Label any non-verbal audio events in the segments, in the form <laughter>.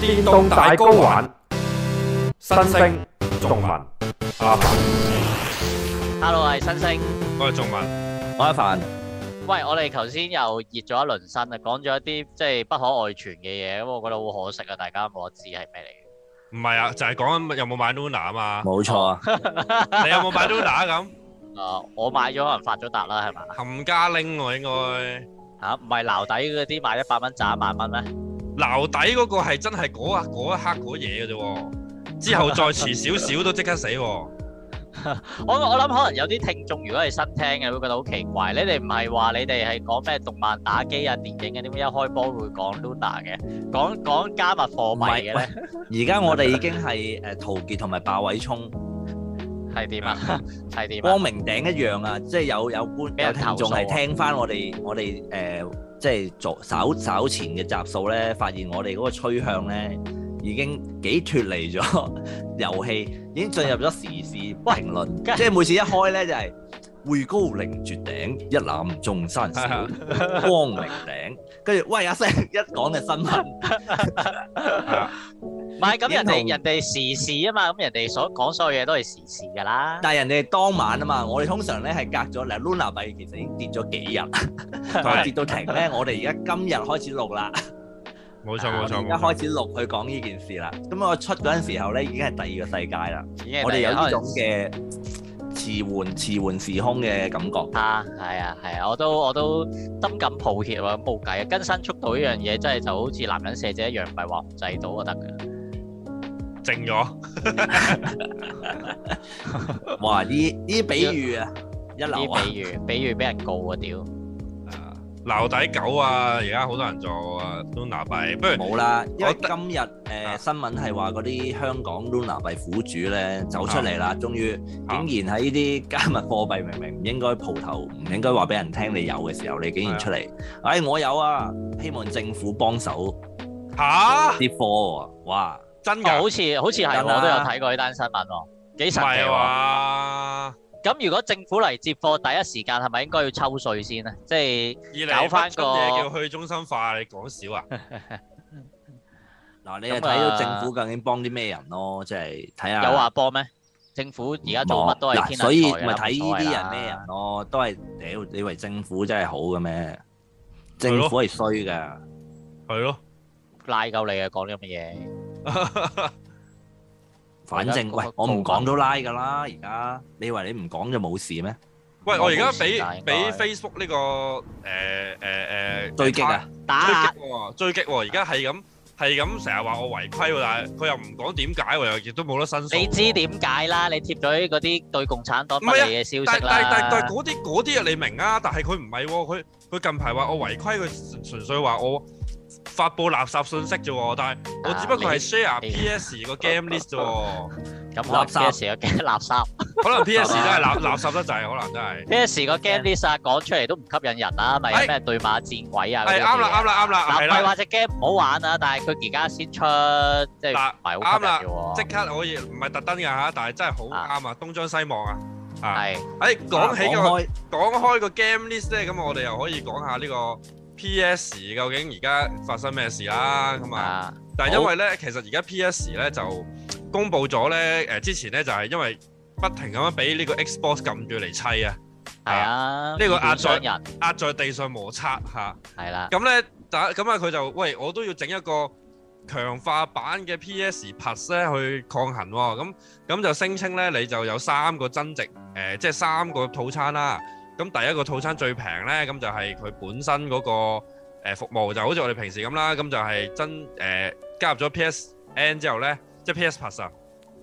電動大 GO 玩，新星仲文阿凡，Hello，我係新星，我係仲文，我係阿凡，喂，我哋頭先又熱咗一輪身啊，講咗一啲即係不可外傳嘅嘢，咁我覺得好可惜啊，大家冇得知係咩嚟嘅。唔係啊，就係講有冇買 Luna 啊嘛，冇錯啊，你有冇買 Luna 咁？啊，我買咗，可能發咗達啦，係咪？冚家拎我應該吓，唔係撈底嗰啲買一百蚊賺一萬蚊咩？留底嗰個係真係嗰一嗰一刻嗰嘢嘅啫，之後再遲少少都即刻死。我我諗可能有啲聽眾，如果係新聽嘅，會覺得好奇怪。你哋唔係話你哋係講咩動漫打機啊、電影啊，點解一開波會講 Luna 嘅，講講加密貨幣嘅咧？而家我哋已經係誒陶傑同埋霸位衝，係點啊？係點？光明頂一樣啊！即係有有觀有聽眾係聽翻我哋我哋誒。即係做稍稍前嘅集數咧，發現我哋嗰個趨向咧，已經幾脱離咗遊戲，已經進入咗時事不評論。喂即係每次一開咧就係、是、 <laughs> 會高凌絕頂，一覽眾山小，光明頂，跟住喂阿一聲一講嘅新聞。 <laughs> <laughs> <laughs> 唔係咁人哋人哋時事啊嘛，咁人哋所講所有嘢都係時事㗎啦。但係人哋當晚啊嘛，我哋通常咧係隔咗嗱，Luna 幣其實已經跌咗幾日， <laughs> 跌到停咧。 <laughs> 我哋而家今日開始錄啦，冇錯冇錯，而家、啊、錯開始錄去講呢件事啦。咁我出嗰陣時候咧，已經係第二個世界啦。界我哋有呢種嘅遲緩遲緩時空嘅感覺啊，係啊係啊，啊，我都我都深感抱歉喎，冇計啊，更新速度呢樣嘢真係就好似男人射精一樣，唔係話控制到就得㗎。定咗， <laughs> 哇！呢啲比喻啊，一流啊！比喻比喻俾人告啊，屌、 <laughs> 嗯！鬧底狗啊，而家好多人做啊，Luna 幣。不如冇啦，因為今日誒得、呃、新聞係話嗰啲香港 Luna 幣苦主咧走出嚟啦，啊、終於竟然喺呢啲加密貨幣明明唔應該蒲頭，唔應該話俾人聽你有嘅時候，你竟然出嚟，啊、哎我有啊，希望政府幫手。吓？啲貨喎、啊，哇！真嘅好似好似係，我都有睇過呢單新聞喎，幾實嘅喎。咁如果政府嚟接貨，第一時間係咪應該要抽稅先咧？即係搞翻個叫去中心化，你講少啊？嗱，你又睇到政府究竟幫啲咩人咯？即係睇下有話幫咩？政府而家做乜都係天台啊！所以咪睇呢啲人咩人咯？都係屌，你以為政府真係好嘅咩？政府係衰㗎，係咯，拉鳩你呀講啲咁嘅嘢。反正喂，我唔講都拉噶啦，而家你以為你唔講就冇事咩？喂，我而家俾俾 Facebook 呢個誒誒誒追擊啊，打追擊喎，追擊喎，而家係咁係咁成日話我違規喎，但係佢又唔講點解喎，又亦都冇得申訴。你知點解啦？你貼咗嗰啲對共產黨不利嘅消息啦。但但但但嗰啲嗰啲嘢你明啊？但係佢唔係喎，佢佢近排話我違規，佢純粹話我。發布垃圾信息啫喎，但係我只不過係 share PS 個 game list 啫喎，咁垃圾，PS 個 game 垃圾，可能 PS 都係垃垃圾得滯，可能真係。PS 個 game list 啊，講出嚟都唔吸引人啊，咪有咩對馬戰鬼啊？係啱啦啱啦啱啦，嗱，唔係話隻 game 唔好玩啊，但係佢而家先出，即係啱啦，即刻可以，唔係特登㗎嚇，但係真係好啱啊，東張西望啊，係。誒，講起個講開個 game list 咧，咁我哋又可以講下呢個。PS 究竟而家發生咩事啦？咁啊，嗯、但係因為咧，好其實而家 PS 咧就公佈咗咧，誒之前咧就係因為不停咁樣俾呢個 Xbox 撳住嚟砌啊，係啊，呢個壓在壓在地上摩擦吓，係、啊、啦，咁咧打咁啊佢、啊、就喂我都要整一個強化版嘅 PS Plus 呢去抗衡喎、哦，咁咁就聲稱咧你就有三個增值誒、呃，即係三個套餐啦。咁第一個套餐最平咧，咁就係佢本身嗰個誒服務就好似我哋平時咁啦，咁就係真誒加入咗 P.S.N 之後咧，即係 P.S. Plus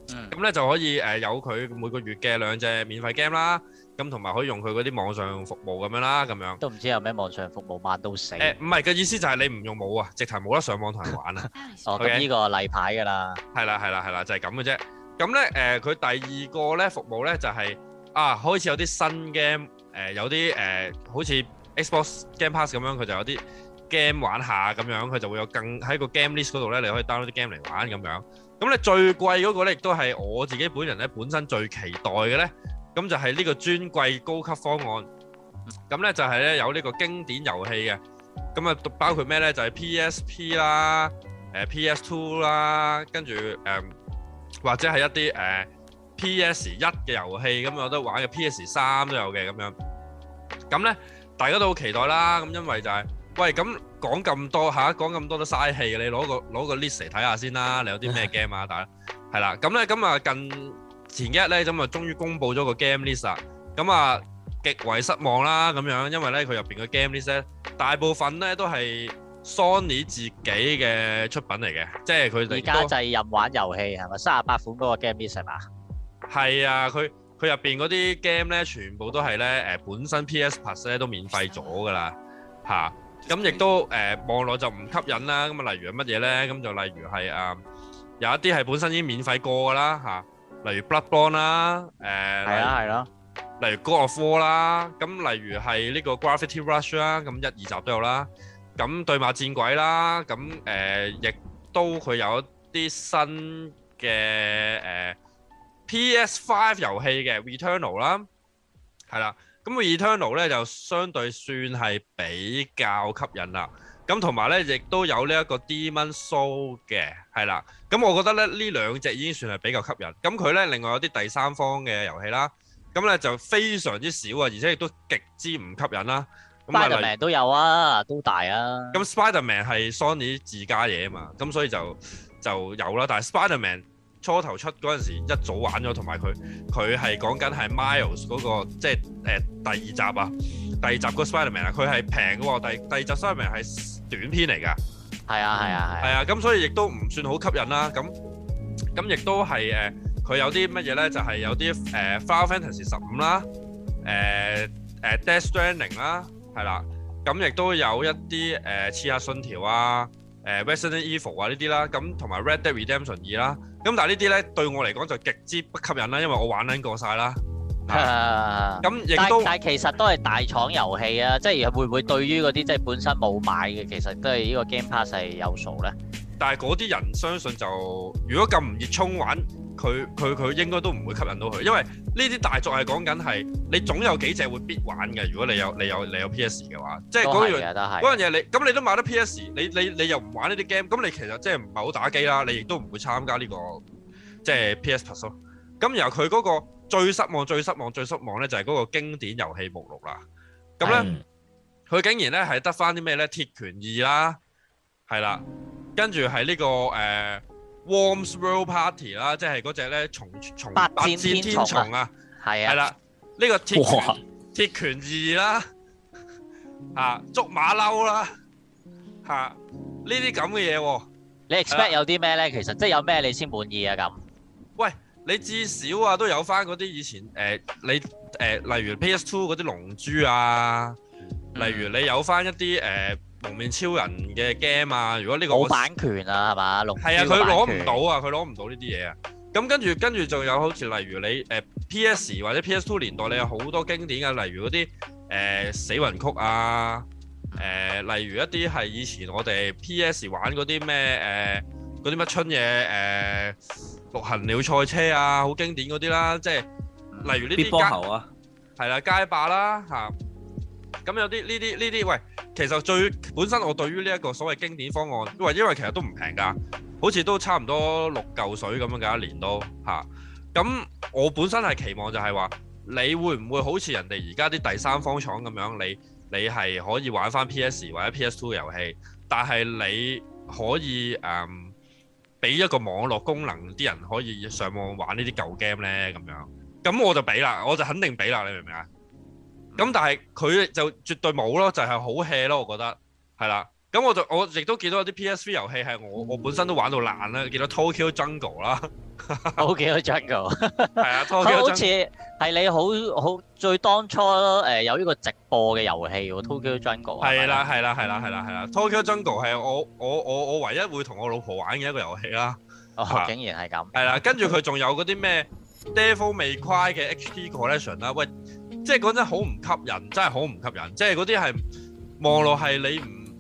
咁咧就可以誒有佢每個月嘅兩隻免費 game 啦，咁同埋可以用佢嗰啲網上服務咁樣啦，咁樣都唔知有咩網上服務嘛，都死誒唔係嘅意思就係你唔用冇啊，直頭冇得上網同人玩啊。哦，咁呢個例牌㗎啦，係啦係啦係啦，就係咁嘅啫。咁咧誒佢第二個咧服務咧就係啊開始有啲新嘅。誒有啲誒，好似 Xbox Game Pass 咁樣，佢就有啲 game 玩下咁樣，佢就會有更喺個 game list 嗰度咧，你可以 download 啲 game 嚟玩咁樣。咁咧最貴嗰個咧，亦都係我自己本人咧本身最期待嘅咧，咁就係呢個尊貴高級方案。咁咧就係咧有呢個經典遊戲嘅，咁啊包括咩咧？就係 PSP 啦，誒 PS2 啦，跟住誒或者係一啲誒。PS 一嘅遊戲咁有得玩嘅，PS 三都有嘅咁樣咁咧，大家都好期待啦。咁因為就係喂咁講咁多嚇，講咁多都嘥氣嘅。你攞個攞個 list 嚟睇下先啦，你有啲咩 game 啊？大家係啦。咁咧咁啊，近前一日咧咁啊，終於公布咗個 game list 啦。咁啊，極為失望啦咁樣，因為咧佢入邊嘅 game list 大部分咧都係 Sony 自己嘅出品嚟嘅，即係佢哋而家製任玩遊戲係咪三十八款嗰個 game list 係嘛？係啊，佢佢入邊嗰啲 game 咧，全部都係咧，誒本身 PS Plus 咧都免費咗㗎啦，嚇，咁亦都誒望落就唔吸引啦，咁啊，例如係乜嘢咧？咁就例如係啊，有一啲係本身已經免費過㗎啦，嚇，例如 Bloodborne 啦，誒係啊係咯，例如 God of War 啦，咁例如係呢個 Gravity Rush 啦，咁一二集都有啦，咁對馬戰鬼啦，咁誒亦都佢有一啲新嘅誒。PS5 遊戲嘅《Returnal》啦，係啦，咁《Returnal》咧就相對算係比較吸引啦。咁同埋咧，亦都有呢一個《Demon’s Soul》嘅，係啦。咁我覺得咧，呢兩隻已經算係比較吸引。咁佢咧，另外有啲第三方嘅遊戲啦，咁咧就非常之少啊，而且亦都極之唔吸引啦。Spiderman 都有啊，都大啊。咁 Spiderman 係 Sony 自家嘢啊嘛，咁所以就就有啦。但係 Spiderman。Man 初頭出嗰陣時，一早玩咗，同埋佢佢係講緊係 Miles 嗰個，即係誒、呃、第二集啊，第二集個 Spider-Man 啊，佢係平嘅喎，第第二集 Spider-Man 係短篇嚟㗎，係啊係啊係，係啊咁、啊、所以亦都唔算好吸引啦、啊，咁咁亦都係誒，佢、呃、有啲乜嘢咧？就係、是、有啲誒、呃《Final Fantasy 十五、啊》啦、呃，誒、呃、誒《Death Stranding、啊》啦、啊，係啦，咁亦都有一啲誒刺客信條啊。誒 Resident Evil 啊呢啲啦，咁同埋 Red Dead Redemption 二啦，咁但係呢啲咧對我嚟講就極之不吸引啦，因為我玩緊過晒啦。 <laughs> 啊，咁亦都，但係其實都係大廠遊戲啊，即係會唔會對於嗰啲即係本身冇買嘅，其實都係呢個 Game Pass 係有數咧？但係嗰啲人相信就，如果咁唔熱衷玩佢佢佢應該都唔會吸引到佢，因為呢啲大作係講緊係你總有幾隻會必玩嘅。如果你有你有你有 PS 嘅話，即係嗰樣嘢嗰樣嘢你咁你都買得 PS，你你你又唔玩呢啲 game，咁你其實即係唔係好打機啦，你亦都唔會參加呢個即係 PS Plus 咯。咁然後佢嗰個最失望、最失望、最失望咧就係嗰個經典遊戲目錄啦。咁咧，佢竟然咧係得返啲咩咧？鐵拳二啦，係啦。跟住係呢個誒、uh, Worms World Party 啦，即係嗰隻咧，蟲蟲百戰天蟲啊，係啊，係啦、啊，呢、啊呢個鐵拳哇鐵拳二啦，啊，捉馬騮啦，吓、啊，呢呢呢啲咁嘅嘢喎。啊、你 expect 有啲咩咧？其實即係有咩你先滿意啊？咁，喂，你至少啊都有翻嗰啲以前誒、呃、你誒、呃，例如 PS Two 嗰啲龍珠啊，例如你有翻一啲誒。呃嗯嗯蒙面超人嘅 game 啊，如果呢個冇版權啊，係嘛？龍係啊，佢攞唔到啊，佢攞唔到呢啲嘢啊。咁跟住跟住仲有好似例如你誒、呃、PS 或者 PS2 年代你有好多經典啊，例如嗰啲誒死魂曲啊，誒、呃、例如一啲係以前我哋 PS 玩嗰啲咩誒嗰啲乜春嘢誒，陸行鳥賽車啊，好經典嗰啲啦，即係例如呢啲波啊，係啦、啊，街霸啦、啊、嚇。啊咁有啲呢啲呢啲，喂，其實最本身我對於呢一個所謂經典方案，因為因為其實都唔平㗎，好似都差唔多六嚿水咁樣嘅一年都吓。咁、啊、我本身係期望就係話，你會唔會好似人哋而家啲第三方廠咁樣，你你係可以玩翻 PS 或者 PS2 two 遊戲，但係你可以誒俾、呃、一個網絡功能，啲人可以上網玩呢啲舊 game 咧咁樣，咁我就俾啦，我就肯定俾啦，你明唔明啊？咁但係佢就絕對冇咯，就係好 hea 咯，我覺得係啦。咁我就我亦都見到有啲 PSV 遊戲係我我本身都玩到爛啦，見到 Tokyo Jungle 啦，好幾多 Jungle 係啊，Tokyo，好似係你好好最當初咯，誒有呢個直播嘅遊戲喎，Tokyo Jungle 係啦係啦係啦係啦係啦，Tokyo Jungle 係我我我我唯一會同我老婆玩嘅一個遊戲啦。哦，竟然係咁，係啦，跟住佢仲有嗰啲咩 Devil May Cry 嘅 HD Collection 啦，喂。即係講真，好唔吸引，真係好唔吸引。即係嗰啲係望落係你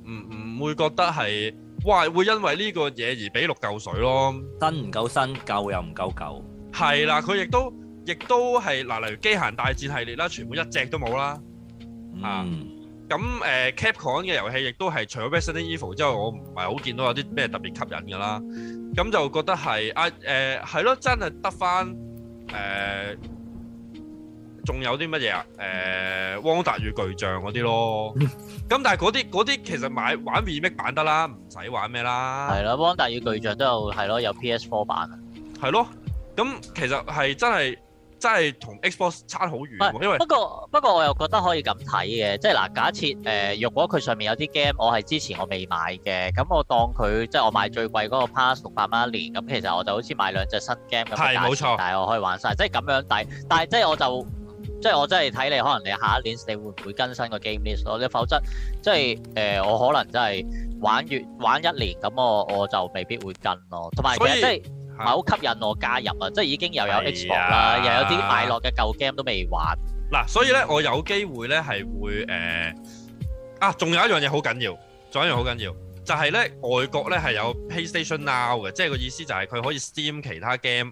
唔唔唔會覺得係，哇！會因為呢個嘢而俾六嚿水咯。新唔夠新，舊又唔夠舊。係啦，佢亦都亦都係嗱，例如機械大戰系列啦，全部一隻都冇啦。啊，咁誒、嗯呃、，Capcom 嘅遊戲亦都係除咗《Resident Evil》之外，我唔係好見到有啲咩特別吸引㗎啦。咁就覺得係啊誒，係、呃、咯，真係得翻誒。呃呃仲有啲乜嘢啊？誒、呃，汪達與巨像嗰啲咯。咁但係嗰啲嗰啲其實買玩 Vive 版得啦，唔使玩咩啦。係啦，汪達與巨像都有係咯，有 P S Four 版。係咯，咁其實係真係真係同 Xbox 差好遠。是因為不過不過我又覺得可以咁睇嘅，即係嗱，假設誒，若、呃、果佢上面有啲 game 我係之前我未買嘅，咁我當佢即係我買最貴嗰個 pass 六百蚊一年，咁其實我就好似買兩隻新 game 咁解，係冇錯，但係我可以玩晒。即係咁樣抵。但係即係我就。 <laughs> 即係我真係睇你，可能你下一年你會唔會更新個 game list 咯？你否則即係誒、呃，我可能真係玩月玩一年，咁我我就未必會跟咯。同埋即係唔係好吸引我加入啊？即係已經又有 Xbox 啦，啊、又有啲買落嘅舊 game 都未玩。嗱、啊，所以咧，我有機會咧係會誒、呃、啊！仲有一樣嘢好緊要，仲有一樣好緊要，就係、是、咧外國咧係有 PlayStation Now 嘅，即係個意思就係佢可以 Steam 其他 game。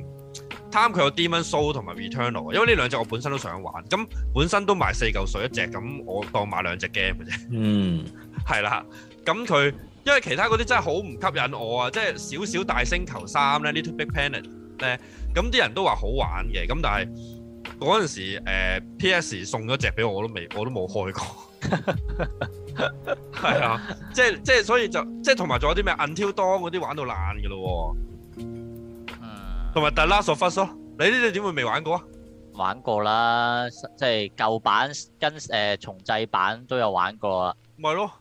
貪佢有 Demon's Souls 同埋 returnal，因為呢兩隻我本身都想玩，咁本身都買四嚿水一隻，咁我當買兩隻 game 嘅啫。嗯，係啦，咁佢因為其他嗰啲真係好唔吸引我啊，即係少少大星球三咧，呢 Little Big Planet 咧，咁啲人都話好玩嘅，咁但係嗰陣時 PS 送咗隻俾我，我都未，我都冇開過，係啊， <laughs> 即係即係所以就即係同埋仲有啲咩 Until Dawn 嗰啲玩到爛嘅咯喎。同埋《The Last of Us》，你呢啲點會未玩過啊？玩過啦，即係舊版跟誒重製版都有玩過啦。咪咯，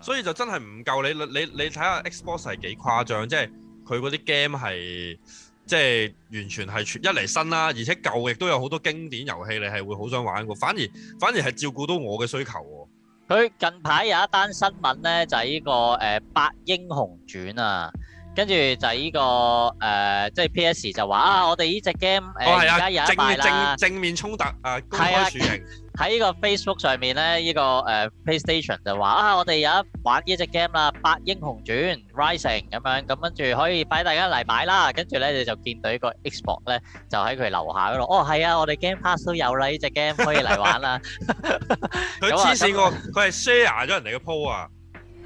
所以就真係唔夠。你你你，睇下 Xbox 係幾誇張，即係佢嗰啲 game 係即係完全係一嚟新啦，而且舊嘅亦都有好多經典遊戲你係會好想玩過。反而反而係照顧到我嘅需求喎。佢近排有一單新聞咧，就係呢個誒《百英雄傳》啊。跟住就呢、這個誒、呃，即係 PS 就話啊，我哋呢隻 game 誒而家有得正，正，正面衝突啊，公開處刑喺呢、啊、個 Facebook 上面咧，呢、這個誒、呃、PlayStation 就話啊，我哋有一玩呢隻 game 啦，《八英雄傳 Rising》咁樣，咁跟住可以快大家嚟買啦。跟住咧你就見到依個 Xbox 咧，就喺佢樓下嗰度。哦，係啊，我哋 Game Pass 都有啦，呢隻 game 可以嚟玩啦。佢黐線喎，佢係 share 咗人哋嘅鋪啊！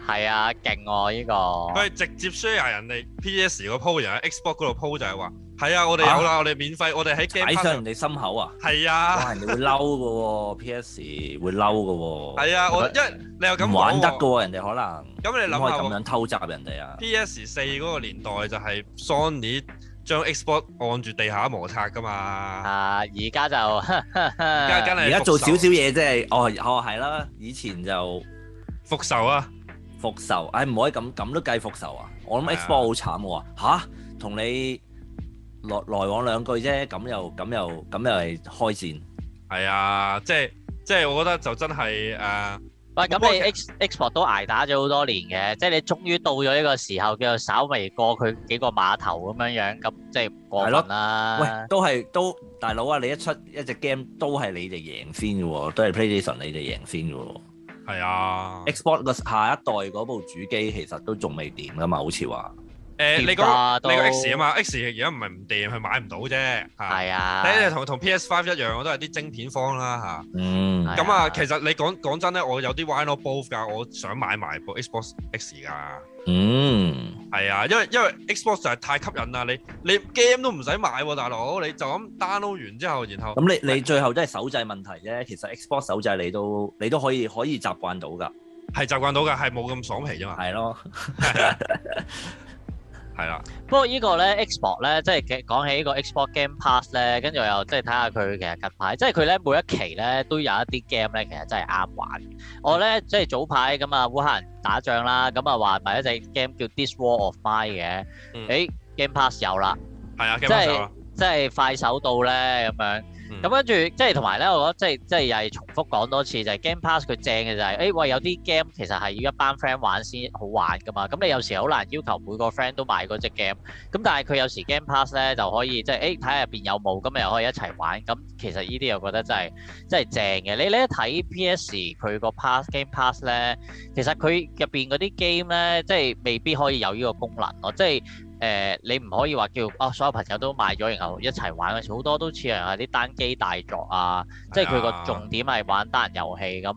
係啊，勁哦，呢個佢直接 share 人哋 PS 個鋪人喺 Xbox 嗰度鋪就係話係啊，我哋有啦，啊、我哋免費，我哋喺 Gameplay 上人哋心口啊，係啊，但係人哋會嬲噶，PS 會嬲噶，係啊，我一你又咁玩得噶，人哋可能咁你諗下，唔可以咁樣偷襲人哋啊。PS 四嗰個年代就係 Sony 將 Xbox 按住地下摩擦噶嘛，啊，而家就而家做少少嘢即係哦哦係啦、哦，以前就復仇啊！復仇，哎唔可以咁咁都計復仇是啊，啊！我諗 Xbox 好慘喎，吓同你來來往兩句啫，咁又咁又咁又係開戰。係啊，即係即係我覺得就真係誒。啊、喂，咁你 X, 我實 X Xbox 都捱打咗好多年嘅，即係你終於到咗呢個時候，叫做稍微過佢幾個碼頭咁樣樣，咁即係過人啦、啊。喂，都係都大佬啊！你一出一隻 game 都係你哋贏先嘅喎，都係 PlayStation 你哋贏先嘅喎。係啊，Xbox 下一代嗰部主機其實都仲未掂㗎嘛，好似話。誒、欸，到你、那個都你個 X 啊嘛，X 不不而家唔係唔掂，佢買唔到啫。係啊，啊你同同 PS5 一樣，我都係啲晶片方啦嚇。嗯。咁啊，啊其實你講講真咧，我有啲 Why Not Both 㗎，我想買埋部 Xbox X 㗎。嗯，係啊、mm hmm.，因為因為 Xbox 實在太吸引啦，你你 game 都唔使買，啊，大佬，你就咁 download 完之後，然後咁你你最後真係手掣問題啫，其實 Xbox 手掣你都你都可以可以習慣到噶，係習慣到噶，係冇咁爽皮啫嘛，係咯的。 <laughs> <laughs> 係啦，不過依個咧 Xbox 咧，即係講起呢個 Xbox Game Pass 咧，跟住又，又即係睇下佢其實近排，即係佢咧每一期咧都有一啲 game 咧，其實真係啱玩。我咧即係早排咁啊，烏克蘭打仗啦，咁啊話埋一隻 game 叫 This War of Mine 嘅，誒、嗯欸、Game Pass 有啦，係啊，即係是即係快手到咧咁樣。咁、嗯、跟住，即係同埋咧，我覺得即係即係又係重複講多次，就係、是、Game Pass 佢正嘅就係、是，哎、欸、喂，有啲 game 其實係要一班 friend 玩先好玩㗎嘛。咁你有時好難要求每個 friend 都買嗰隻 game。咁但係佢有時 Game Pass 咧就可以，即、欸、係，哎，睇下入邊有冇，咁咪又可以一齊玩。咁其實呢啲又覺得真係，真係正嘅。你咧睇 PS 佢個 Pass Game Pass 咧，其實佢入邊嗰啲 game 咧，即係未必可以有呢個功能咯，即係。誒、呃，你唔可以話叫啊、哦，所有朋友都買咗然後一齊玩嘅時候，好多都似係啲單機大作啊，哎、呀即係佢個重點係玩單人遊戲咁，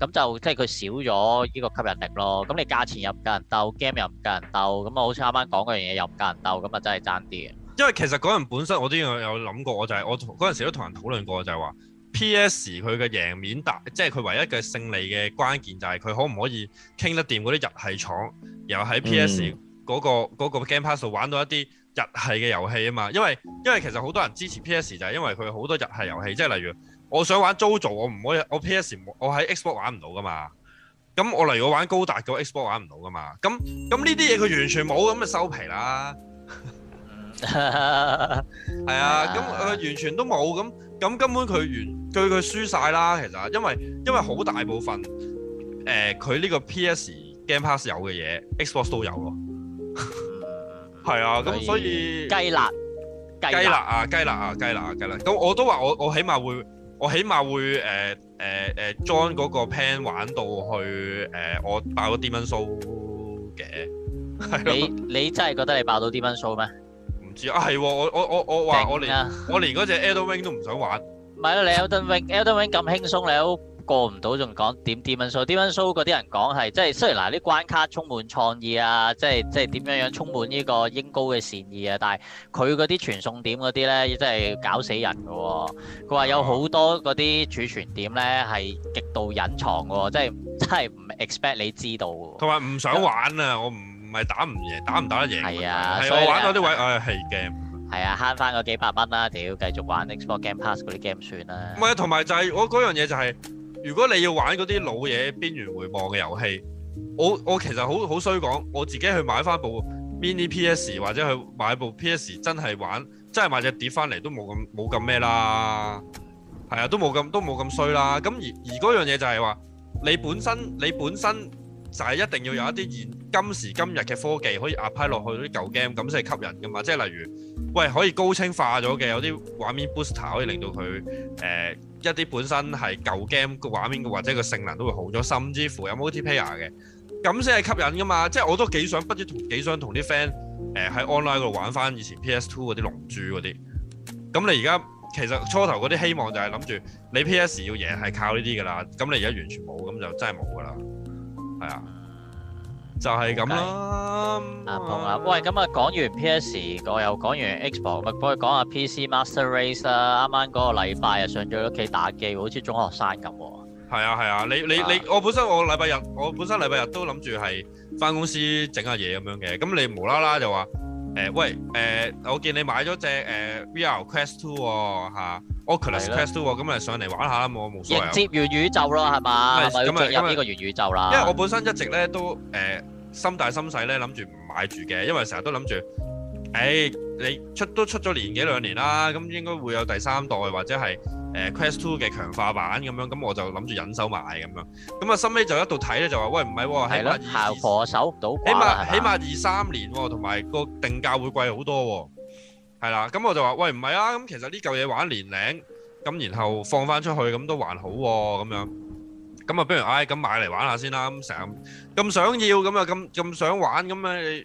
咁就即係佢少咗呢個吸引力咯。咁你價錢又唔夠人鬥，game 又唔夠人鬥，咁啊，好似啱啱講嗰樣嘢又唔夠人鬥，咁啊真係爭啲嘅。因為其實嗰陣本身我都有有諗過，我就係、是、我嗰陣時都同人討論過，就係、是、話 PS 佢嘅贏面大，即係佢唯一嘅勝利嘅關鍵就係佢可唔可以傾得掂嗰啲日系廠，又喺 PS、嗯。嗰個嗰個 Game Pass 玩到一啲日系嘅遊戲啊嘛，因為因為其實好多人支持 PS 就係因為佢好多日系遊戲，即係例如我想玩 Jojo，我唔可以我 PS 我喺 Xbox 玩唔到㗎嘛。咁我例如我玩高達嘅 Xbox 玩唔到㗎嘛。咁咁呢啲嘢佢完全冇咁嘅收皮啦。係啊，咁佢完全都冇咁咁根本佢完對佢輸晒啦。其實因為因為好大部分誒佢呢個 PS Game Pass 有嘅嘢，Xbox 都有咯。係 <laughs> 啊，咁所以雞辣，雞辣啊雞辣啊雞辣啊雞辣啊。咁、啊、我都話我我起碼會我起碼會誒誒誒 join 嗰個 plan 玩到去誒、呃、我爆咗 diamond 數嘅，係 <laughs> 咯？你你真係覺得你爆到 diamond 數咩？唔知啊，係、啊、我我我我話、啊、我連我連嗰隻 e d w i n d 都唔想玩，唔係啦，你 e d w i n d Edward 咁輕鬆你都。過唔到仲講點 Demon's Souls，Demon's Souls 嗰啲人講係即係雖然嗱啲關卡充滿創意啊，即係即係點樣樣充滿呢個英高嘅善意啊，但係佢嗰啲傳送點嗰啲咧，真係搞死人噶。佢話有好多嗰啲儲存點咧係極度隱藏噶，即係真係唔 expect 你知道。同埋唔想玩啊，我唔係打唔贏，打唔打得贏。係啊，係我玩多啲位，誒係 game。係啊，慳翻嗰幾百蚊啦，就要，繼續玩 Xbox Game Pass 嗰啲 game 算啦。唔係，同埋就係我嗰樣嘢就係。如果你要玩嗰啲老嘢邊緣回望嘅遊戲，我我其實好好衰講，我自己去買翻部 mini PS 或者去買部 PS 真係玩，真係買隻碟翻嚟都冇咁冇咁咩啦，係啊，都冇咁都冇咁衰啦。咁而而嗰樣嘢就係話，你本身你本身。就係一定要有一啲現今時今日嘅科技可以 apply 落去啲舊 game，咁先係吸引噶嘛。即係例如，喂可以高清化咗嘅，有啲畫面 booster 可以令到佢誒、呃、一啲本身係舊 game 個畫面或者個性能都會好咗，甚至乎有 multiplayer 嘅，咁先係吸引噶嘛。即係我都幾想不知幾想同啲 friend 誒喺、呃、online 嗰度玩翻以前 PS Two 嗰啲龍珠嗰啲。咁你而家其實初頭嗰啲希望就係諗住你 PS 要贏係靠呢啲噶啦。咁你而家完全冇，咁就真係冇噶啦。係啊，就係咁咯。阿鵬啊，喂，咁啊講完 PS，我又講完 Xbox，咪幫佢講下 PC Master Race 啦、啊。啱啱嗰個禮拜日又上咗屋企打機，好似中學生咁。係啊係啊，你你你，你 <noise> 我本身我禮拜日，我本身禮拜日都諗住係翻公司整下嘢咁樣嘅。咁你無啦啦就話。誒、呃，喂，誒、呃，我見你買咗隻誒 VR Quest 2喎、哦，吓、啊，Oculus Quest 2喎、哦，咁咪的上嚟玩下啦，冇冇所謂，接完宇宙啦，係嘛，咪進是入呢個元宇宙啦。因為我本身一直咧都誒、呃、心大心細咧，諗住唔買住嘅，因為成日都諗住。誒，你出都出咗年幾兩年啦，咁應該會有第三代或者係誒 Quest Two 嘅強化版咁樣，咁我就諗住忍手買咁啊。咁啊，後尾就一路睇咧，就話喂唔係喎，起碼二起碼起碼二三年喎，同埋個定價會貴好多喎。係啦，咁我就話喂唔係啊，咁其實呢嚿嘢玩一年領，咁然後放翻出去咁都還好喎，咁樣。咁啊，不如唉咁買嚟玩下先啦，咁成日咁咁想要，咁啊咁咁想玩，咁啊。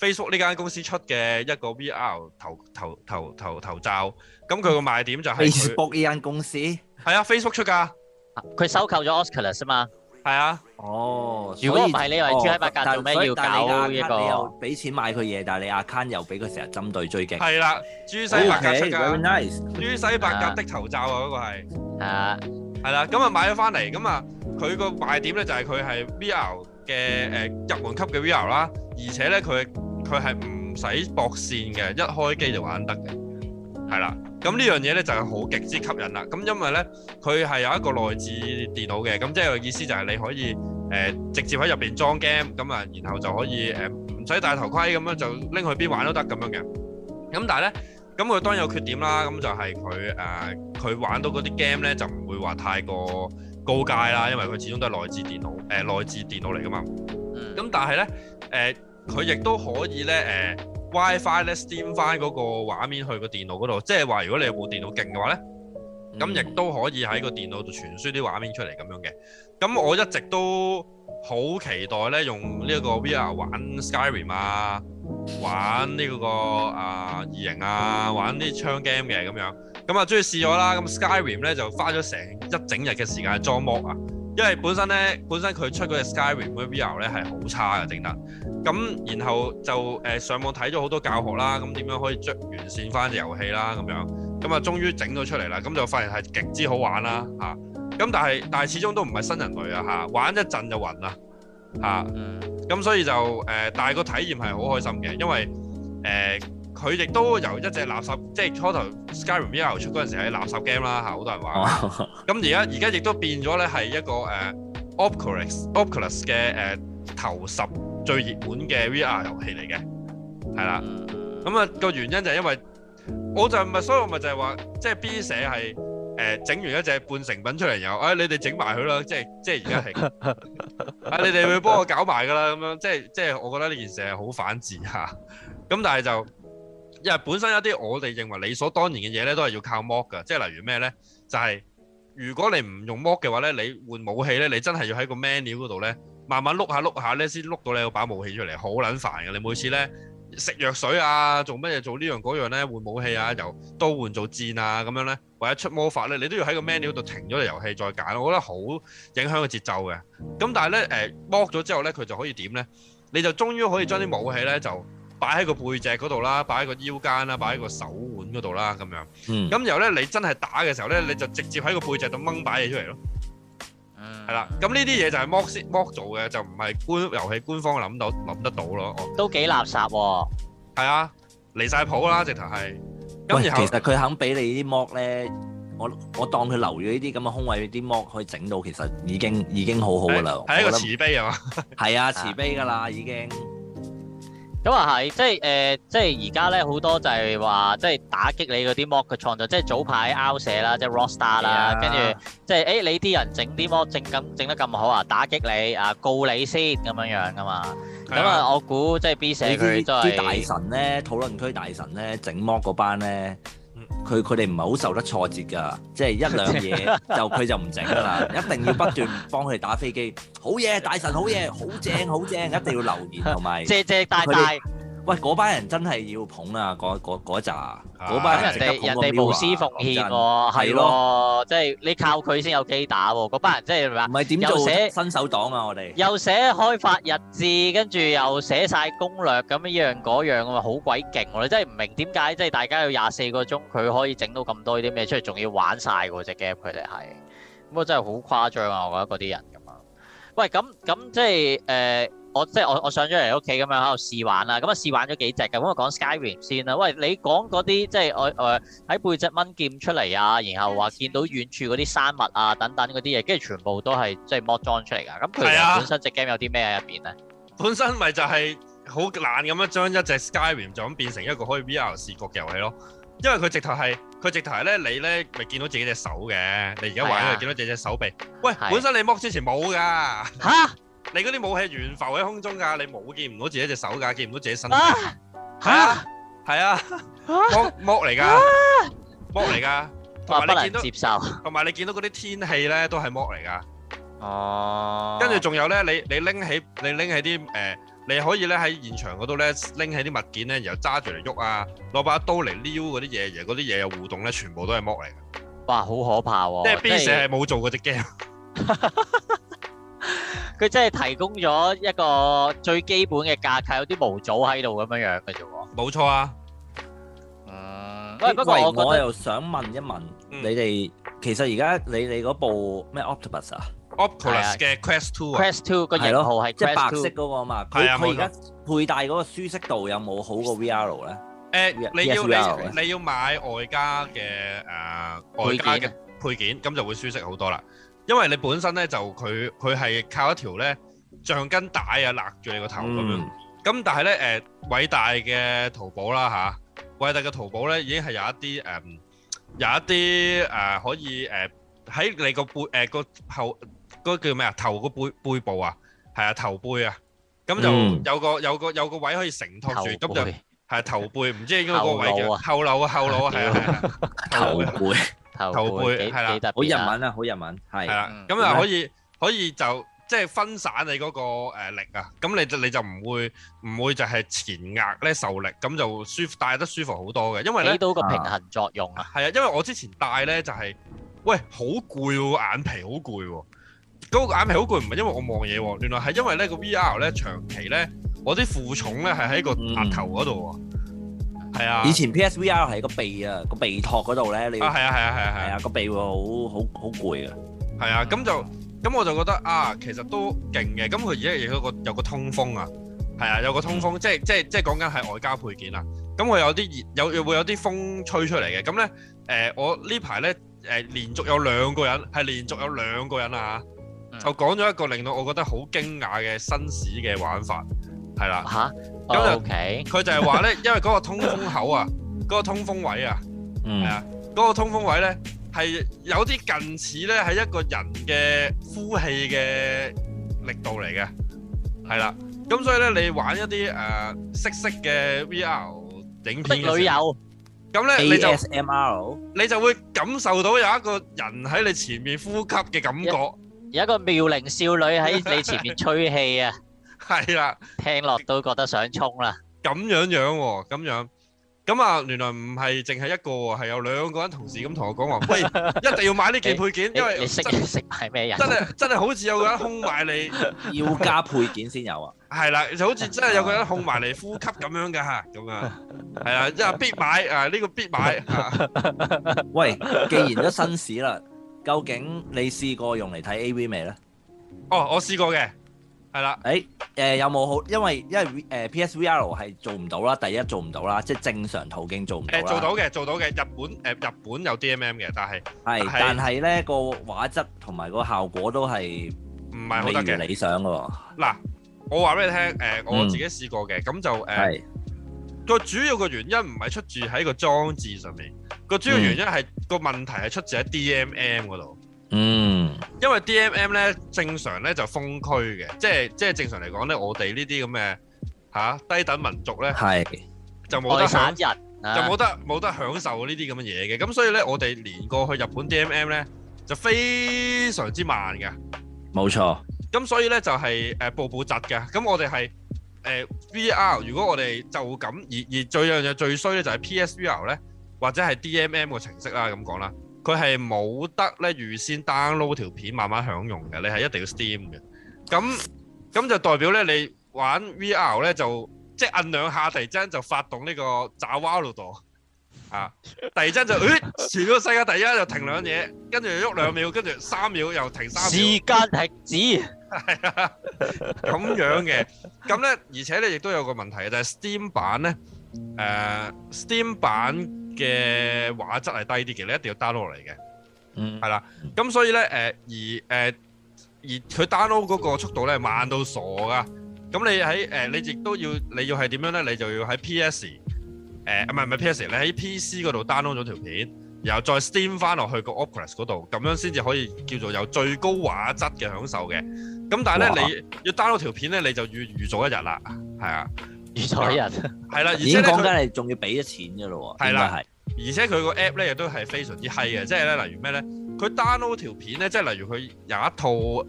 Facebook 呢間公司出嘅一個 VR 頭頭頭頭頭罩，咁佢個賣點就係 Facebook 呢間公司，係啊，Facebook 出㗎，佢收購咗 Oculus 啊嘛，係啊，哦，如果唔係你話朱克伯格做咩要搞呢個？俾錢買佢嘢，但係你阿卡又俾佢成日針對追擊。係啦，朱克伯格出㗎，朱克伯格的頭罩啊，嗰個係係啊，係啦，咁啊買咗翻嚟，咁啊佢個賣點咧就係佢係 VR 嘅誒入門級嘅 VR 啦，而且咧佢。佢係唔使駁線嘅，一開機就玩得嘅，係啦。咁呢樣嘢咧就係好極之吸引啦。咁因為咧，佢係有一個內置電腦嘅，咁即係意思就係你可以誒直接喺入邊裝 game，咁啊，然後就可以誒唔使戴頭盔咁樣就拎去邊玩都得咁樣嘅。咁但係咧，咁佢當然有缺點啦。咁就係佢誒佢玩到嗰啲 game 咧就唔會話太過高階啦，因為佢始終都係內置電腦誒內置電腦嚟噶嘛。咁但係咧誒。佢亦都可以咧，誒、呃、WiFi 咧 stream 翻嗰個畫面去個電腦嗰度，即係話如果你有部電腦勁嘅話咧，咁亦都可以喺個電腦度傳輸啲畫面出嚟咁樣嘅。咁我一直都好期待咧，用呢一個 VR 玩 Skyrim 啊，玩呢、這個個啊異形啊，玩啲槍 game 嘅咁樣。咁啊，終於試咗啦。咁 Skyrim 咧就花咗成一整日嘅時間裝 mod 啊！因為本身咧，本身佢出嗰隻 Skyrim VR 咧係好差嘅，整得咁，然後就誒上網睇咗好多教學啦，咁點樣可以將完善翻隻遊戲啦咁樣，咁啊終於整到出嚟啦，咁就發現係極之好玩啦嚇，咁、啊、但係但係始終都唔係新人類啊嚇，玩一陣就暈啦嚇，咁、啊嗯、所以就誒、呃，但係個體驗係好開心嘅，因為誒。呃佢亦都由一隻垃圾，即係初頭 Skyrim VR 出嗰陣時係垃圾 game 啦，嚇，好多人玩。咁而家而家亦都變咗咧，係一個誒 Oculus、uh, Oculus 嘅誒頭十最熱門嘅 VR 遊戲嚟嘅，係啦。咁、那、啊個原因就係因為我就唔係，所以我咪就係話，即係、就是、B 社係誒整完一隻半成品出嚟又，哎你哋整埋佢啦，即係即係而家係，啊、 <laughs> 哎、你哋會幫我搞埋噶啦咁樣，即係即係我覺得呢件事係好反智嚇。咁 <laughs> 但係就。因為本身有啲我哋認為理所當然嘅嘢咧，都係要靠 mod 嘅。即係例如咩咧，就係如果你唔用 mod 嘅話咧，你換武器咧，你真係要喺個 menu 嗰度咧，慢慢碌下碌下咧，先碌到你有把武器出嚟，好撚煩嘅。你每次咧，食藥水啊，做乜嘢做呢樣嗰樣咧，換武器啊，由刀換做箭啊咁樣咧，或者出魔法咧，你都要喺個 menu 度停咗個遊戲再揀。我覺得好影響個節奏嘅。咁但係咧，誒 mod 咗之後咧，佢就可以點咧？你就終於可以將啲武器咧就～擺喺個背脊嗰度啦，擺喺個腰間啦，擺喺個手腕嗰度啦，咁樣。嗯。咁然後咧，你真係打嘅時候咧，你就直接喺個背脊度掹擺嘢出嚟咯。嗯。係啦。咁呢啲嘢就係 mod mod 做嘅，就唔係官遊戲官方諗到諗得到咯。哦。都幾垃圾喎！係啊，離曬譜離晒譜啦，直頭係。喂，其實佢肯俾你啲 mod 咧，我我當佢留咗呢啲咁嘅空位啲 mod 可以整到，其實已經已經好好噶啦。係一個慈悲啊嘛？係啊，慈悲噶啦，已經。咁啊係，即係誒、呃，即係而家咧，好多就係話，即係打擊你嗰啲 mod 嘅創作，即係早排 Out 社啦，即係 Rockstar 啦的，跟住即係誒、哎、你啲人整啲 mod 整咁整得咁好啊，打擊你啊告你先咁樣樣噶嘛，咁啊的我估即係 B 社佢啲、就係、大神咧，討論區大神咧整 mod 嗰班咧。佢佢哋唔係好受得挫折㗎，即係一兩嘢 <laughs> 就佢就唔整㗎啦，一定要不斷幫佢哋打飛機。 <laughs> 好嘢，大神好嘢， <laughs> 好正好正， <laughs> 一定要留言同埋 <laughs> 謝謝大大。喂，嗰班人真係要捧啊。嗰嗰嗰扎，班人人哋無私奉獻喎，係咯、啊，即係你靠佢先有機打喎，嗰班人即係唔係點做又寫？新手黨啊，我哋又寫開發日誌，跟住又寫晒攻略咁樣依樣嗰樣喎，好鬼勁。我哋真係唔明點解即係大家要廿四個鐘佢可以整到咁多啲咩出嚟，仲要玩晒喎隻 game 佢哋係，咁啊真係好誇張啊！我覺得嗰啲人咁啊，喂，咁咁即係誒。呃我即係我我上咗嚟屋企咁樣喺度試玩啦，咁啊試玩咗幾隻噶，咁我講 Skyrim 先啦。喂，你講嗰啲即係我誒喺背脊掹劍出嚟啊，然後話見到遠處嗰啲山脈啊等等嗰啲嘢，跟住全部都係即係 mod 裝出嚟噶。咁佢本身隻 game 有啲咩喺入邊咧？本身咪就係好懶咁樣將一隻 Skyrim 就咁變成一個可以 VR 視覺嘅遊戲咯，因為佢直頭係佢直頭係咧你咧咪見到自己隻手嘅，你而家玩又見到自己隻手臂。喂，啊、本身你 mod 之前冇噶。吓、啊？ <laughs> 你嗰啲武器懸浮喺空中噶，你冇見唔到自己隻手噶，見唔到自己身體。吓？係啊，係啊，剝剝嚟噶，剝嚟噶。同埋你見到，同埋你見到嗰啲天氣咧，都係剝嚟噶。哦。跟住仲有咧，你你拎起，你拎起啲誒，你可以咧喺現場嗰度咧拎起啲物件咧，然後揸住嚟喐啊，攞把刀嚟撩嗰啲嘢，而嗰啲嘢嘅互動咧，全部都係剝嚟。哇，好可怕喎！即係 B 社係冇做嗰隻 game。佢真係提供咗一個最基本嘅架構，有啲模組喺度咁樣樣嘅啫喎。冇錯啊。誒，不過我又想問一問你哋，其實而家你哋嗰部咩 Oculus 啊？Oculus 嘅 Quest Two 啊？Quest Two 個型號係？即係白色嗰個啊嘛。係啊。佢而家佩戴嗰個舒適度有冇好過 VR 咧？誒，你要你你要買外加嘅誒外加嘅配件，咁就會舒適好多啦。因為你本身咧就佢佢係靠一條咧橡筋帶啊，勒住你個頭咁樣，咁但係咧誒偉大嘅淘寶啦嚇，偉大嘅淘寶咧已經係有一啲誒有一啲誒可以誒喺你個背誒個後嗰叫咩啊頭個背背部啊，係啊頭背啊，咁就有個有個有個位可以承托住，咁就係頭背，唔知應該個位叫後腦啊後腦啊後腦啊，係係係頭背。頭背係啦，好日文啦，好日文係，係啦，咁、啊、就可以可以就即係分散你嗰個誒力啊，咁你你就唔會唔會就係前額咧受力，咁就舒服，戴得舒服好多嘅，因為起到個平衡作用啊。係啊，因為我之前戴咧就係、是，喂，好攰喎，眼皮好攰喎，嗰個眼皮好攰唔係因為我望嘢、啊，原來係因為呢個 V R 咧長期咧我啲負重咧係喺個額頭嗰度。嗯係啊，以前 PSVR 係個鼻，鼻啊，個鼻托嗰度咧，你啊係啊係啊係啊係啊個鼻會好好好攰啊。係啊，咁、啊啊啊、就咁我就覺得啊，其實都勁嘅。咁佢而家有個有個通風啊，係啊，有個通風，即係即係即係講緊係外加配件啊。咁、嗯、我有啲熱，有會有啲風吹出嚟嘅。咁咧誒，我呢排咧誒，連續有兩個人係連續有兩個人啊，就講咗一個令到我覺得好驚訝嘅紳士嘅玩法，係啦嚇。啊咁就佢就係話咧，因為嗰個通風口啊，嗰個通風位啊，係啊，嗰個通風位咧係有啲近似咧，係一個人嘅呼氣嘅力度嚟嘅，係啦。咁所以咧，你玩一啲誒色色嘅 VR 影片，異女友，咁咧你就 ASMR，你就會感受到有一個人喺你前面呼吸嘅感覺，有一個妙齡少女喺你前面吹氣啊！係啦，聽落都覺得想衝啦。咁樣樣，咁樣，咁啊，原來唔係淨係一個，係有兩個人同時咁同我講話，喂，一定要買呢幾配件，因為你識唔識買咩人？真係真係好似有個人控埋你，要加配件先有啊？係啦，就好似真係有個人控埋嚟呼吸咁樣噶吓，咁啊，係啊，即係必買啊，呢個必買啊。喂，既然都紳士啦，究竟你試過用嚟睇 AV 未咧？哦，我試過嘅。係啦，誒誒、欸呃、有冇好？因為因為、呃、誒 PSVR 係做唔到啦，第一做唔到啦，即係正常途徑做唔到做到嘅，做到嘅，日本誒、呃、日本有 DMM 嘅，但係係，是但係咧個畫質同埋個效果都係唔係好得嘅，未如理想嘅喎。嗱、嗯，我話俾你聽，誒、呃、我自己試過嘅，咁就誒個、呃、的主要嘅原因唔係出自喺個裝置上面，個主要原因係個、嗯、問題係出自喺 DMM 嗰度。嗯，因為 DMM 咧正常咧就封區嘅，即係即係正常嚟講咧，我哋呢啲咁嘅嚇低等民族咧，是就冇得享，啊、就冇得冇得享受呢啲咁嘅嘢嘅，咁所以咧我哋連過去日本 DMM 咧就非常之慢嘅，冇錯。咁所以咧就係誒步步疾嘅，咁我哋係誒 VR，如果我哋就咁而而最樣嘢最衰咧就係 PSVR 咧或者係 DMM 個程式啦，咁講啦。佢係冇得咧，預先 download 條片慢慢享用嘅，你係一定要 Steam 嘅。咁咁就代表咧，你玩 VR 咧就即係摁兩下，突然間就發動呢個砸瓦魯多度嚇，突然間就誒，全個世界第一就停兩嘢，跟住喐兩秒，跟住三秒又停三秒。時間停止。係啊，咁樣嘅。咁咧，而且咧亦都有個問題，就係 Steam 版咧，誒 Steam 版，嘅畫質係低啲嘅，你一定要 download 落嚟嘅，嗯，係啦，咁所以咧，誒、呃呃、而誒而佢 download 嗰個速度咧慢到傻噶，咁你喺誒、呃、你亦都要你要係點樣咧？你就要喺 PS 誒，唔係唔係 PS，你喺 PC 嗰度 download 咗條片，然後再 Steam 翻落去個 Oculus 嗰度，咁樣先至可以叫做有最高畫質嘅享受嘅。咁但係咧，哇你要 download 條片咧，你就要預早一日啦，係啊。預測人，係啦，而且咧，佢仲要俾咗錢噶咯喎。係啦，係，而且佢個 app 咧亦都係非常之係嘅，即係咧，例如咩咧，佢 download 條片咧，即係例如佢有一套誒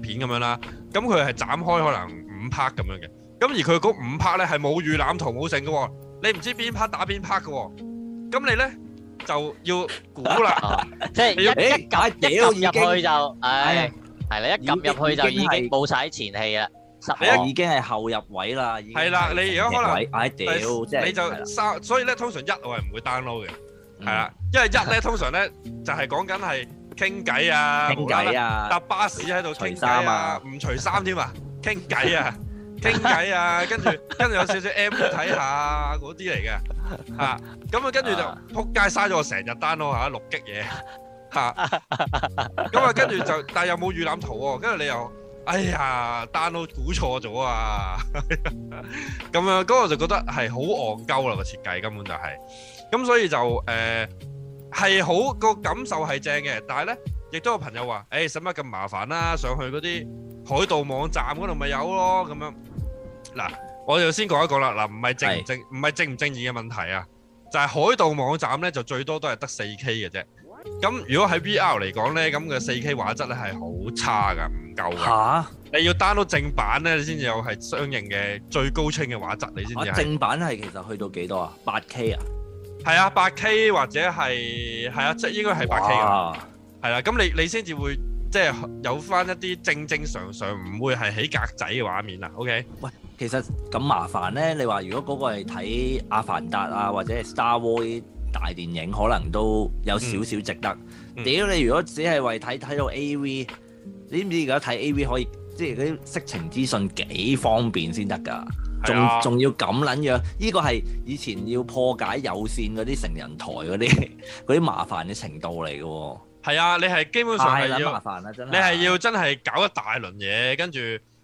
片咁樣啦，咁佢係斬開可能五 part 咁樣嘅，咁而佢嗰五 part 咧係冇預覽圖冇成嘅喎，你唔知邊 part 打邊 part 嘅喎，咁你咧就要估啦，即係一一撳入去就，係係啦，一撳入去就已經冇晒前戲啦。你已經係後入位啦，已經係後入位。唉屌，即係你就三，所以咧通常一我係唔會 download 嘅，係啦，因為一咧通常咧就係講緊係傾偈啊，傾偈啊，搭巴士喺度傾偈啊，唔除衫添啊，傾偈啊，傾偈啊，跟住跟住有少少 M 睇下嗰啲嚟嘅吓，咁啊跟住就撲街嘥咗我成日 download 吓六 G 嘢吓，咁啊跟住就但係又冇預覽圖喎，跟住你又。哎呀，download 估錯咗啊！咁樣嗰個就覺得係好戇鳩啦個設計，根本就係咁，所以就誒係好個感受係正嘅，但係呢亦都有朋友話：誒使乜咁麻煩啦？上去嗰啲海盜網站嗰度咪有咯？咁樣嗱，我就先講一講啦。嗱，唔係正唔正唔係正唔正義嘅問題啊，就係海盜網站呢，就最多都係得 4K 嘅啫。咁如果喺 VR 嚟講咧，咁嘅四 k 畫質咧係好差噶，唔夠。吓、啊！你要 download 正版咧，你先至有係相應嘅最高清嘅畫質，你先至。啊！正版係其實去到幾多啊？八 k 啊？係啊，八 k 或者係係啊，即係應該係 8K 啊。係啦，咁你你先至會即係、就是、有翻一啲正正常常唔會係起格仔嘅畫面啊？OK？喂，其實咁麻煩咧，你話如果嗰個係睇阿凡達啊，或者係 Star Wars？大電影可能都有少少值得。屌、嗯、你如果只係為睇睇到 AV，你知唔知而家睇 AV 可以，即係嗰啲色情資訊幾方便先得㗎？仲仲要咁撚樣？呢個係以前要破解有線嗰啲成人台嗰啲嗰啲麻煩嘅程度嚟㗎喎。係啊，你係基本上係要，哎、真麻煩。你係要真係搞一大輪嘢，跟住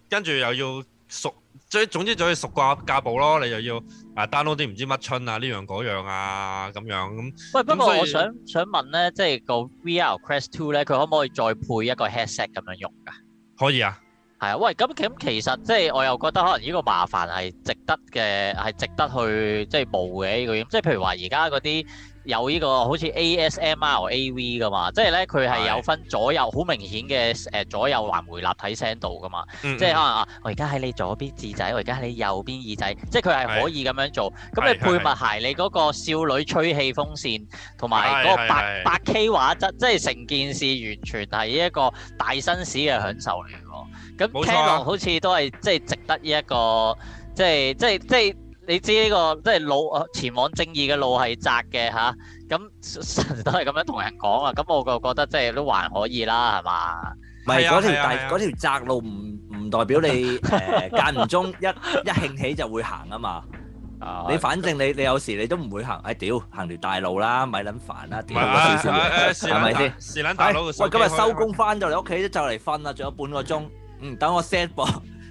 跟住又要熟。最總之就可以熟掛架步咯，你又要不知不知啊 download 啲唔知乜春啊呢樣嗰樣啊咁樣咁。喂，不過我想想問咧，即係個 VR Quest Two 咧，佢可唔可以再配一個 headset 咁樣用㗎？可以啊，係啊。喂，咁咁其實即係我又覺得可能呢個麻煩係值得嘅，係值得去即係冇嘅呢個即係譬如話而家啲。有呢個好似 ASMR AV 噶嘛，即係咧佢係有分左右好是明顯嘅，誒、呃、左右環迴立體聲度噶嘛，嗯嗯即係可能啊，我而家喺你左邊耳仔，我而家喺你右邊耳仔，即係佢係可以咁樣做。咁是你配埋鞋，你嗰個少女吹氣風扇同埋嗰個八八 K 畫質，是即係成件事完全係一個大紳士嘅享受嚟喎。咁聽落好似都係即係值得呢一個即係即係即係。即即你知呢個即係路啊，前往正義嘅路係窄嘅嚇，咁神都係咁樣同人講啊，咁我就覺得即係都還可以啦，係嘛？唔係嗰條大嗰條窄路唔唔代表你誒間唔中一一興起就會行啊嘛，你反正你你有時你都唔會行，誒屌行條大路啦，咪撚煩啦，屌，係咪先？係撚大路嘅。喂，今日收工翻到嚟屋企就嚟瞓啦，仲有半個鐘，嗯，等我 set 播。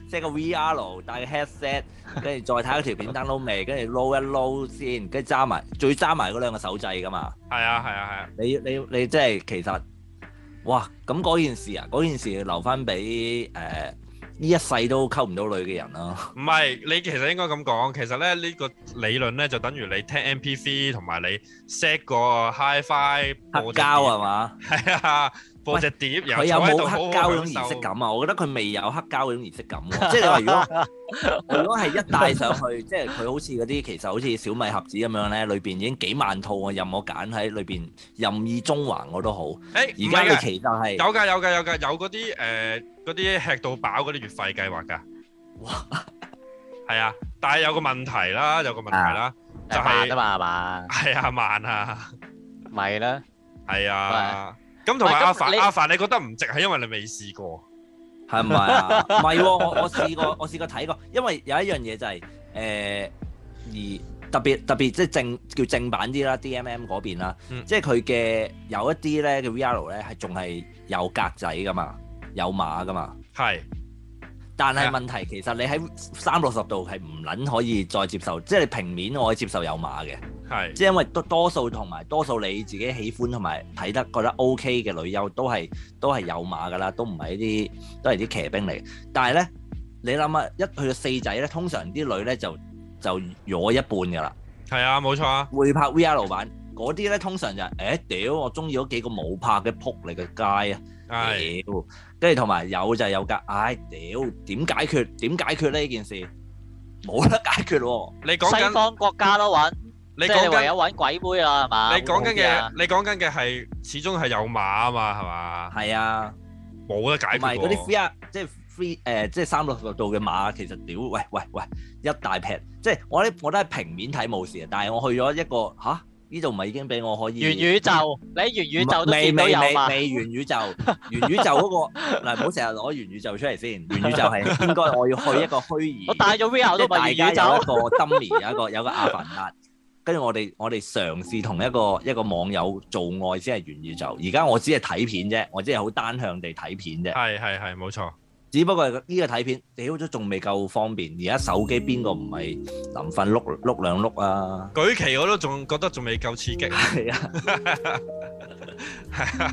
set 個 VR，帶個 headset，跟住再睇一條片 download 未？跟住撈一撈先，跟住揸埋，仲要揸埋嗰兩個手掣噶嘛？係啊係啊係啊！你你你即係其實，哇！咁嗰件事啊，嗰件事留翻俾誒呢一世都溝唔到女嘅人咯。唔係，你其實應該咁講，其實咧呢個理論咧就等於你聽 MP3 同埋你 set 個 HiFi 播交啊嘛。係啊！喂，隻碟佢有冇黑膠嗰種儀式感啊？我覺得佢未有黑膠嗰種儀式感。即係你話如果如果係一戴上去，即係佢好似嗰啲其實好似小米盒子咁樣咧，裏邊已經幾萬套，我任我揀喺裏邊任意中環我都好。誒，而家嘅其實係有㗎，有㗎，有㗎，有嗰啲誒嗰啲吃到飽嗰啲月費計劃㗎。哇！係啊，但係有個問題啦，有個問題啦，就係慢啊嘛，係啊，慢啊，咪咧，係啊。咁同埋阿凡，阿凡你，你覺得唔值係因為你未試過，係唔係啊？唔係、 <laughs> 啊，我我試過，我試過睇過，因為有一樣嘢就係、是，誒、呃、而特別特別即係正叫正版啲啦，DMM 嗰邊啦，嗯、即係佢嘅有一啲咧嘅 VR 咧係仲係有格仔㗎嘛，有碼㗎嘛，係。但係問題其實你喺三六十度係唔撚可以再接受，即係平面我可以接受有碼嘅，係是，即係因為多多數同埋多數你自己喜歡同埋睇得覺得 OK 嘅女優都係都係有碼噶啦，都唔係一啲都係啲騎兵嚟。但係咧，你諗下，一去到四仔咧，通常啲女咧就就弱一半噶啦。係啊，冇錯啊。會拍 VR 老闆嗰啲咧，通常就係、是、誒、哎、屌，我中意咗幾個冇拍嘅撲你嘅街啊嘢是跟住同埋有就有架，唉、哎、屌，點解決？點解決呢件事？冇得解決喎、啊！你講西方國家都揾，你係唯有揾鬼妹啦，係嘛？你講緊嘅，你講緊嘅係始終係有馬啊嘛，係嘛？係啊，冇得解決。唔係嗰啲 free 啊，即係 free 誒，即係三六十度嘅馬，其實屌，喂喂喂，一大撇，即係我咧，我都係平面睇冇事啊，但係我去咗一個吓？呢度唔係已經俾我可以？元宇宙，你元宇宙都見到有嘛？未未未未元宇宙， <laughs> 元宇宙嗰、嗰個嗱，唔好成日攞元宇宙出嚟先。元宇宙係應該我要去一個虛擬。 <laughs> 我帶咗 VR 都。大家有一個 d o m 有一個有一個亞凡達，跟住我哋我哋嘗試同一個一個網友做愛先係元宇宙。而家我只係睇片啫，我只係好單向地睇片啫。係係係，冇錯。只不過係呢個睇片，屌咗仲未夠方便。而家手機邊個唔係臨瞓碌碌兩碌啊？舉旗我都仲覺得仲未夠刺激。係啊，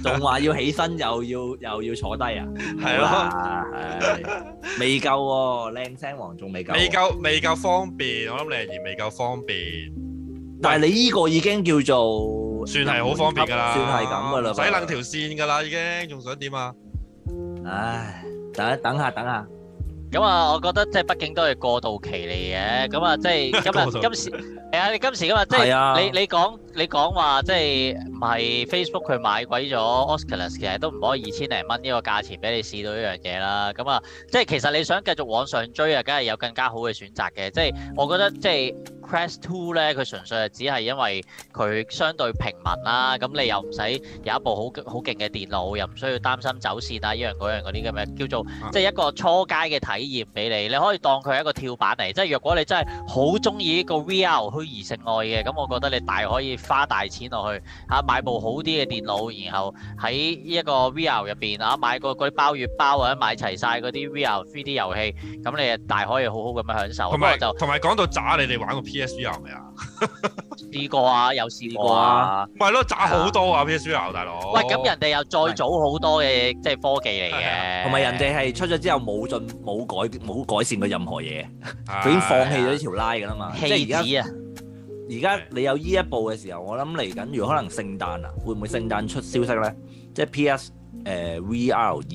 仲話要起身又要又要坐低啊？係咯，未夠喎，靚聲王仲未夠。未夠，未夠方便。我諗嚟年未夠方便。但係你呢個已經叫做算係好方便㗎啦，算係咁㗎啦，使兩條線㗎啦已經，仲想點啊？唉。等，等下，等下，咁啊、嗯，我覺得即係畢竟都係過渡期嚟嘅，咁啊，即係今日今時、 <laughs> 哎、今時今日 <laughs> 你 <laughs> 你講。你說你講話即係唔係 Facebook 佢買鬼咗 Oculus，其實都唔可以二千零蚊呢個價錢俾你試到呢樣嘢啦。咁啊，即係其實你想繼續往上追啊，梗係有更加好嘅選擇嘅。即係我覺得即係 Quest Two 咧，佢純粹係只係因為佢相對平民啦，咁你又唔使有一部好好勁嘅電腦，又唔需要擔心走線啊，依樣嗰樣嗰啲咁樣，叫做、嗯、即係一個初階嘅體驗俾你。你可以當佢係一個跳板嚟，即係若果你真係好中意呢個 VR 虛擬性愛嘅，咁我覺得你大可以，花大錢落去嚇買部好啲嘅電腦，然後喺依一個 VR 入邊啊，買個嗰啲包月包或者買齊曬嗰啲 VR 3D 遊戲，咁你大可以好好咁樣享受。咁我就同埋講到渣，你哋玩過 PSVR 未啊？ <laughs> 試過啊，有試過啊。唔係咯，渣好多啊 PSVR 大佬。喂，咁人哋又再早好多嘅、嗯、即係科技嚟嘅。同埋、啊、人哋係出咗之後冇進冇改冇改善過任何嘢，佢、啊、已經放棄咗呢條 line 㗎啦嘛。棄子啊！而家你有呢一步嘅時候，我諗嚟緊，如果可能聖誕啊，會唔會聖誕出消息咧？ <music> 即係 P.S. 唉 VR2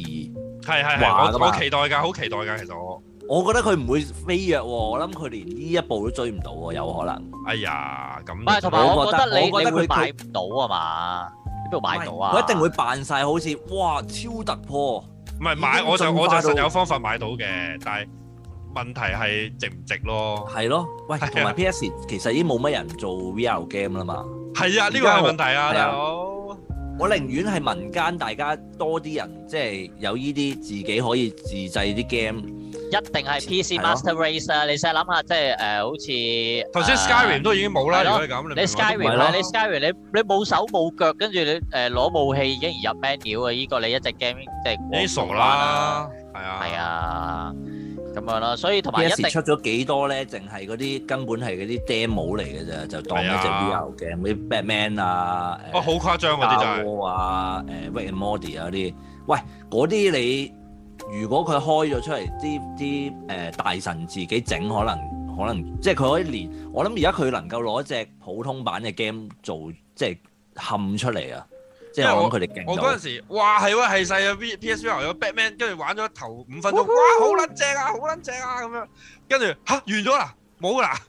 係係係，我我期待㗎，好期待㗎，其實我我覺得佢唔會飛躍喎、哦，我諗佢連呢一步都追唔到喎，有可能。哎呀，咁唔係，我覺得你覺得你會買唔到啊嘛？你邊度買到啊？佢一定會扮晒，好似，哇！超突破。唔係買，我就我就實有方法買到嘅，但係。問題係值唔值咯？係咯，喂，同埋 PS 其實已經冇乜人做 VR game 啦嘛。係啊，呢個係問題啊，大佬。我寧願係民間，大家多啲人即係有依啲自己可以自製啲 game。一定係 PC Master Race 啊！你試下諗下，即係誒，好似頭先 Skyrim 都已經冇啦，你可以咁。你 Skyrim 你 Skyrim，你你冇手冇腳，跟住你誒攞武器已而入 menu 啊！依個你一隻 game 即係。你傻啦，係啊。係啊。咁樣啦，所以同埋一時出咗幾多咧？淨係嗰啲根本係嗰啲 demo 嚟嘅啫，就當一隻 V R game 嗰啲 Batman 啊，啊呃、哦好誇張嗰啲就係啊，誒，Wade and Mordy 啊嗰啲。喂，嗰啲你如果佢開咗出嚟，啲啲誒大神自己整，可能可能即係佢可以連我諗而家佢能夠攞隻普通版嘅 game 做即係冚出嚟啊！即係我諗佢哋勁，我嗰陣時，哇係喎，係細啊 PSV 有個 Batman，跟住玩咗一頭五分鐘，哇好撚正啊，好撚正啊咁樣，跟住嚇完咗啦，冇啦，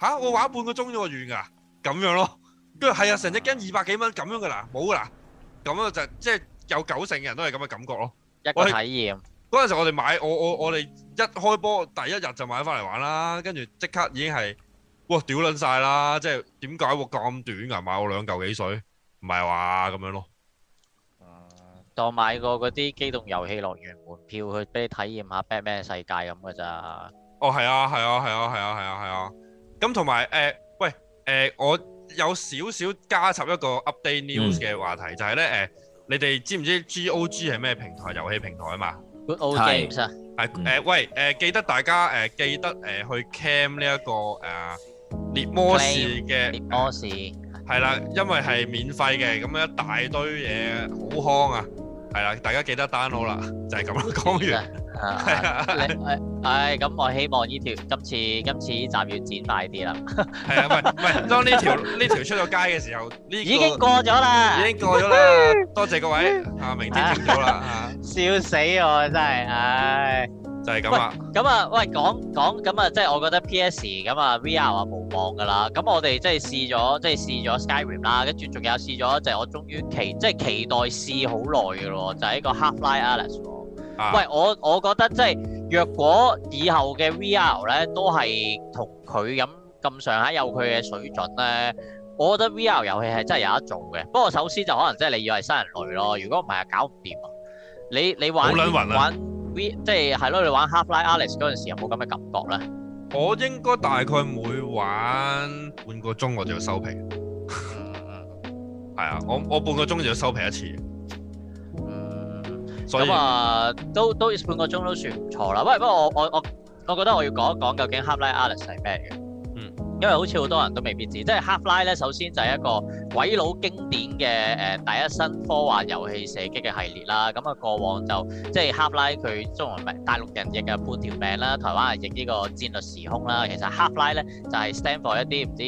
嚇我玩半個鐘啫，我完噶，咁樣咯，跟住係啊，成隻 game 二百幾蚊咁樣噶啦，冇啦，咁啊就即係有九成嘅人都係咁嘅感覺咯，一個體驗嗰陣時我哋買，我我我哋一開波第一日就買翻嚟玩啦，跟住即刻已經係哇屌撚曬啦，即係點解會咁短啊買我兩嚿幾水？唔係話咁樣咯，嗯，當買個嗰啲機動遊戲樂園門票去俾你體驗下 Batman 世界咁噶咋？哦，係啊，係啊，係啊，係啊，係啊，係啊。咁同埋誒，喂，誒、呃，我有少少加插一個 update news 嘅話題，嗯、就係咧，誒、呃，你哋知唔知 GOG 係咩平台遊戲平台啊嘛 OK 係誒，喂，誒、呃，記得大家誒、呃，記得誒、呃、去 cam 呢、這、一個誒獵、呃、魔士嘅獵魔士。係啦，因為係免費嘅，咁一大堆嘢好康啊，係啦，大家記得 download 啦，就係咁啦，講完。係係，唉， <laughs> <laughs> 哎，咁我希望呢條今次今次集要剪快啲啦。 <laughs> <laughs> 係啊，唔係當呢條呢條出到街嘅時候，呢、這個、已經過咗啦， <laughs> 已經過咗啦，多謝各位，啊，明天見多啦， <laughs> 笑死我真係，唉、哎， <laughs> 就係咁啊，咁啊，喂，講講咁啊，即係我覺得 PS 咁啊，VR 話冇望噶啦，咁我哋即係試咗，即係試咗 Skyrim 啦，跟住仲有試咗，就是、我終於期即係、就是、期待試好耐噶咯，就係、是、一個《Half-Life: Alyx》。啊、喂，我我覺得即係若果以後嘅 VR 咧都係同佢咁咁上下有佢嘅水準咧，我覺得 VR 遊戲係真係有得做嘅。不過首先就可能即係你以為係新人類咯，如果唔係啊搞唔掂啊。你你玩玩 VR 即係係咯，你玩 Half-Life Alyx 嗰陣時有冇咁嘅感覺咧？我應該大概每玩半個鐘我就要收皮。係 <laughs> 啊，我我半個鐘就要收皮一次。咁啊、嗯，都都半個鐘都算唔錯啦。不過我我我覺得我要講一講究竟 Half-Life Alyx 係咩嘅。嗯，因為好似好多人都未必知道，即係 Half-Life 咧，首先就係一個。鬼佬經典嘅誒第一身科幻遊戲射擊嘅系列啦，咁啊過往就即係《Half-Life》。佢中文大陸人譯嘅《半條命》啦，台灣人譯呢個《戰慄時空》啦。其實《Half-Life》咧就係 stand for 一啲唔知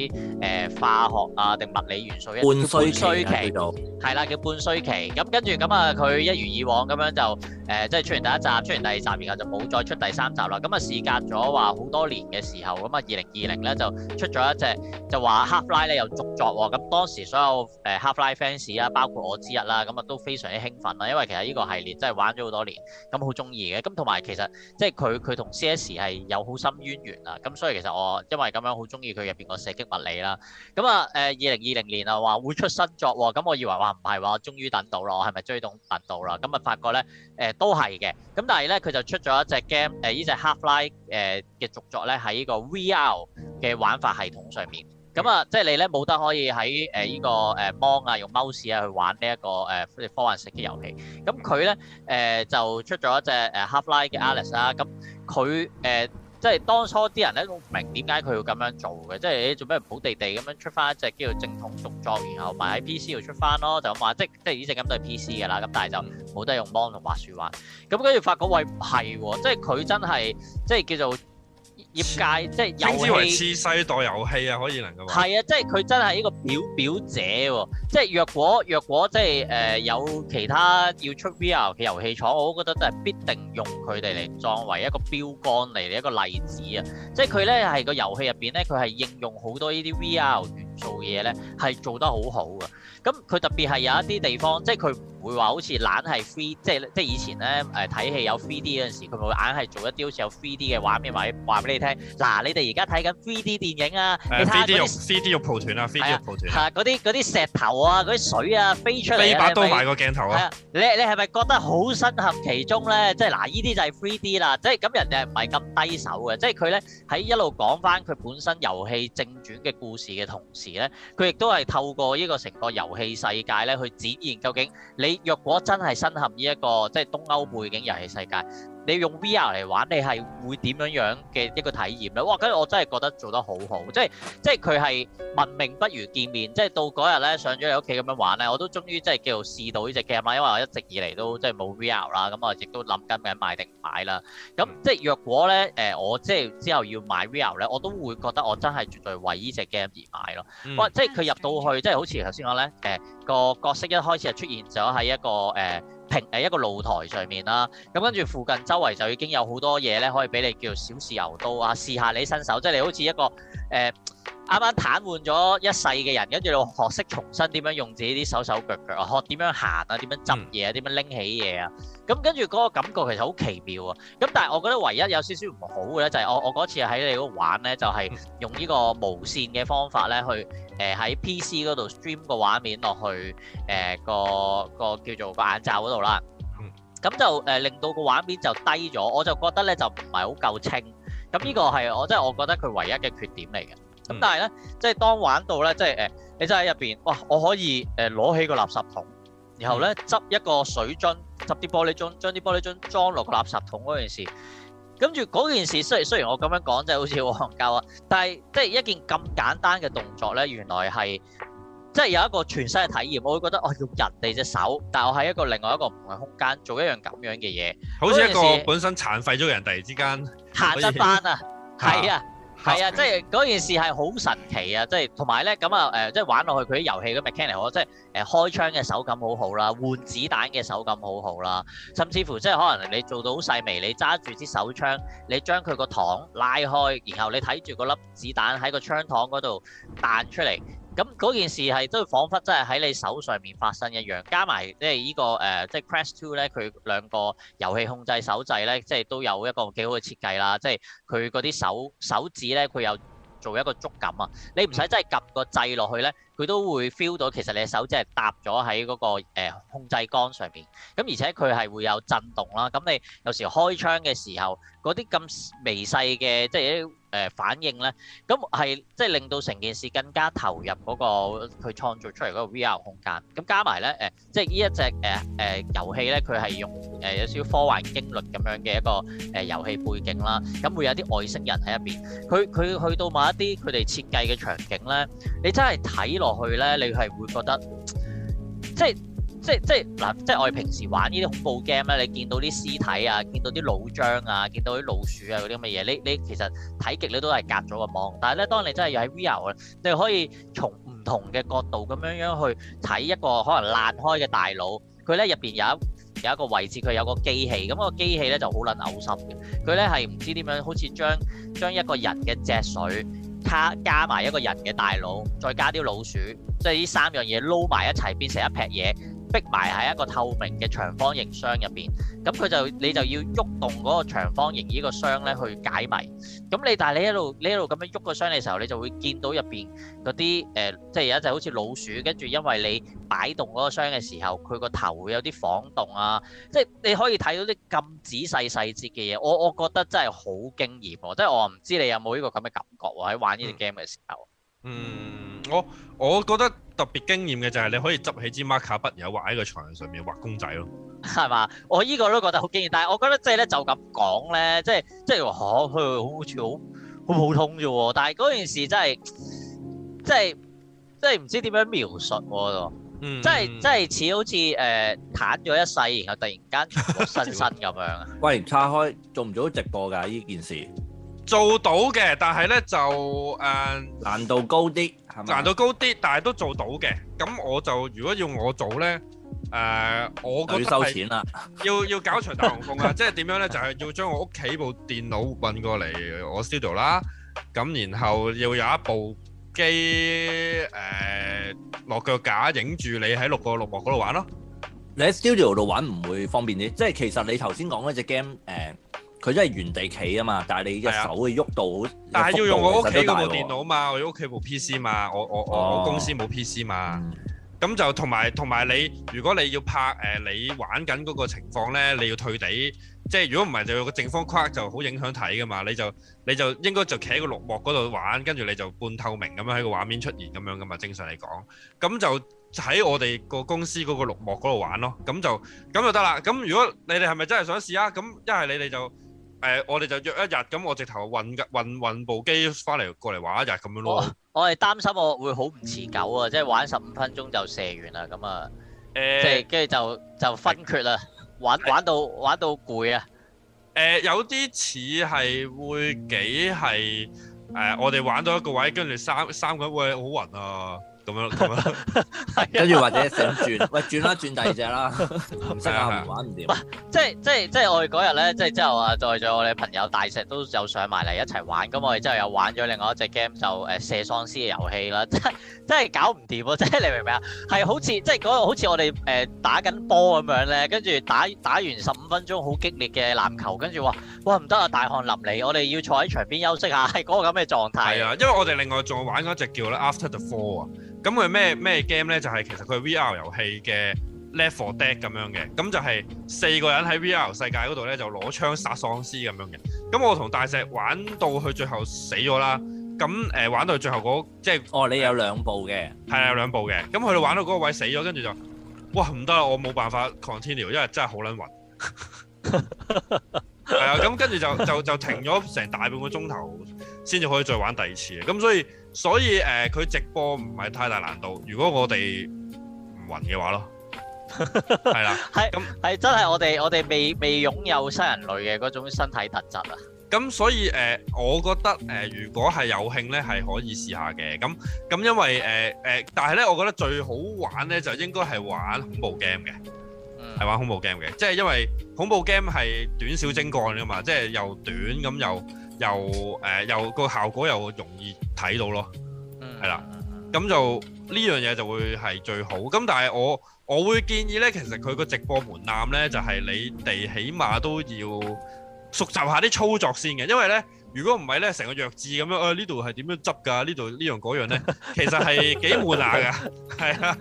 誒化學啊定物理元素一半衰期度，係啦，叫半衰期。咁跟住咁啊佢一如以往咁樣就誒即係出完第一集，出完第二集，然後就冇再出第三集啦。咁啊事隔咗話好多年嘅時候，咁啊二零二零咧就出咗一隻就話《Half-Life》咧有續作喎。咁當時有誒《Half-Life》fans 啊，包括我之一啦，咁啊都非常之興奮啦，因為其實呢個系列真係玩咗好多年，咁好中意嘅。咁同埋其實即係佢佢同 CS 係有好深淵源啊，咁所以其實我因為咁樣好中意佢入邊個射擊物理啦，咁啊誒二零二零年啊話會出新作喎，咁我以為話唔係話，我終於等到啦，我係咪追到等到啦？咁啊發覺咧誒都係嘅，咁但係咧佢就出咗一隻 game，誒呢隻《Half-Life》誒嘅續作咧喺呢個 VR 嘅玩法系統上面。咁啊，即係你咧冇得可以喺誒依個誒芒啊，uh, 用 Mouse 啊去玩呢、這、一個誒啲、uh, 科幻式嘅遊戲。咁佢咧誒就出咗一隻誒 Half-Life 嘅 Alyx 啦。咁佢誒即係當初啲人咧都唔明點解佢要咁樣做嘅，即係做咩唔好地地咁樣出翻一隻叫做正統續作，然後埋喺 PC 度出翻咯。就咁話、就是，即係即係依隻咁都係 PC 嘅啦。咁但係就冇得用芒同滑鼠玩。咁跟住發覺、哎、喂係喎，即係佢真係即係叫做。業界即係遊戲，以次世代遊戲啊，可以能夠係啊，即係佢真係一個表表者喎、啊。即係若果若果即係誒、呃、有其他要出 VR 嘅遊戲廠，我覺得都係必定用佢哋嚟作為一個標竿嚟，嘅一個例子啊。即係佢咧係個遊戲入邊咧，佢係應用好多呢啲 VR、嗯。做嘢咧係做得好好噶，咁佢特別係有一啲地方，即係佢唔會話好似懶係 free 即係即係以前咧誒睇戲有 three D 嗰陣時，佢會硬係做一啲好似有 three D 嘅畫面，話話俾你聽。嗱、啊，你哋而家睇緊 three D 電影啊，啊你睇緊啲 three D 肉蒲團啊 three D 肉蒲團。係嗰啲嗰啲石頭啊，嗰啲水啊 3 D 飛出嚟。飛把刀埋個鏡頭啊，啊！你你係咪覺得好身陷其中咧？即係嗱，呢、啊、啲就係 three D 啦，即係咁人哋係唔係咁低手嘅？即係佢咧喺一路講翻佢本身遊戲正傳嘅故事嘅同時。咧，佢亦都係透過呢個成個遊戲世界咧，去展現究竟你若果真係身陷呢一個即係東歐背景遊戲世界。你用 VR 嚟玩，你係會點樣樣嘅一個體驗咧？哇！跟住我真係覺得做得好好，即係即係佢係聞名不如見面，即係到嗰日咧上咗你屋企咁樣玩咧，我都終於即係叫做試到呢隻 game 嘛。因為我一直以嚟都即係冇 VR 啦，咁、嗯、我亦都諗緊買定唔買啦。咁即係若果咧誒、呃，我即係之後要買 VR 咧，我都會覺得我真係絕對為呢隻 game 而買咯。哇、嗯！即係佢入到去，即係好似頭先講咧誒，個角色一開始係出現咗喺一個誒，呃平誒一個露台上面啦，咁跟住附近周圍就已經有好多嘢咧，可以俾你叫做小試牛刀啊，試下你身手，即係你好似一個誒啱啱癱瘓咗一世嘅人，跟住你會學識重新點樣用自己啲手手腳腳啊，學點樣行啊，點樣執嘢啊，點樣拎起嘢啊，咁跟住嗰個感覺其實好奇妙啊，咁但係我覺得唯一有少少唔好嘅咧，就係我我嗰次喺你度玩咧，就係用呢個無線嘅方法咧去。誒喺、呃、P.C. 嗰度 stream 個畫面落去，誒、呃、個個叫做個眼罩嗰度啦。嗯，咁就誒、呃、令到個畫面就低咗，我就覺得咧就唔係好夠清。咁呢個係我即係我覺得佢唯一嘅缺點嚟嘅。咁但係咧，即係當玩到咧，即係誒、呃，你真係喺入邊，哇！我可以誒攞、呃、起個垃圾桶，然後咧執一個水樽，執啲玻璃樽，將啲玻璃樽裝落個垃圾桶嗰陣時。跟住嗰件事，雖雖然我咁樣講，真係好似好戇鳩啊，但係即係一件咁簡單嘅動作呢，原來係即係有一個全新嘅體驗。我會覺得，我用人哋隻手，但我喺一個另外一個唔同嘅空間做一樣咁樣嘅嘢，好似一個本身殘廢咗嘅人，突然之間行得翻 <laughs> 啊，係啊。係啊，即係嗰件事係好神奇啊！即係同埋咧，咁啊誒，即係玩落去佢啲遊戲嗰啲 mechanic，我即係誒開槍嘅手感好好啦，換子彈嘅手感好好啦，甚至乎即係可能你做到好細微，你揸住支手槍，你將佢個膛拉開，然後你睇住個粒子彈喺個槍膛嗰度彈出嚟。咁嗰件事係都彷彿真係喺你手上面發生一樣，加埋即係依個誒、呃，即係 Quest Two 咧，佢兩個遊戲控制手掣咧，即係都有一個幾好嘅設計啦。即係佢嗰啲手手指咧，佢有做一個觸感啊！你唔使真係撳個掣落去咧，佢都會 feel 到其實你嘅手指係搭咗喺嗰個、呃、控制桿上面。咁而且佢係會有震動啦。咁你有時開槍嘅時候，嗰啲咁微細嘅即係。誒、呃、反應咧，咁係即係令到成件事更加投入嗰，那個佢創造出嚟嗰個 VR 空間。咁加埋咧誒，即係呢一隻誒誒遊戲咧，佢、呃、係、呃、用誒、呃、有少少科幻經歷咁樣嘅一個誒遊戲背景啦。咁、嗯、會有啲外星人喺入邊。佢佢去到某一啲佢哋設計嘅場景咧，你真係睇落去咧，你係會覺得即係。即即嗱，即我哋平時玩呢啲恐怖 game 咧，你見到啲屍體啊，見到啲腦漿啊，見到啲老鼠啊嗰啲咁嘅嘢，你你其實睇極你都係隔咗個網。但係咧，當你真係喺 VR 啊，你可以從唔同嘅角度咁樣樣去睇一個可能爛開嘅大腦。佢咧入邊有有一個位置，佢有個機器，咁個機器咧就好撚嘔心嘅。佢咧係唔知點樣，好似將將一個人嘅脊髓加加埋一個人嘅大腦，再加啲老鼠，即係呢三樣嘢撈埋一齊變成一劈嘢。逼埋喺一個透明嘅長方形箱入邊，咁佢就你就要喐動嗰個長方形呢個箱咧去解謎。咁你但係你一路你一路咁樣喐個箱嘅時候，你就會見到入邊嗰啲誒，即係有一隻好似老鼠，跟住因為你擺動嗰個箱嘅時候，佢個頭會有啲晃動啊，即係你可以睇到啲咁仔細細節嘅嘢。我我覺得真係好驚豔喎，即係我唔知你有冇呢個咁嘅感覺喎、啊，喺玩呢啲 game 嘅時候，嗯嗯，我我覺得特別驚豔嘅就係你可以執起支馬卡筆然後畫喺個床上面畫公仔咯，係嘛？我依個都覺得好驚豔，但係我覺得，即係咧就咁講咧，即係即係話佢好似好好普通咋喎？但係嗰件事真係，真係真係唔知點樣描述喎，我嗯，真係真係似好似誒癱咗一世，然後突然間全身咁 <laughs> 樣啊？喂，叉開做唔做直播噶？依件事？做到嘅，但係咧就誒難度高啲，難度高啲，但係都做到嘅。咁我就如果要我做咧，誒，我覺得要收錢啦，要要搞場大龍鳳啦，即係點樣咧？就係要將我屋企部電腦運過嚟我 studio 啦，咁然後要有一部機誒落腳架影住你喺六個六幕嗰度玩咯。你喺 studio 度玩唔會方便啲？即係其實你頭先講嗰隻 game 誒。佢真係原地企啊嘛，但係你隻手會喐到，但係要用我屋企嗰部電腦嘛，我屋企部 PC 嘛，哦、我我我公司冇 PC 嘛，咁、哦、就同埋同埋你，如果你要拍誒、呃，你玩緊嗰個情況咧，你要退地，即係如果唔係就有個正方框就好影響睇噶嘛，你就你就應該就企喺個綠幕嗰度玩，跟住你就半透明咁樣喺個畫面出現咁樣噶嘛，正常嚟講，咁就喺我哋個公司嗰個綠幕嗰度玩咯，咁就咁就得啦。咁如果你哋係咪真係想試啊？咁一係你哋就。誒、呃，我哋就約一日，咁我直頭運、運部機翻嚟過嚟玩一日咁樣咯。我係擔心我會好唔持久啊，即係玩十五分鐘就射完啦，咁啊，即係跟住就是、就，就分缺啦、呃，玩到、呃、玩到玩到攰啊。誒、呃，有啲似係會幾係誒、呃，我哋玩到一個位，跟住三三,三個位好暈啊。咁樣同啦， <laughs> 跟住或者成轉，喂轉啦，轉第二隻啦，唔識啊， <laughs> 對玩唔掂。即係即係即係我哋嗰日咧，即係之後話帶咗我哋朋友大石都就上埋嚟一齊玩，咁我哋之後又玩咗另外一隻 game 就誒射喪屍嘅遊戲啦，真真係搞唔掂喎！真係你明唔明啊？係好似即係嗰個好似我哋誒、呃、打緊波咁樣咧，跟住打打完十五分鐘好激烈嘅籃球，跟住話哇唔得啊，大汗淋漓，我哋要坐喺場邊休息下，係嗰個咁嘅狀態。係啊，因為我哋另外仲玩嗰隻叫咧 After the Fall 啊。咁佢咩咩 game 咧？就係、是、其實佢 VR 遊戲嘅 Left for Dead 咁樣嘅，咁就係四個人喺 VR 世界嗰度咧，就攞槍殺喪屍咁樣嘅。咁我同大石玩到去最後死咗啦。咁誒玩到最後嗰即係哦，你有兩部嘅，係啊，有兩部嘅。咁佢哋玩到嗰個位死咗，跟住就哇唔得啦，我冇辦法 continue，因為真係好撚暈。係啊，咁跟住就就就停咗成大半個鐘頭，先至可以再玩第二次。咁所以。所以誒，佢、呃、直播唔係太大難度，如果我哋唔暈嘅話咯，係 <laughs> 啦，係咁係真係我哋我哋未未擁有新人類嘅嗰種身體特質啊。咁所以誒、呃，我覺得誒、呃，如果係有興咧，係可以試下嘅。咁咁因為誒誒、呃呃，但係咧，我覺得最好玩咧就應該係玩恐怖 game 嘅，係、嗯、玩恐怖 game 嘅，即係因為恐怖 game 係短小精幹噶嘛，即係又短咁又。又誒、呃、又個效果又容易睇到咯，係啦、嗯，咁就呢樣嘢就會係最好。咁但係我我會建議呢，其實佢個直播門檻呢，就係、是、你哋起碼都要熟習下啲操作先嘅。因為呢，如果唔係呢，成個弱智咁樣，哦呢度係點樣執㗎？呢度呢樣嗰樣呢，其實係幾悶下㗎。係啊，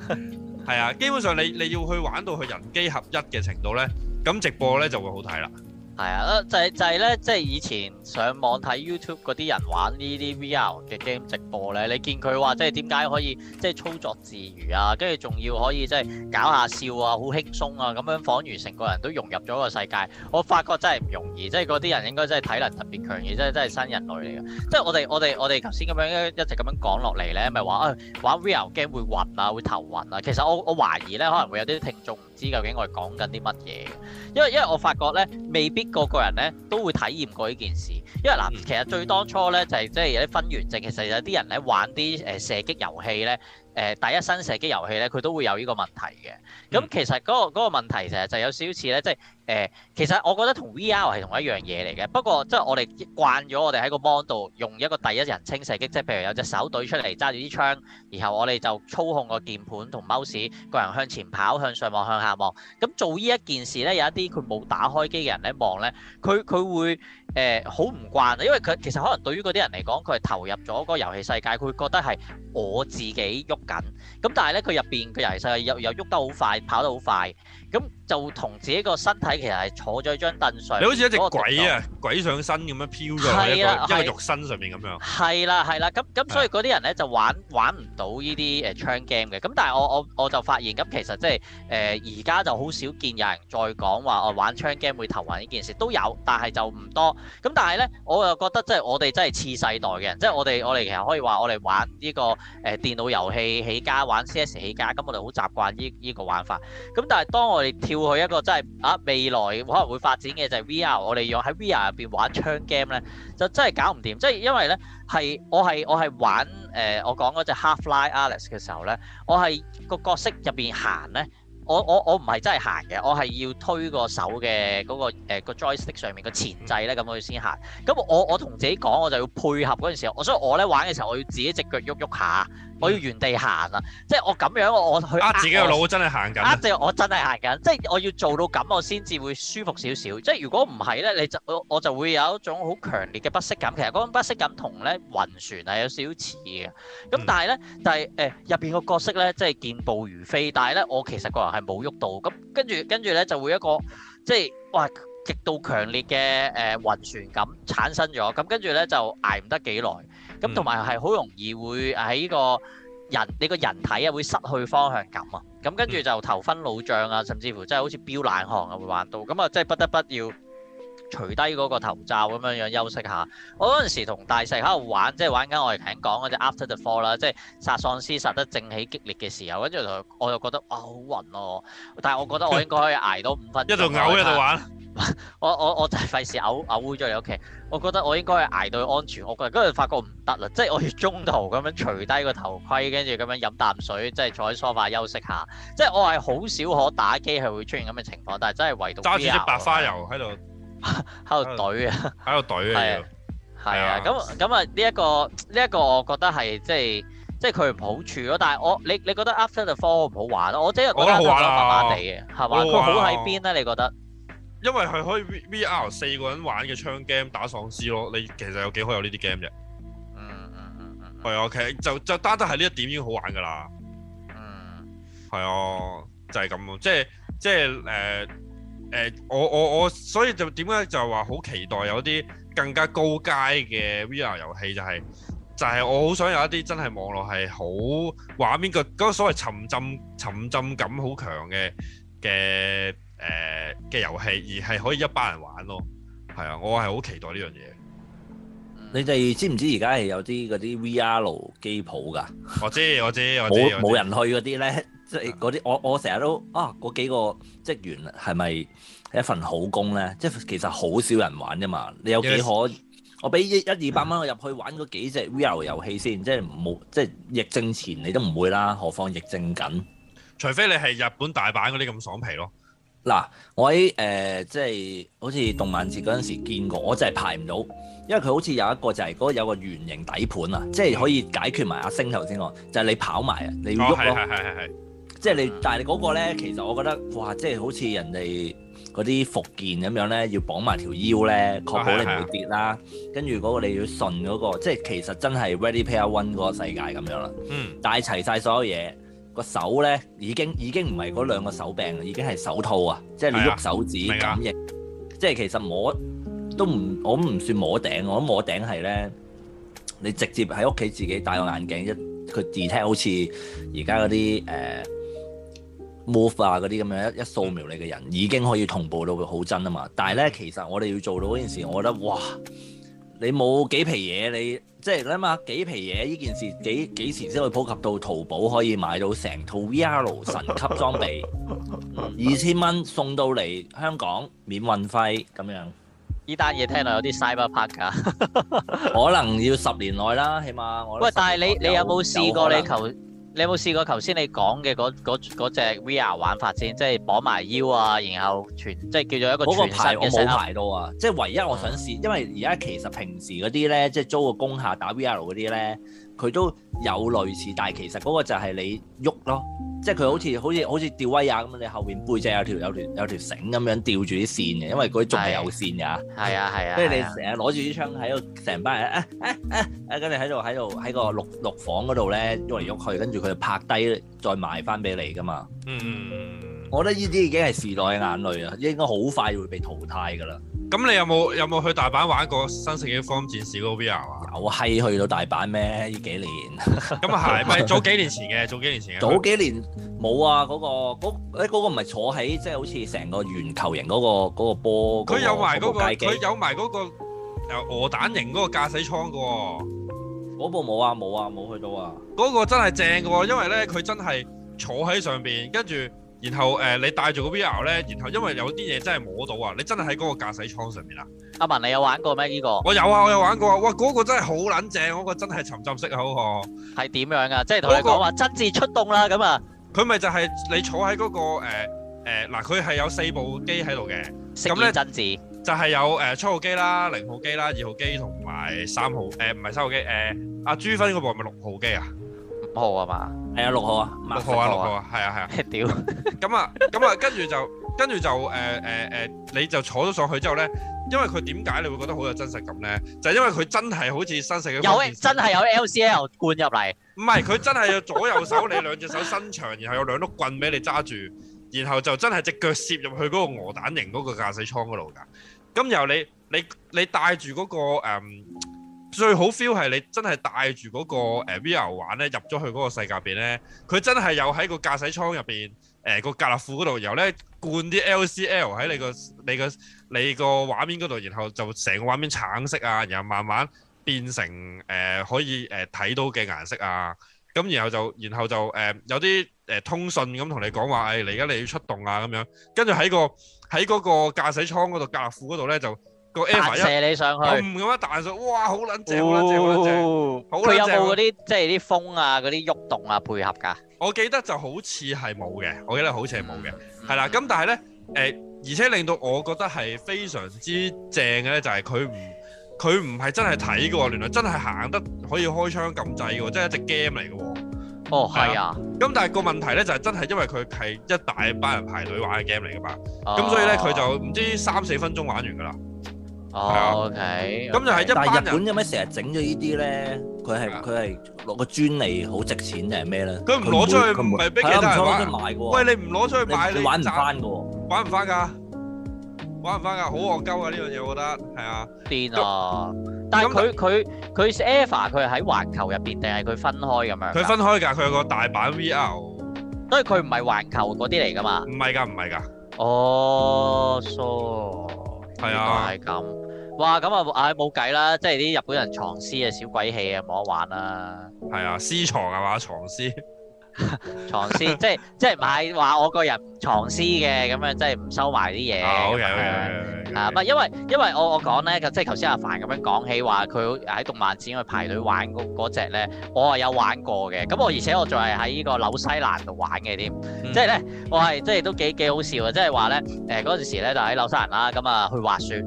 <laughs> 係啊，基本上你你要去玩到去人機合一嘅程度呢，咁直播呢就會好睇啦。係啊，就係就係咧，即係以前上網睇 YouTube 嗰啲人玩呢啲 VR 嘅 game 直播咧，你見佢話即係點解可以即係操作自如啊，跟住仲要可以即係搞下笑啊，好輕鬆啊，咁樣彷如成個人都融入咗個世界。我發覺真係唔容易，即係嗰啲人應該真係體能特別強，而真係真係新人類嚟㗎。即係我哋我哋我哋頭先咁樣一直咁樣講落嚟咧，咪話啊玩 VR game 會暈啊，會頭暈啊。其實我我懷疑咧，可能會有啲聽眾。知究竟我係講緊啲乜嘢？因為因為我發覺咧，未必個個人咧都會體驗過呢件事。因為嗱，其實最當初咧就係即係有啲分完症，其實有啲人咧玩啲誒射擊遊戲咧。誒第一身射擊遊戲咧，佢都會有呢個問題嘅。咁、嗯、其實嗰、嗰個嗰、嗰個問題其實就有少少似咧，即係誒，其實我覺得同 VR 係同一樣嘢嚟嘅。不過即係、就是、我哋慣咗，我哋喺個 mon 度用一個第一人稱射擊，即係譬如有隻手對出嚟揸住啲槍，然後我哋就操控個鍵盤同 mouse，個人向前跑、向上望、向下望。咁做呢一件事咧，有一啲佢冇打開機嘅人咧望咧，佢佢會誒好唔慣，因為佢其實可能對於嗰啲人嚟講，佢係投入咗個遊戲世界，佢會覺得係我自己喐緊咁，但係咧，佢入邊佢其實是又又喐得好快，跑得好快。咁就同自己個身體其實係坐咗張凳上，你好似一隻鬼啊，鬼上身咁樣飄咗喺一個肉身上面咁樣。係啦，係啦，咁咁所以嗰啲人咧就玩玩唔到呢啲誒槍 game 嘅。咁但係我我我就發現咁其實即係誒而家就好少見有人再講話哦玩槍 game 會頭暈呢件事都有，但係就唔多。咁但係咧，我又覺得即係我哋真係次世代嘅人，即係我哋我哋其實可以話我哋玩呢個誒電腦遊戲起家，玩 CS 起家，咁我哋好習慣呢呢個玩法。咁但係當我我哋跳去一個真係啊未來可能會發展嘅就係 VR，我哋用喺 VR 入邊玩槍 game 咧，就真係搞唔掂，即、就、係、是、因為咧係我係我係玩誒、呃、我講嗰隻 Half-Life: Alyx 嘅時候咧，我係個角色入邊行咧，我我我唔係真係行嘅，我係要推個手嘅嗰、那個誒 joystick、呃、上面個前掣咧咁佢先行，咁我我同自己講我就要配合嗰陣時候我所以我咧玩嘅時候我要自己隻腳喐喐下。我要原地行啊！即係我咁樣，我去呃我自己嘅腦真係行緊。呃，我真係行緊， <laughs> 即係我要做到咁，我先至會舒服少少。即係如果唔係咧，你就我就會有一種好強烈嘅不適感。其實嗰種不適感同咧暈船係有少少似嘅。咁但係咧，但係誒入邊個角色咧，即係健步如飛，但係咧我其實個人係冇喐到。咁跟住跟住咧就會一個即係哇極度強烈嘅誒暈船感產生咗。咁跟住咧就捱唔得幾耐。咁同埋係好容易會喺呢個人你個人體啊，會失去方向感啊，咁跟住就頭昏腦脹啊，甚至乎即係好似飆冷汗啊，會玩到，咁啊即係不得不得要除低嗰個頭罩咁樣樣休息下。我嗰陣時同大細喺度玩，即係玩緊我哋頭先講嗰隻 After the Fall 啦，即係殺喪屍殺得正起激烈嘅時候，跟住我就我覺得哇好暈咯、啊，但係我覺得我應該可以捱到五分鐘。 <laughs> 一路嘔一路玩。 <laughs> <laughs> 我我我就係費事嘔嘔污咗你屋企，我覺得我應該係捱到安全屋。我覺得跟住發覺唔得啦，即係我要中途咁樣除低個頭盔，跟住咁樣飲啖水，即係坐喺梳化休息下。即係我係好少可打機係會出現咁嘅情況，但係真係唯獨揸住啲白花油喺度喺度懟啊，喺度懟啊，係啊，係啊。咁咁啊，呢一個呢一個，這個、我覺得係即係即係佢唔好處咯。但係我你你覺得 After the Fall 唔好，好玩？我真係覺得佢玩得麻麻地嘅係嘛？佢好喺邊咧？你覺得？因為佢可以 VR 四個人玩嘅槍 game 打喪屍咯，你其實有幾好有呢啲 game 嘅？嗯嗯嗯嗯，係啊，OK，就就單得係呢一點已經好玩噶啦。嗯，係啊，就係咁咯，即係即係誒誒，誒，我我我，所以就點解就話好期待有啲更加高階嘅 VR 遊戲，就係就係我好想有一啲真係網絡係好畫面個嗰個所謂沉浸沉浸感好強嘅嘅。誒嘅遊戲而係可以一班人玩咯。係啊，我係好期待呢樣嘢。你哋知唔知而家係有啲嗰啲 VR 機鋪噶我知我知，冇冇 <laughs> 有人去嗰啲咧，即係嗰啲我我成日都啊，嗰幾個職員係咪一份好工咧？即係其實好少人玩啫嘛。你有幾可 <laughs> 我俾一一二百蚊我入去玩嗰幾隻 VR 遊戲先，即係冇即係疫症前你都唔會啦，何況疫症緊。除非你係日本大阪嗰啲咁爽皮咯。嗱，我喺誒、呃，即係好似動漫節嗰陣時見過，我真係排唔到，因為佢好似有一個就係、係、嗰、嗰個有個圓形底盤啊，即係可以解決埋阿星頭先講，就係、係、你跑埋啊，你要喐咯，哦、即係你，但係你嗰個咧，其實我覺得哇，即係好似人哋嗰啲復健咁樣咧，要綁埋條腰咧，確保你唔會跌啦，哦、跟住嗰個你要順嗰、嗰個，即係其實真係 Ready Player One 嗰個世界咁樣啦，嗯、帶齊晒所有嘢。個手咧已經已經唔係嗰兩個手柄啦，已經係手套啊！即係你喐手指、哎、呀感應，即係其實我都唔，我唔算摸頂，我諗摸頂係咧，你直接喺屋企自己戴個眼鏡，一，佢 detect 好似而家嗰啲誒 move 啊嗰啲咁樣一一掃描你嘅人，已經可以同步到佢。好真啊嘛！但係咧，其實我哋要做到嗰件事，我覺得哇，你冇幾皮嘢你。即係你諗下幾皮嘢？呢件事幾幾時先可以普及到淘寶可以買到成套 VR 神級裝備，二千蚊送到嚟香港免運費咁樣？呢單嘢聽落有啲 cyberpunk 㗎， <laughs> <laughs> 可能要十年內啦，起碼我喂，但係你有你有冇試過你求？你有冇試過頭先你講嘅嗰隻 VR 玩法先？即係綁埋腰啊，然後全即係叫做一個全身嘅身。嗰個牌我冇到啊！即係唯一我想試，因為而家其實平時嗰啲咧，即係租個工下打 VR 嗰啲咧。佢都有類似，但係其實嗰個就係你喐咯，即係佢好似好似好似吊威亞咁啊！你後面背脊有，有條有條有條繩咁樣吊住啲線嘅，因為嗰啲仲係有線㗎。係啊係啊，所以、啊啊、你成日攞住支槍喺度，成、嗯、班人誒誒誒，咁、啊啊嗯、你喺度喺度喺個綠綠房嗰度咧喐嚟喐去，跟住佢拍低再賣翻俾你噶嘛。嗯。我覺得呢啲已經係時代嘅眼淚啊，應該好快就會被淘汰㗎啦。咁你有冇有冇去大阪玩過《新世紀福音戰士》嗰個 VR 啊？有係去到大阪咩？呢幾年咁啊，係咪早幾年前嘅？早幾年前嘅。早幾年冇啊！嗰、那個嗰、那個唔係坐喺即係好似成個圓球形嗰、那個波。佢、那個、有埋嗰、那個佢有埋嗰個誒鵝蛋形嗰個駕駛艙嘅喎、哦。嗰部冇啊冇啊冇去到啊！嗰個真係正嘅喎，因為咧佢真係坐喺上邊，跟住。然後誒、呃，你戴住個 VR 咧，然後因為有啲嘢真係摸到啊，你真係喺嗰個駕駛艙上面啊。阿文，你有玩過咩呢、這個？我有啊，我有玩過啊。哇，嗰、那個真係好撚正，嗰、那個真係沉浸式口好嗬。係點樣噶、啊？即係同你講話真嗣出動啦，咁啊。佢咪就係你坐喺嗰、那個誒誒，嗱、呃，佢、呃、係有四部機喺度嘅。咁咧陣時就係、是、有誒，初號機啦，零號機啦，二號機同埋三號誒，唔係三號機誒，阿、呃啊、朱芬嗰部係咪六號機啊？六號啊嘛？係啊，六號啊，六號啊，六號啊，係啊，係啊。屌！咁啊，咁啊，跟住就，跟住就，誒誒誒，你就坐咗上去之後咧，因為佢點解你會覺得好有真實感咧？就係、因為佢真係好似新世紀嘅。有真係有 LCL 灌入嚟。唔係， <laughs> 佢真係有左右手，你兩隻手伸長，然後有兩碌棍俾你揸住，然後就真係隻腳攝入去嗰個鵝蛋型嗰個駕駛艙嗰度噶。咁由你，你，你帶住嗰、嗰個誒。嗯最好 feel 係你真係帶住嗰個 VR 玩咧，入咗去嗰個世界入邊咧，佢真係有喺個駕駛艙入邊，誒個格納庫嗰度有咧灌啲 LCL 喺你個你個你個畫面嗰度，然後就成個畫面橙色啊，然後慢慢變成誒、呃、可以誒睇到嘅顏色啊，咁然後就然後就誒、呃、有啲誒通訊咁同你講話，誒、哎、你而家你要出動啊咁樣，跟住喺個喺嗰個駕駛艙嗰度格納庫嗰度咧就。彈射你上去，唔咁樣彈上，哇，好撚正，好撚正，好撚正。佢有冇嗰啲即係啲風啊，嗰啲喐動啊配合㗎？我記得就好似係冇嘅，我記得好似係冇嘅，係啦。咁但係咧，誒，而且令到我覺得係非常之正嘅咧，就係佢唔佢唔係真係睇嘅喎，原來真係行得可以開槍咁滯嘅喎，即係一隻 game 嚟嘅喎。哦，係啊。咁但係個問題咧，就係真係因為佢係一大班人排隊玩嘅 game 嚟㗎嘛，咁所以咧佢就唔知三四分鐘玩完㗎啦。哦，OK。咁就係日本人，做咩成日整咗呢啲咧？佢係佢係攞個專利好值錢定係咩咧？佢唔攞出去唔係俾其他人玩，喺暗中攞出去買嘅喎。喂，你唔攞出去買，你玩唔翻嘅喎。玩唔翻㗎，玩唔翻㗎，好惡鳩㗎呢樣嘢，我覺得係啊。變啊！但係佢佢佢 ever 佢係喺環球入邊定係佢分開咁樣？佢分開㗎，佢有個大版 VR。所以佢唔係環球嗰啲嚟㗎嘛？唔係㗎，唔係㗎。哦，so 係啊，係咁。哇，咁啊，唉冇計啦，即係啲日本人藏屍啊，小鬼戲啊，唔好玩啦。係啊，私藏係嘛，藏屍，藏 <laughs> 屍即係即係唔係話我個人藏屍嘅咁樣，即係唔收埋啲嘢。係係係。啊，唔、okay, okay, okay, okay. 啊、因為因為我我講咧，即係頭先阿凡咁樣講起話佢喺動漫展去排隊玩嗰嗰隻咧，我係有玩過嘅。咁我而且我仲係喺呢個紐西蘭度玩嘅添。即係咧，嗯、我係即係都幾幾好笑嘅，即係話咧，誒嗰陣時咧就喺紐西蘭啦，咁啊去滑雪。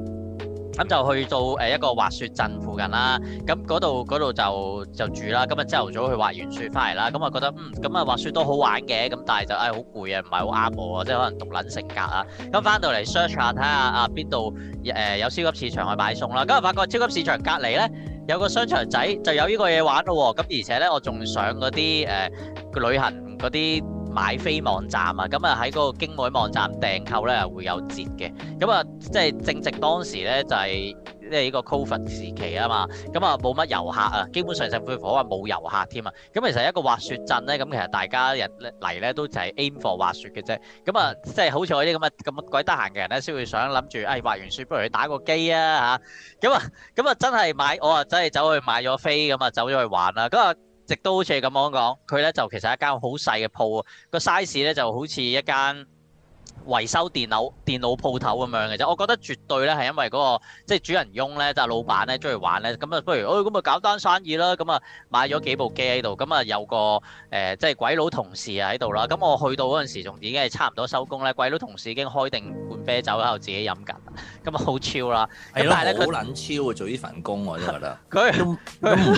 咁就去到誒一個滑雪鎮附近啦，咁嗰度嗰度就就住啦。今日朝頭早去滑完雪翻嚟啦，咁啊覺得嗯，咁、嗯、啊滑雪都好玩嘅，咁但係就誒好攰啊，唔係好啱我啊，即係可能獨撚性格啊。咁翻到嚟 search 下睇下啊邊度誒有超級市場去買餸啦。咁啊發覺超級市場隔離呢，有個商場仔就有呢個嘢玩咯喎，咁而且呢，我仲上嗰啲誒旅行嗰啲。買飛網站啊，咁啊喺嗰個經緯網站訂購咧，會有折嘅。咁啊，即係正值當時咧，就係即係呢個 Covid 時期啊嘛。咁啊，冇乜遊客啊，基本上近乎可話冇遊客添啊。咁其實一個滑雪鎮咧，咁其實大家日嚟咧都就係 aim for 滑雪嘅啫。咁啊，即係好似我啲咁啊，咁鬼得閒嘅人咧，先會想諗住，哎，滑完雪不如去打個機啊嚇。咁啊，咁啊真係買，我啊真係走去買咗飛，咁啊走咗去玩啦。咁啊～亦都好似係咁講，佢咧就其實係一間好細嘅鋪，個 size 咧就好似一間維修電腦，電腦鋪頭咁樣嘅啫，我覺得絕對咧係因為嗰、那個即係主人翁咧，就係、是、老闆咧，鍾意玩咧，咁啊不如，哦咁啊搞單生意啦，咁啊買咗幾部機喺度，咁啊有個誒、呃、即係鬼佬同事啊喺度啦，咁我去到嗰陣時仲已經係差唔多收工咧，鬼佬同事已經開定罐啤酒喺度自己飲緊，咁啊好超啦，但係咧好撚超啊，做呢份工我真係覺得，佢佢唔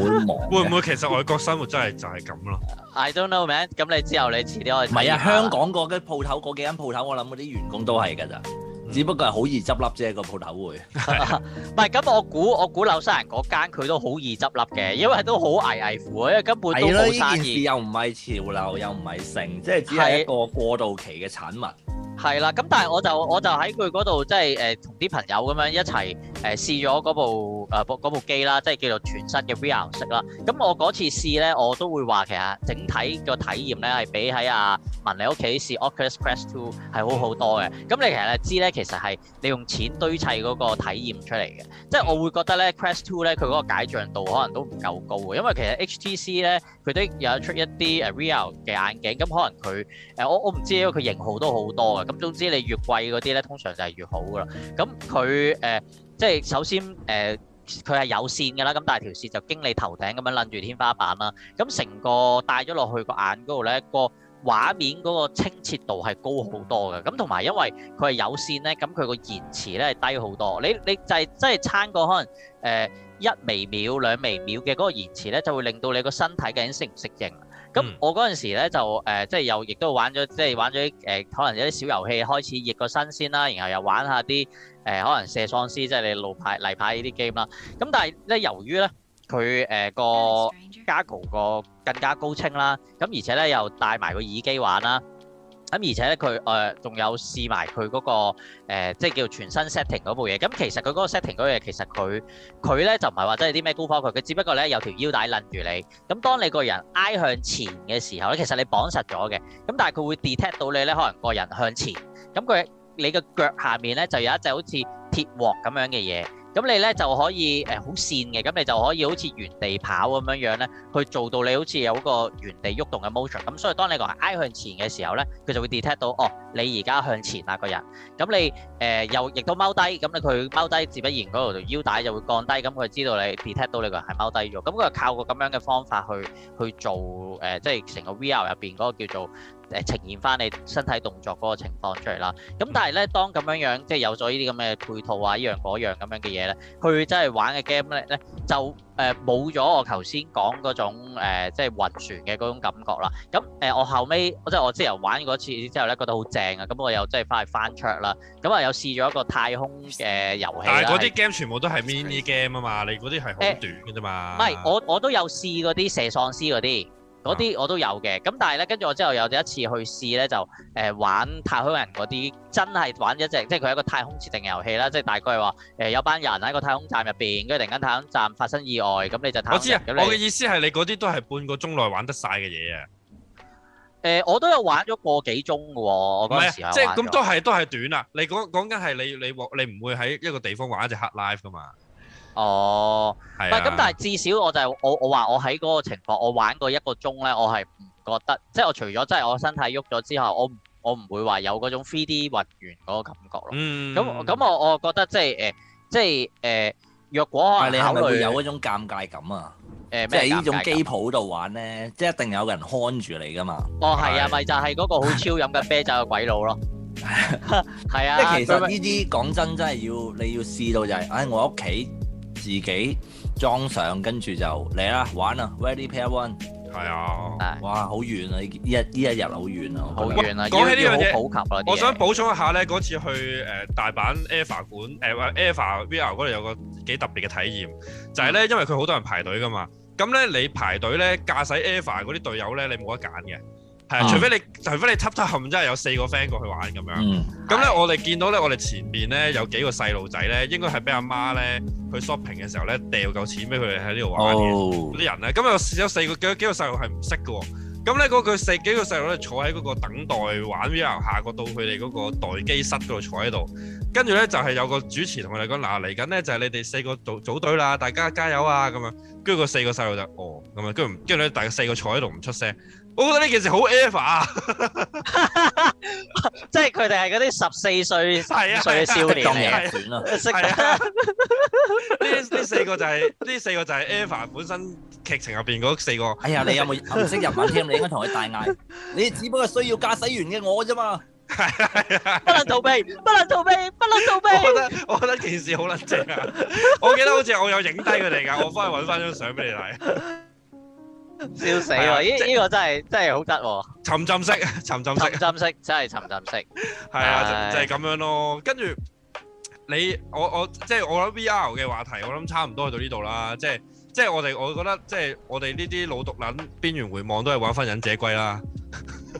會忙，會唔會其實外國生活真係就係咁咯？I don't know man，咁你之後你遲啲可以。唔係啊，香港嗰啲鋪頭嗰幾間鋪頭，我諗嗰啲員工都係㗎咋，嗯、只不過係好易執笠啫個鋪頭會。唔 <laughs> 係， <laughs> 咁我估我估紐西蘭嗰間佢都好易執笠嘅，因為都好危危乎，因為根本都冇生意。呢件事又唔係潮流，又唔係性，即係只係一個過渡期嘅產物。係啦，咁但係我就我就喺佢嗰度，即係誒同啲朋友咁樣一齊誒試咗嗰部誒部嗰部機啦，即係叫做全新嘅 VR 式啦。咁我嗰次試咧，我都會話其實整體個體驗咧係比喺阿文你屋企試 Oculus Quest Two 係好好多嘅。咁你其實知咧，其實係你用錢堆砌嗰個體驗出嚟嘅，即係我會覺得咧 Quest Two 咧佢嗰個解像度可能都唔夠高嘅，因為其實 HTC 咧佢都有出一啲 VR 嘅眼鏡，咁可能佢誒我我唔知，因為佢型號都好多嘅。總之，你越貴嗰啲咧，通常就係越好噶啦。咁佢誒，即係首先誒，佢、呃、係有線噶啦。咁但係條線就經你頭頂咁樣擸住天花板啦。咁成個戴咗落去個眼嗰度咧，個畫面嗰個清澈度係高好多嘅。咁同埋因為佢係有線咧，咁佢、就係就係呃、個延遲咧係低好多。你你就係即係差個可能誒一微秒、兩微秒嘅嗰個延遲咧，就會令到你個身體究竟適唔適應？咁、嗯、我嗰陣時咧就即係又亦都玩咗，即係玩咗、呃、可能有啲小遊戲開始，熱個新鮮啦，然後又玩一下啲、呃、可能射喪屍，即係你路牌、例牌這些呢啲 game 啦。咁但係由於咧佢誒個 Gargo 個更加高清啦，咁、啊、而且咧又帶埋個耳機玩啦。咁而且咧，佢誒仲有試埋佢嗰個、呃、即係叫全身 setting 嗰部嘢。咁其實佢嗰個 setting 嗰嘢，其實佢佢咧就唔係話真係啲咩高科技，佢只不過咧有條腰帶攔住你。咁當你個人挨向前嘅時候咧，其實你綁實咗嘅。咁但係佢會 detect 到你咧，可能個人向前。咁佢你個腳下面咧就有一隻好似鐵鑊咁樣嘅嘢。咁你咧就可以誒好線嘅，咁、呃、你就可以好似原地跑咁樣樣咧，去做到你好似有個原地喐動嘅 motion。咁所以當你個人挨向前嘅時候咧，佢就會 detect 到哦，你而家向前啊個人。咁你誒、呃、又亦都踎低，咁你佢踎低，自不然嗰條腰帶就會降低，咁佢知道你 detect 到你個人係踎低咗。咁佢就靠個咁樣嘅方法去去做誒，即係成個 VR 入邊嗰個叫做，誒呈現翻你身體動作嗰個情況出嚟啦，咁但係咧，當咁樣樣即係有咗呢啲咁嘅配套啊，依樣嗰樣咁樣嘅嘢咧，佢真係玩嘅 game 咧就誒冇咗我頭先講嗰種、呃、即係暈船嘅嗰種感覺啦。咁誒我後尾，即係我之前玩嗰次之後咧，覺得好正啊，咁我又即係翻去翻桌啦，咁啊又試咗一個太空嘅遊戲。但係嗰啲 game 全部都係 mini game 啊嘛，的你嗰啲係好短㗎啫嘛。唔係、欸，我我都有試嗰啲射喪屍嗰啲。嗰啲我都有嘅，咁但係咧，跟住我之後有一次去試咧，就誒、呃、玩太空人嗰啲，真係玩一隻，即係佢係一個太空設定遊戲啦，即係大概話誒、呃、有班人喺個太空站入邊，跟住突然間太空站發生意外，咁你就我知啊，你我嘅意思係你嗰啲都係半個鐘內玩得晒嘅嘢啊！誒、呃，我都有玩咗、嗯、個幾鐘嘅喎，我覺得，即係咁都係都係短啊！你講講緊係你你你唔會喺一個地方玩一隻 Half-Life 噶嘛？哦，唔係咁，但係至少我就係我我話我喺嗰個情況，我玩過一個鐘咧，我係唔覺得，即係我除咗即係我身體喐咗之後，我我唔會話有嗰種 three D 暈眩嗰個感覺、嗯、咯。咁咁我我覺得即係誒，即係誒，若果你考慮你係唔係有嗰種尷尬感啊，誒，即係呢種機鋪度玩咧，即係一定有人看住你噶嘛。嗎哦，係啊，咪的的就係嗰個好超飲嘅啤酒嘅鬼佬咯。係啊，即係其實呢啲講真真係要你要試到就係、是，唉、哎，我屋企。自己裝上，跟住就嚟啦，玩啦，Ready Player One，係啊，哎、喲哇，好遠啊！呢一依一日好、嗯、遠啊，好遠啊！講起呢樣嘢，普及啊！我想補充一下咧，嗰次去誒、uh, 大阪 Eva、e、館誒 Eva、uh, VR 嗰度有個幾特別嘅體驗，就係、是、咧，因為佢好多人排隊噶嘛，咁咧你排隊咧駕駛 Eva、e、嗰啲隊友咧，你冇得揀嘅。除非你，除非你揷揷冚，真係有四個 friend 過去玩咁、嗯、樣。咁咧、嗯，我哋見到咧，嗯、我哋前面咧有幾個細路仔咧，應該係俾阿媽咧，去 shopping 嘅時候咧掉夠錢俾佢哋喺呢度玩嗰啲人咧，咁有有四個幾幾個細路係唔識嘅。咁咧嗰個四幾個細路咧坐喺嗰個等待玩 VR，下個到佢哋嗰個待機室嗰度坐喺度。跟住咧就係、是、有個主持同佢哋講：嗱、啊，嚟緊咧就係、是、你哋四個組組隊啦，大家加油啊！咁樣。跟住個四個細路就哦咁樣，跟住跟住咧，大概四個坐喺度唔出聲。我覺得呢件事好 EVA 啊！即係佢哋係嗰啲十四歲、十五歲嘅少年嚟嘅，識啊！呢呢、啊啊啊啊、 <laughs> 四個就係、是、呢四個就係 EVA 本身劇情入邊嗰四個。哎呀，你有冇認識日文添？你應該同佢大嗌。你只不過需要駕駛員嘅我啫嘛。係啊！不能逃避，不能逃避，不能逃避。我覺得，我覺得件事好撚正啊！我記得好似我有影低佢哋㗎，我翻去揾翻張相俾你睇。笑死喎！呢依個真係真係好得喎，沉浸式，沉浸式，浸式真係沉浸式，係啊，就係、是、咁樣咯。跟住你，我我即係、就是、我諗 VR 嘅話題，我諗差唔多去到呢度啦。即係即係我哋，我覺得即係、就是、我哋呢啲老獨撚邊緣回望都，啊，都係玩翻忍者龜啦。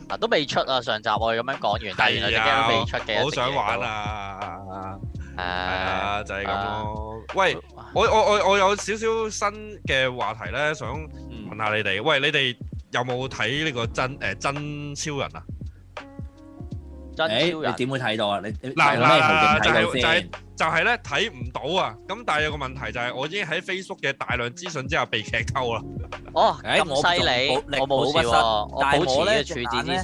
嗱都未出啊，上集我哋咁樣講完，啊、但原來隻 g 未出嘅，好想玩啊！啊係啊，就係咁咯。喂，我我我我有少少新嘅話題咧，想問下你哋。喂，你哋有冇睇呢個真誒真超人啊？真超人，超人欸、你點會睇到，到，到啊？你嗱嗱嗱，就係就係就咧睇唔到啊！咁但係有個問題就係，我已經喺 Facebook 嘅大量資訊之下被劇透啦。哦，咁犀利，我冇嘅，但我呢我咧處子咧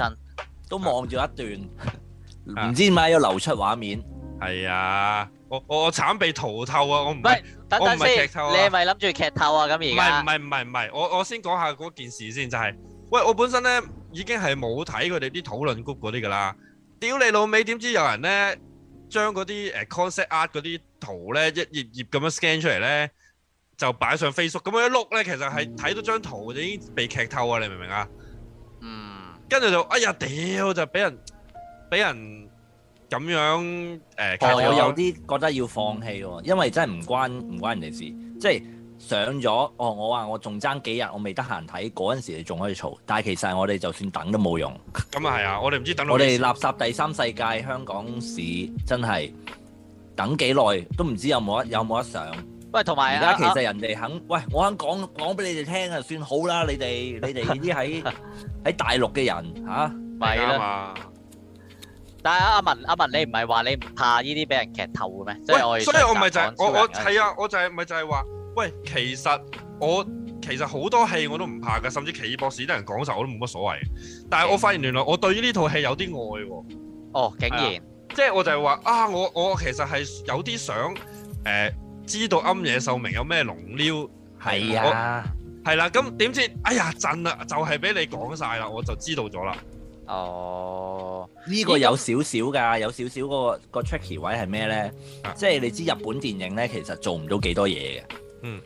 都望住一段，唔知點解要流出畫面。係啊，我我慘被圖透啊，我唔係，等等，我唔係劇透啊，你係咪諗住劇透啊？咁而家，唔係唔係唔係唔係，我我先講下嗰件事先，就係，喂，我本身咧已經係冇睇佢哋啲討論 group 嗰啲噶啦，屌你老味，點知有人咧將嗰啲誒 concept art 嗰啲圖咧一頁頁咁樣 scan 出嚟咧，就擺上 Facebook，咁樣一碌咧，其實係睇到張圖就已經被劇透啊，你明唔明啊？嗯，跟住就，哎呀，屌就俾人俾人。咁樣誒，呃、其實樣我有啲覺得要放棄喎，因為真係唔關唔關人哋事，即係上咗，哦，我話我仲爭幾日，我未得閒睇，嗰陣時你仲可以嘈，但係其實我哋就算等都冇用。咁啊係啊，我哋唔知等 <music> 我哋垃圾第三世界香港市真係等幾耐都唔知有冇得有冇得上。喂、哎，同埋而家其實人哋肯，啊、喂，我肯講講俾你哋聽就你你 <laughs> 啊，算好啦，你哋你哋啲喺喺大陸嘅人吓？係啊嘛。但係阿文阿文，阿文你唔係話你唔怕呢啲俾人劇透嘅咩？喂即我所以所以、就是，我咪就係我我係啊，我就係咪就係話，喂，其實我其實好多戲我都唔怕嘅，甚至《奇異博士》啲人講晒我都冇乜所謂。但係我發現原來我對於呢套戲有啲愛喎、啊。哦，竟然，即係、啊就是、我就係話啊，我我其實係有啲想誒、呃、知道庵野秀明有咩龍溜係啊，係啦。咁點、啊、知哎呀震啦，就係、是、俾你講晒啦，我就知道咗啦。哦，呢、oh，個有少少㗎，有少少嗰個 tricky 位係咩呢？ <noise> 即係你知日本電影呢，其實做唔到幾多嘢嘅。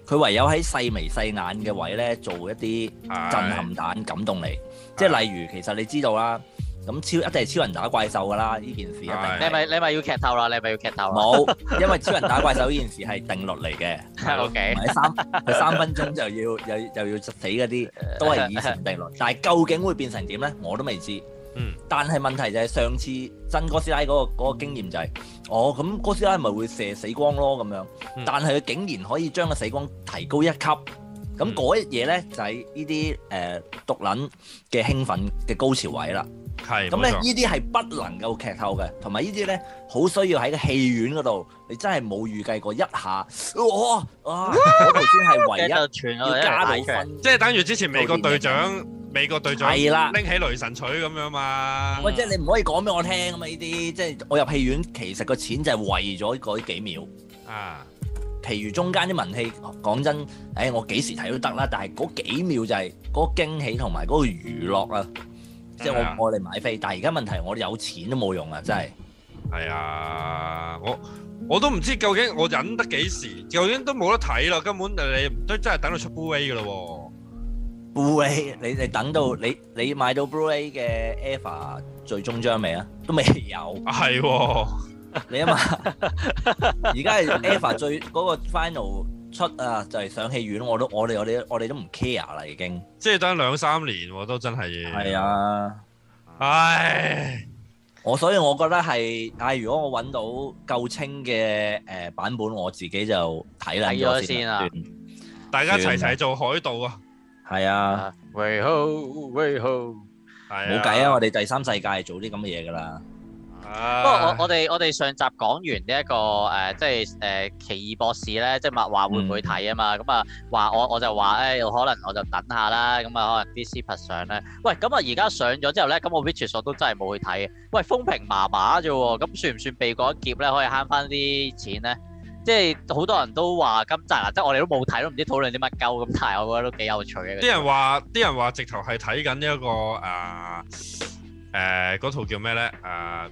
佢 <noise> 唯有喺細眉細眼嘅位呢，做一啲震撼彈，感動你。 <noise> 即係例如，其實你知道啦，咁超一定係超人打怪獸㗎啦，呢件事。你咪你咪要劇透啦！你咪要劇透？冇，因為超人打怪獸呢件事係定律嚟嘅。係 <noise> <noise> 三三分鐘就要又要死嗰啲，都係以前定律。但係究竟會變成點呢？我都未知。嗯，但係問題就係上次真哥斯拉嗰個嗰個經驗就係、是，哦，咁哥斯拉咪會射死光咯咁樣，但係佢竟然可以將個死光提高一級。咁嗰一嘢咧就係呢啲誒毒撚嘅興奮嘅高潮位啦。係。咁咧呢啲係不能夠劇透嘅，同埋呢啲咧好需要喺個戲院嗰度，你真係冇預計過一下，哇啊！頭先係哇哇唯一 <laughs> 全要加到分，即係等於之前美國隊長、美國隊長拎起雷神錘咁樣嘛。喂，即係你唔可以講俾我聽啊嘛？呢啲即係我入戲院其實個錢就係為咗嗰幾秒啊。譬如中間啲文戲，講真，誒、哎、我幾時睇都得啦。但係嗰幾秒就係嗰個驚喜同埋嗰個娛樂啊，即係我我哋買飛。但係而家問題，我有錢都冇用啊，真係。係啊，我我都唔知究竟我忍得幾時，究竟都冇得睇咯，根本就你都真係等到出 Blu-ray 嘅咯。Blu-ray，你你等到你你買到 Blu-ray 嘅 Eva 最終章未啊？都未有。係喎。你啊嘛，而家係《Eva》最嗰個 Final 出啊，就係、是、上戲院我都我哋我哋我哋都唔 care 啦，已經。即係等兩三年，我都真係。係啊，唉，我所以我覺得係，但係如果我揾到夠清嘅誒版本，我自己就睇啦先啦。算算大家齊齊做海盜啊了！係啊喂，好，喂好，好，係啊，冇計啊！我哋第三世界係做啲咁嘅嘢㗎啦。啊、不過我我哋我哋上集講完呢、這、一個誒、呃、即係誒、呃、奇異博士咧，即係話會唔會睇啊嘛？咁啊話我我就話誒、欸，可能我就等下啦。咁啊可能 DC+ 上咧，喂，咁啊而家上咗之後咧，咁我 Which t 都真係冇去睇嘅。喂，風評麻麻咋？咁、啊、算唔算避過一劫咧？可以慳翻啲錢咧？即係好多人都話今集嗱，即係我哋都冇睇都唔知討論啲乜鳩咁，但係我覺得都幾有趣嘅。啲人話啲人話直頭係睇緊呢一個誒誒嗰套叫咩咧？誒、呃。呃呃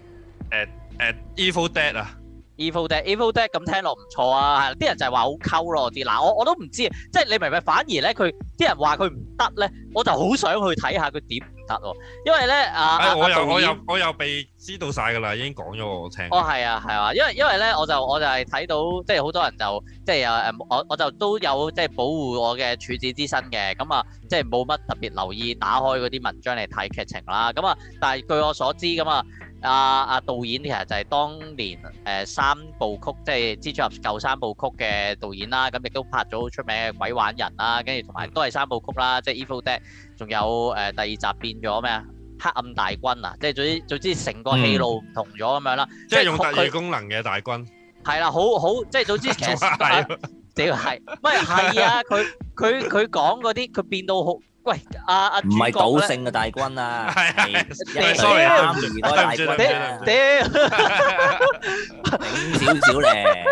誒誒，Evil Dead 啊，Evil Dead，Evil Dead，咁聽落唔錯啊，啲人就係話好溝咯嗰啲，嗱我我都唔知，即係你明唔明？反而咧，佢啲人話佢唔得咧，我就好想去睇下佢點唔得哦，因為咧啊，我又我又我又被知道晒噶啦，已經講咗我聽。哦係啊係啊，因為因為咧，我就我就係睇到，即係好多人就即係誒，我我就都有即係保護我嘅處子之身嘅，咁啊即係冇乜特別留意打開嗰啲文章嚟睇劇情啦，咁啊，但係據我所知咁啊。阿阿導演其實就係當年誒三部曲，即係蜘蛛俠舊三部曲嘅導演啦。咁亦都拍咗好出名嘅《鬼玩人》啊，跟住同埋都係三部曲啦，即係《Evil Dead》。仲有誒第二集變咗咩啊？黑暗大軍啊！即係總之總之成個氣路唔同咗咁樣啦。即係用特異功能嘅大軍。係啦，好好即係總之其實屌係，唔係係啊！佢佢佢講嗰啲，佢變到好。喂，阿阿唔係賭聖嘅大軍啊，係啊，sorry，唔係大軍，屌，頂少少咧，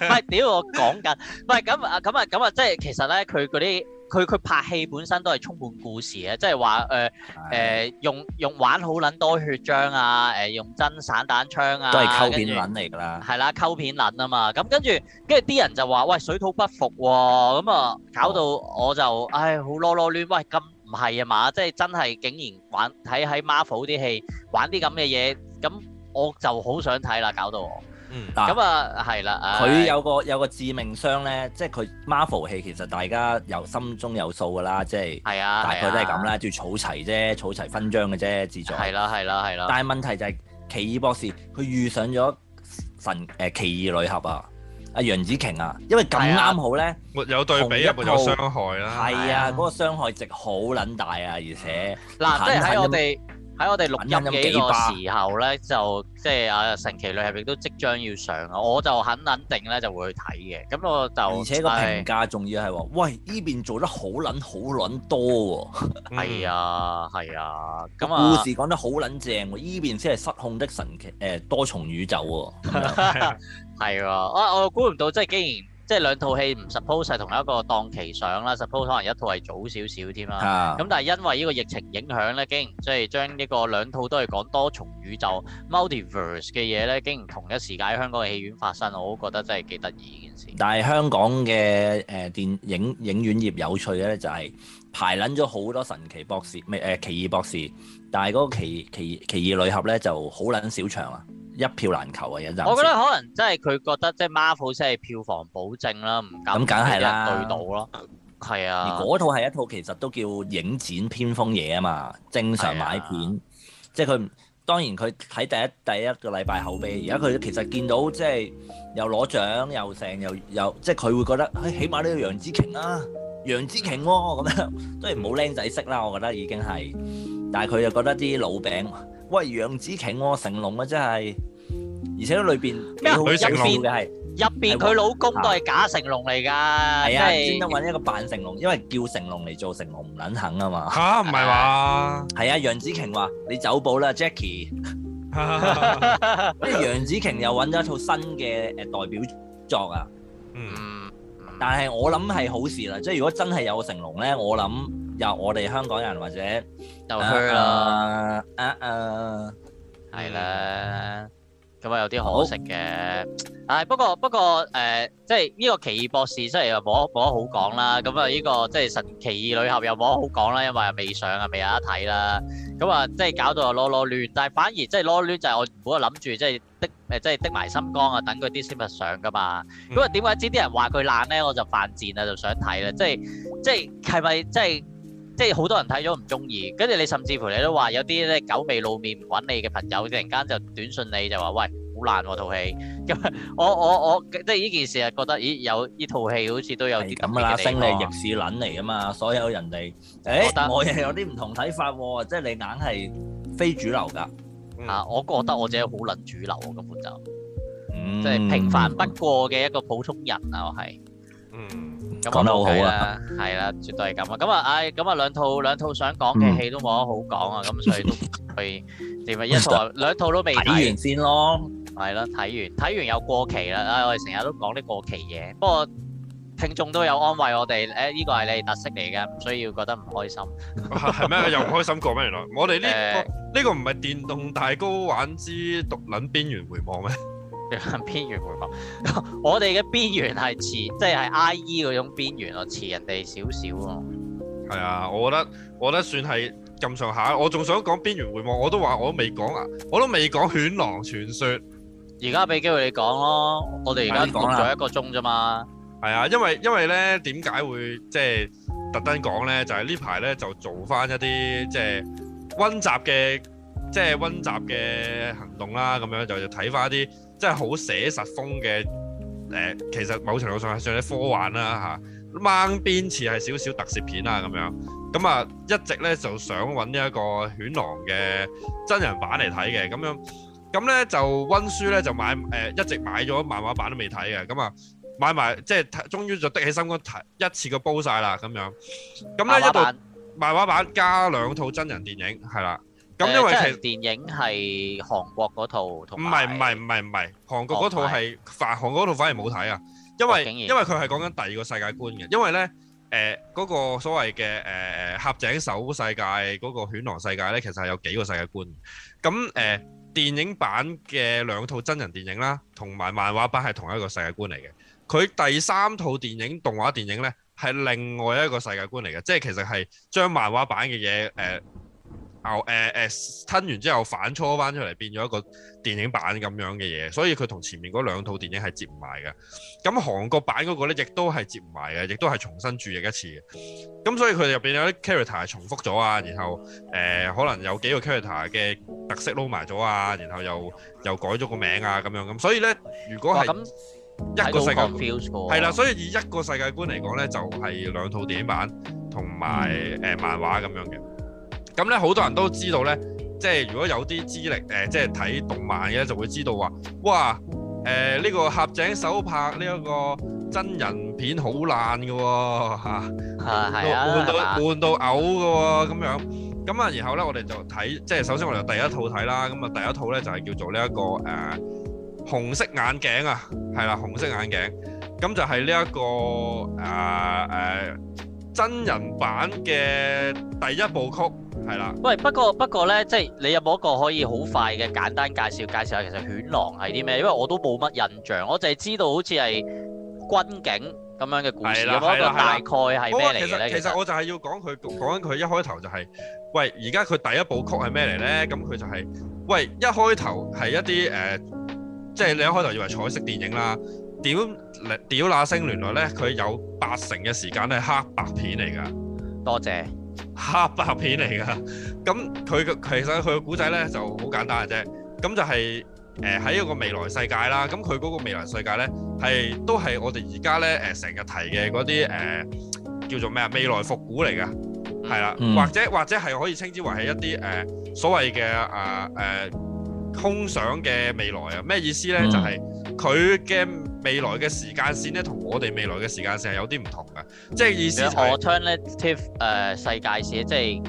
唔係屌，我講緊，唔係咁啊，咁啊，咁啊，即係其實咧，佢嗰啲。佢佢拍戲本身都係充滿故事，就是呃呃、啊，即係話誒誒用用玩好撚多血漿啊，誒用真散彈槍啊，都係溝片撚嚟㗎啦，係啦着 <noise> 溝片撚啊嘛，咁跟住跟住啲人就話喂水土不服喎、啊，咁、嗯、啊搞到我就唉好囉囉攣，喂咁唔係啊嘛，即係真係竟然玩睇喺 Marvel 啲戲玩啲咁嘅嘢，咁、嗯、我就好想睇啦，搞到我。嗯，咁啊，係啦。佢有個有個致命傷咧，即係佢 Marvel 戲其實大家由心中有數噶啦，即係。係啊。大概都係咁啦，叫儲齊啫，儲齊勳章嘅啫，自助。係啦，係啦，係啦。但係問題就係，奇異博士佢遇上咗神誒奇異女俠啊，阿楊紫瓊啊，因為咁啱好咧，有對比入面有傷害啦。係啊，嗰個傷害值好撚大啊，而且嗱，即係喺我哋。喺我哋錄音嘅時候咧，泛泛就即係啊，神奇女俠亦都即將要上啊，我就很肯定咧就會去睇嘅。咁我就而且個評價仲要係話，哎、喂呢邊做得好撚好撚多喎。係啊，係、嗯、啊，咁啊，啊，故事講得好撚正喎，呢邊先係失控的神奇誒多重宇宙喎，啊。係 <laughs> <laughs> 啊，我估唔到，即係竟然。即係兩套戲唔 suppose 係同一個檔期上啦，suppose 可能一套係早少少添啦。咁、啊、但係因為呢個疫情影響咧，竟然即係將呢個兩套都係講多重宇宙 （multiverse） 嘅嘢咧，竟然同一時間喺香港嘅戲院發生，我都覺得真係幾得意呢件事。但係香港嘅誒、呃、電影影院業有趣嘅咧，就係排撚咗好多神奇博士，咩、呃、誒奇異博士，但係嗰個奇奇奇異女俠咧就好撚少場啊！一票難求啊！有陣我覺得可能真係佢覺得即係 Marvel 先係票房保證啦，唔咁梗係啦，對到咯，係啊。而嗰套係一套其實都叫影展偏鋒嘢啊嘛，正常買片，啊、即係佢當然佢睇第一第一個禮拜口碑，而家佢其實見到即係又攞獎又成，又又即係佢會覺得，哎、起碼都有楊紫瓊啦，楊紫瓊喎咁樣都係冇僆仔識啦，我覺得已經係，但係佢又覺得啲老餅，喂楊紫瓊喎，成龍啊真係～而且喺裏邊咩？入邊嘅係入邊佢老公都係假成龍嚟噶，係啊，專登揾一個扮成龍，因為叫成龍嚟做成龍唔撚肯啊嘛。吓？唔係話？係啊，楊紫瓊話你走寶啦，Jackie。即係楊紫瓊又揾咗一套新嘅誒代表作啊。嗯，但係我諗係好事啦。即係如果真係有個成龍咧，我諗由我哋香港人或者就去啦。啊啊，係啦。咁啊，有啲可惜嘅，唉好、哎，不過不過，誒、呃，即係呢個奇異博士，即係又冇冇得好講啦。咁啊、這個，呢個即係神奇女俠又冇得好講啦，因為又未上啊，未有得睇啦。咁、嗯、啊、嗯嗯，即係搞到我囉囉攣，但係反而即係囉攣就係我冇啊諗住即係滴誒，即係滴埋心肝啊，等佢啲先物上噶嘛。咁啊，點解知啲人話佢爛咧？我就犯賤啊，就想睇啦，即係即係係咪即係？即係好多人睇咗唔鍾意，跟住你甚至乎你都話有啲咧久未露面唔揾你嘅朋友，突然間就短信你就話：喂，好爛喎套戲！咁我我我即係呢件事係覺得，咦有呢套戲好似都有啲咁啊啦，升你逆市撚嚟啊嘛！所有人哋覺得我又有啲唔同睇法喎，即係你硬係非主流㗎嚇！我覺得我自己好撚主流啊，根本就即係平凡不過嘅一個普通人啊，我係。嗯，講 <noise> 得好、 <noise> 嗯、得好啦，係啦，絕對係咁啊。咁啊，唉，咁啊，兩套兩套想講嘅戲都冇得好講啊。咁所以都，去，以點咪一齊兩套都未睇完先咯。係咯，睇完睇完又過期啦。唉、哎，我哋成日都講啲過期嘢。不過聽眾都有安慰我哋，誒、哎，呢、這個係你特色嚟嘅，唔需要覺得唔開心。係 <laughs> 咩？又唔開心過咩？原來我哋呢、 <noise> 這個呢、這個唔係電動大 GO 玩之毒撚邊緣回望咩？邊緣回望， <laughs> 我哋嘅邊緣係遲，即係 IE 嗰種邊緣咯，遲人哋少少啊。係啊，我覺得，我覺得算係咁上下。我仲想講邊緣回望，我都話我都未講啊，我都未講犬狼傳說。而家俾機會你講咯，我哋而家講咗一個鐘啫嘛。係啊，因為因為咧，點解會即係特登講咧？就係呢排咧，就做翻一啲即係溫習嘅。即係温習嘅行動啦，咁樣就睇翻一啲即係好寫實風嘅，誒、呃，其實某程度上係上啲科幻啦吓。啊《猛鞭刺》係少少特攝片啦，咁樣。咁啊，一直咧就想搵呢一個犬狼嘅真人版嚟睇嘅，咁樣。咁咧就温書咧就買，誒、呃，一直買咗漫畫版都未睇嘅。咁啊，買埋即係終於就的起心肝睇一次過，個煲晒啦，咁樣。咁咧一套漫畫版,版加兩套真人電影，係啦。咁、嗯、因為其實電影係韓國嗰套同，唔係唔係唔係唔係，韓國嗰套係反韓國嗰套反而冇睇啊！因為因為佢係講緊第二個世界觀嘅，因為咧誒嗰個所謂嘅誒誒押井守世界嗰、嗰個犬狼世界咧，其實係有幾個世界觀嘅，咁誒、呃、電影版嘅兩套真人電影啦，同埋漫畫版係同一個世界觀嚟嘅。佢第三套電影動畫電影咧，係另外一個世界觀嚟嘅，即係其實係將漫畫版嘅嘢誒。呃嗯哦，誒、欸欸、吞完之後反搓翻出嚟，變咗一個電影版咁樣嘅嘢，所以佢同前面嗰兩套電影係接唔埋嘅。咁韓國版嗰個咧，亦都係接唔埋嘅，亦都係重新注譯一次嘅。咁所以佢入邊有啲 character 係重複咗啊，然後誒、呃、可能有幾個 character 嘅特色撈埋咗啊，然後又又改咗個名啊咁樣咁。所以咧，如果係一個世界觀，係啦了，所以以一個世界觀嚟講咧，就係、是、兩套電影版同埋誒漫畫咁樣嘅。咁咧，好多人都知道咧，即係如果有啲資歷誒，即係睇動漫嘅咧，就會知道話，哇誒，呢個押井守拍呢一個真人片好爛嘅喎嚇，嚇係啊，悶到悶到嘔嘅喎咁樣。咁啊，然後咧我哋就睇，即係首先我哋第一套睇啦。咁啊，第一套咧就係叫做呢一個誒紅色眼鏡啊，係啦，紅色眼鏡。咁就係呢一個誒誒。真人版嘅第一部曲係啦。喂，不過不過咧，即係你有冇一個可以好快嘅簡單介紹介紹下其實犬狼係啲咩？因為我都冇乜印象，我就係知道好似係軍警咁樣嘅故事。係啦係啦。啦啦大概係咩嚟嘅，其實，其實我就係要講佢講緊佢一開頭就係，喂，而家佢第一部曲係咩嚟咧？咁佢就係，喂，一開頭，係一啲誒，即係你一開頭以為彩色電影啦，點。屌那星原來咧，佢有八成嘅時間咧，黑白片嚟㗎。多謝。黑白片嚟㗎。咁佢嘅其實佢嘅故仔咧就好簡單嘅啫。咁就係誒喺一個未來世界啦。咁佢嗰個未來世界咧，係都係我哋而家咧誒成日提嘅嗰啲誒叫做咩啊？未來復古嚟㗎，係啦，或者或者係可以稱之為係一啲誒所謂嘅啊誒空想嘅未來啊？咩意思咧？就係。佢嘅未來嘅時間線咧，同我哋未來嘅時間線係有啲唔同嘅，即係意思係 alternative 世界線，即係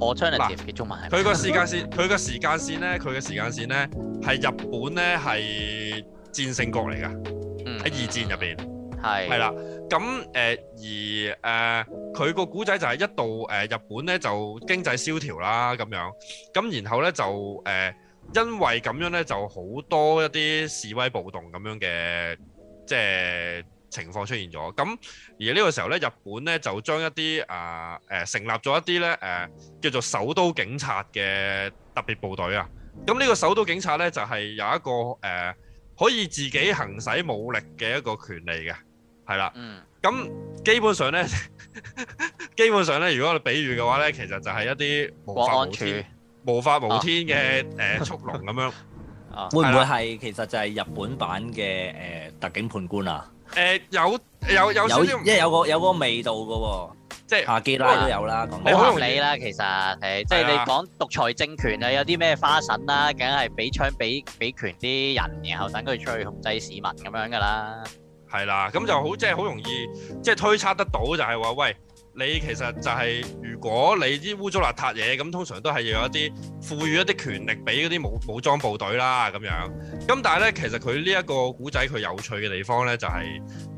alternative 嘅中文係。佢個、啊、時間線，佢個時間線咧，佢嘅時間線咧，係日本咧係戰勝國嚟㗎，喺、嗯、二戰入邊係係啦。咁誒而誒，佢個古仔就係一度誒日本咧就經濟蕭條啦咁樣，咁然後咧就誒。呃因為咁樣呢，就好多一啲示威暴動咁樣嘅即係情況出現咗。咁而呢個時候呢，日本呢就將一啲啊誒成立咗一啲呢誒叫做首都警察嘅特別部隊啊。咁呢個首都警察呢，就係、是、有一個誒、呃、可以自己行使武力嘅一個權利嘅，係啦。嗯。咁基本上呢， <laughs> 基本上呢，如果你比喻嘅話呢，嗯、其實就係一啲無法無天。無法無天嘅誒，速龍咁樣，啊，會唔會係其實就係日本版嘅誒特警判官啊？誒有有有少少，即係有個有個味道嘅喎，即係阿基拉都有啦，你好容易啦，其實誒，即係你講獨裁政權啊，有啲咩花神啦，梗係俾槍俾俾權啲人，然後等佢出去控制市民咁樣噶啦，係啦，咁就好即係好容易即係推測得到就係話喂。你其實就係、是，如果你啲污糟邋遢嘢，咁通常都係要有一啲賦予一啲權力俾嗰啲武武裝部隊啦，咁樣。咁但係咧，其實佢呢一個古仔佢有趣嘅地方咧，就係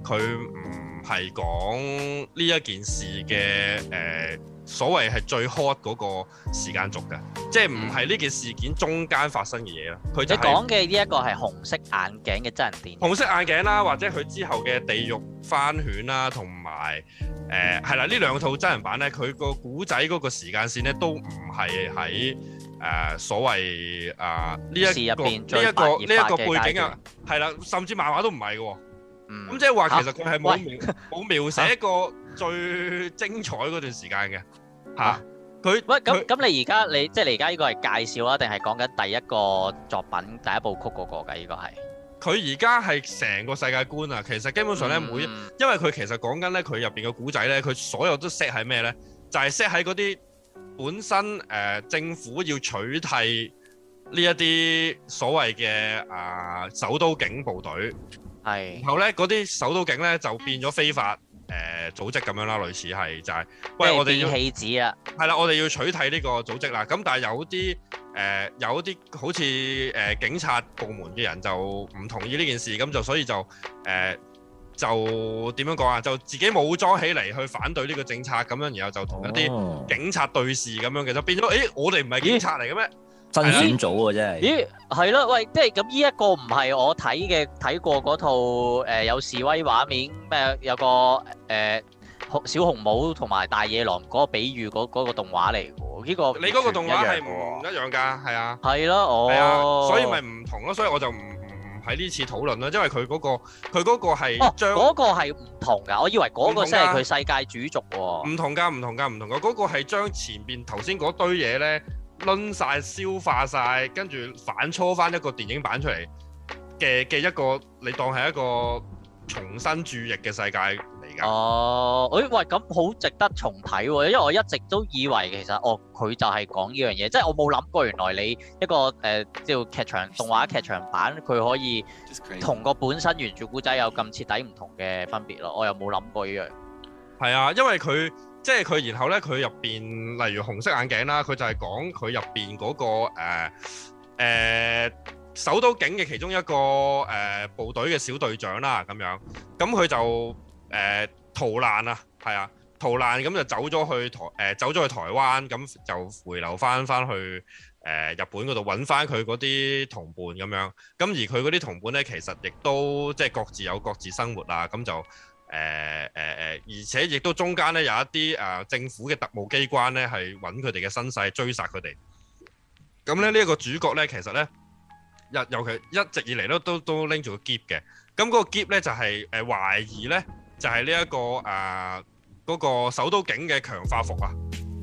佢唔係講呢一件事嘅誒。呃所謂係最 hot 嗰個時間軸嘅，即係唔係呢件事件中間發生嘅嘢啦。佢就係、你講嘅呢一個係紅色眼鏡嘅真人電。紅色眼鏡啦、啊，嗯、或者佢之後嘅地獄番犬啦、啊，同埋誒係啦，呢、呃、兩套真人版咧，佢個古仔嗰個時間線咧都唔係喺誒所謂啊呢、呃、一個呢一、這個呢一、這個背景啊，係啦、嗯，甚至漫畫都唔係喎。咁即係話其實佢係冇描冇描寫一個。 <laughs> 最精彩嗰段時間嘅嚇，佢喂，咁，咁你而家你即係、就是、你而家呢個係介紹啊，定係講緊第一個作品第一部曲嗰個㗎？呢、這個係佢而家係成個世界觀啊！其實基本上咧，每、嗯、因為佢其實講緊咧，佢入邊嘅古仔咧，佢所有都 set 喺咩咧？就係 set 喺嗰啲本身誒、呃、政府要取替呢一啲所謂嘅啊、呃、首都警部隊，係是然後咧嗰啲首都警咧就變咗非法。誒、呃、組織咁樣啦，類似係就係、是，喂是我哋要棄子啊，係啦，我哋要取締呢個組織啦。咁但係有啲誒、呃、有啲好似誒、呃、警察部門嘅人就唔同意呢件事，咁就所以就誒、呃、就點樣講啊？就自己武裝起嚟去反對呢個政策咁樣，然後就同一啲警察對峙咁、哦、樣嘅，就變咗誒我哋唔係警察嚟嘅咩？啊、真係咁早喎，真係。咦，係咯、啊，喂，即係咁呢一個唔係我睇嘅，睇過嗰套誒、呃、有示威畫面，咩有個誒、呃、小紅帽同埋大野狼嗰比喻嗰嗰、嗰個動畫嚟嘅喎，依、呢個你嗰個動畫係唔一樣㗎，係啊。係咯、啊，哦、啊。所以咪唔同咯，所以我就唔唔喺呢次討論啦，因為佢嗰、嗰個佢嗰個係哦，唔、嗰個、同㗎，我以為嗰個先係佢世界主族喎、啊。唔同㗎，唔同㗎，唔同㗎，嗰、嗰個係將前面頭先嗰堆嘢咧。攤晒、消化晒，跟住反搓翻一個電影版出嚟嘅嘅一個，你當係一個重新注譯嘅世界嚟㗎。哦、呃，誒、欸、喂，咁好值得重睇喎、啊！因為我一直都以為其實，哦，佢就係講依樣嘢，即係我冇諗過，原來你一個誒、呃，叫劇場動畫劇場版，佢可以同 's 個本身原著古仔有咁徹底唔同嘅分別咯、啊。我又冇諗過依樣。係啊，因為佢。即係佢，然後咧佢入邊，例如紅色眼鏡啦，佢就係講佢入邊嗰個誒誒首都警嘅其中一個誒部隊嘅小隊長啦，咁樣。咁佢就誒逃難啊，係啊，逃難，咁就走咗去台誒走咗去台灣，咁就回流翻翻去誒日本嗰度揾翻佢嗰啲同伴咁樣。咁而佢嗰啲同伴咧，其實亦都即係各自有各自生活啦，咁就。誒誒誒，而且亦都中間咧有一啲誒政府嘅特務機關咧，係揾佢哋嘅身世追殺佢哋。咁咧呢一個主角咧，其實咧，日尤其一直以嚟咧都都拎住個篋嘅。咁、那、嗰個篋咧就係誒懷疑咧、這個，就係呢一個誒嗰個首都警嘅強化服啊，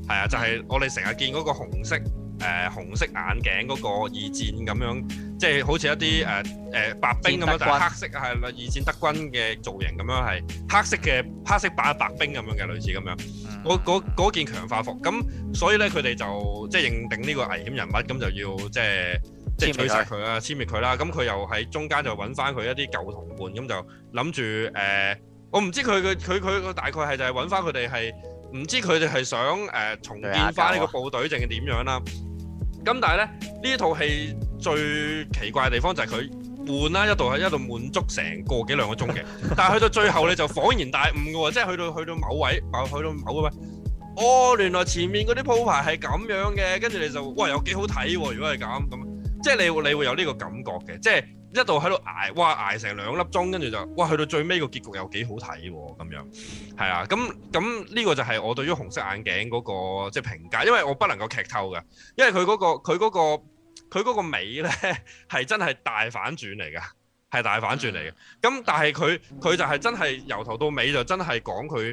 係啊，就係、是、我哋成日見嗰個紅色。誒、呃、紅色眼鏡嗰、那個二戰咁樣，即係好似一啲誒誒白兵咁樣，但係黑色係啦，二戰德軍嘅造型咁樣係黑色嘅黑色白白兵咁樣嘅類似咁樣。嗰件強化服，咁所以咧佢哋就即係認定呢個危險人物，咁就要即係即係摧殺佢啦、殲滅佢啦。咁佢又喺中間就揾翻佢一啲舊同伴，咁就諗住誒，我唔知佢佢佢佢大概係就係揾翻佢哋係，唔知佢哋係想誒、呃、重建翻呢個部隊定係點樣啦。啊啊咁但係咧，呢一套戲最奇怪嘅地方就係佢悶啦，一路係一路悶足成個幾兩個鐘嘅，但係去到最後你就恍然大悟嘅喎，即係去到去到某位，某去到某位，哦，原來前面嗰啲鋪排係咁樣嘅，跟住你就哇有幾好睇喎！如果係咁咁，即係你會你會有呢個感覺嘅，即係。一度喺度捱，哇捱成兩粒鐘，跟住就，哇去到最尾個結局又幾好睇喎，咁樣，係啊，咁咁呢個就係我對於紅色眼鏡嗰個即係評價，因為我不能夠劇透嘅，因為佢嗰個佢嗰個佢嗰個尾咧係真係大反轉嚟嘅，係大反轉嚟嘅，咁但係佢佢就係真係由頭到尾就真係講佢誒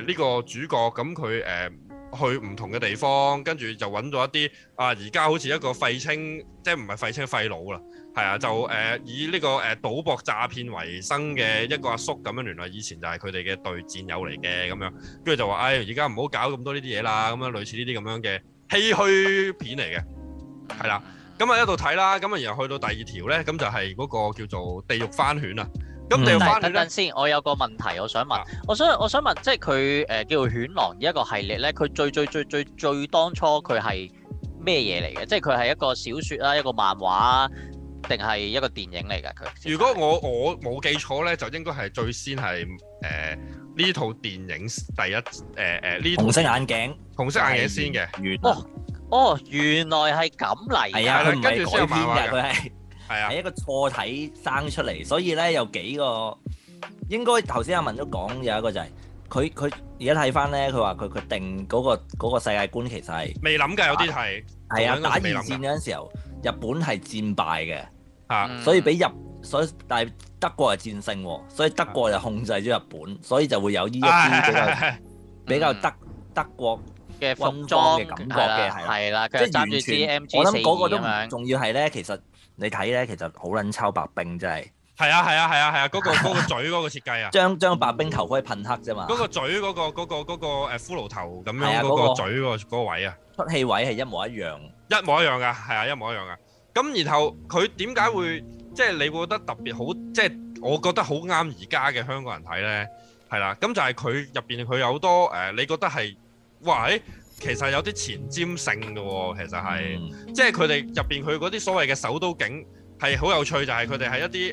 呢個主角，咁佢誒去唔同嘅地方，跟住就揾咗一啲啊而家好似一個廢青，即係唔係廢青廢佬啦。係啊，就誒以呢個誒賭博詐騙為生嘅一個阿叔咁樣原來，以前就係佢哋嘅對戰友嚟嘅咁樣，跟住就話，哎，而家唔好搞咁多呢啲嘢啦。咁樣類似呢啲咁樣嘅唏噓片嚟嘅係啦。咁啊一度睇啦，咁啊然後去到第二條咧，咁就係嗰個叫做《地獄番犬》啊。咁地獄番犬，等陣先、嗯。我有個問題，我想問，啊、我想我想問，即係佢誒叫做犬狼呢一個系列咧，佢最最，最最最最最當初佢係咩嘢嚟嘅？即係佢係一個小説啦，一個漫畫定係一個電影嚟㗎佢。如果我我冇記錯咧，就應該係最先係誒呢套電影第一誒誒呢紅色眼鏡，紅色眼鏡先嘅。哦哦，原來係咁嚟。係啊，跟住先有漫畫嘅，佢係係啊，係一個錯體生出嚟，所以咧有幾個應該頭先阿文都講有一個就係佢佢而家睇翻咧，佢話佢佢定嗰個嗰個世界觀其實係未諗㗎，有啲係係啊，打二戰嗰陣時候，日本係戰敗嘅。啊！所以俾日，所以但係德國係戰勝喎，所以德國就控制咗日本，所以就會有依一啲比較比較德德國嘅風裝嘅感覺嘅係啦，即係完全我諗嗰個都仲要係咧，其實你睇咧，其實好撚抽白兵就係，係啊係啊係啊係啊！嗰個嗰個嘴嗰個設計啊，將將白兵頭可以噴黑啫嘛，嗰個嘴嗰個嗰個嗰個誒骷髏頭咁樣嗰個嘴喎，嗰個位啊，出氣位係一模一樣，一模一樣㗎，係啊一模一樣㗎。咁然後佢點解會即係你會覺得特別好？即係我覺得好啱而家嘅香港人睇咧，係啦。咁就係佢入邊佢有好多誒，你覺得係哇？誒，其實有啲前瞻性嘅喎。其實係即係佢哋入邊佢嗰啲所謂嘅首都警係好有趣，就係佢哋係一啲誒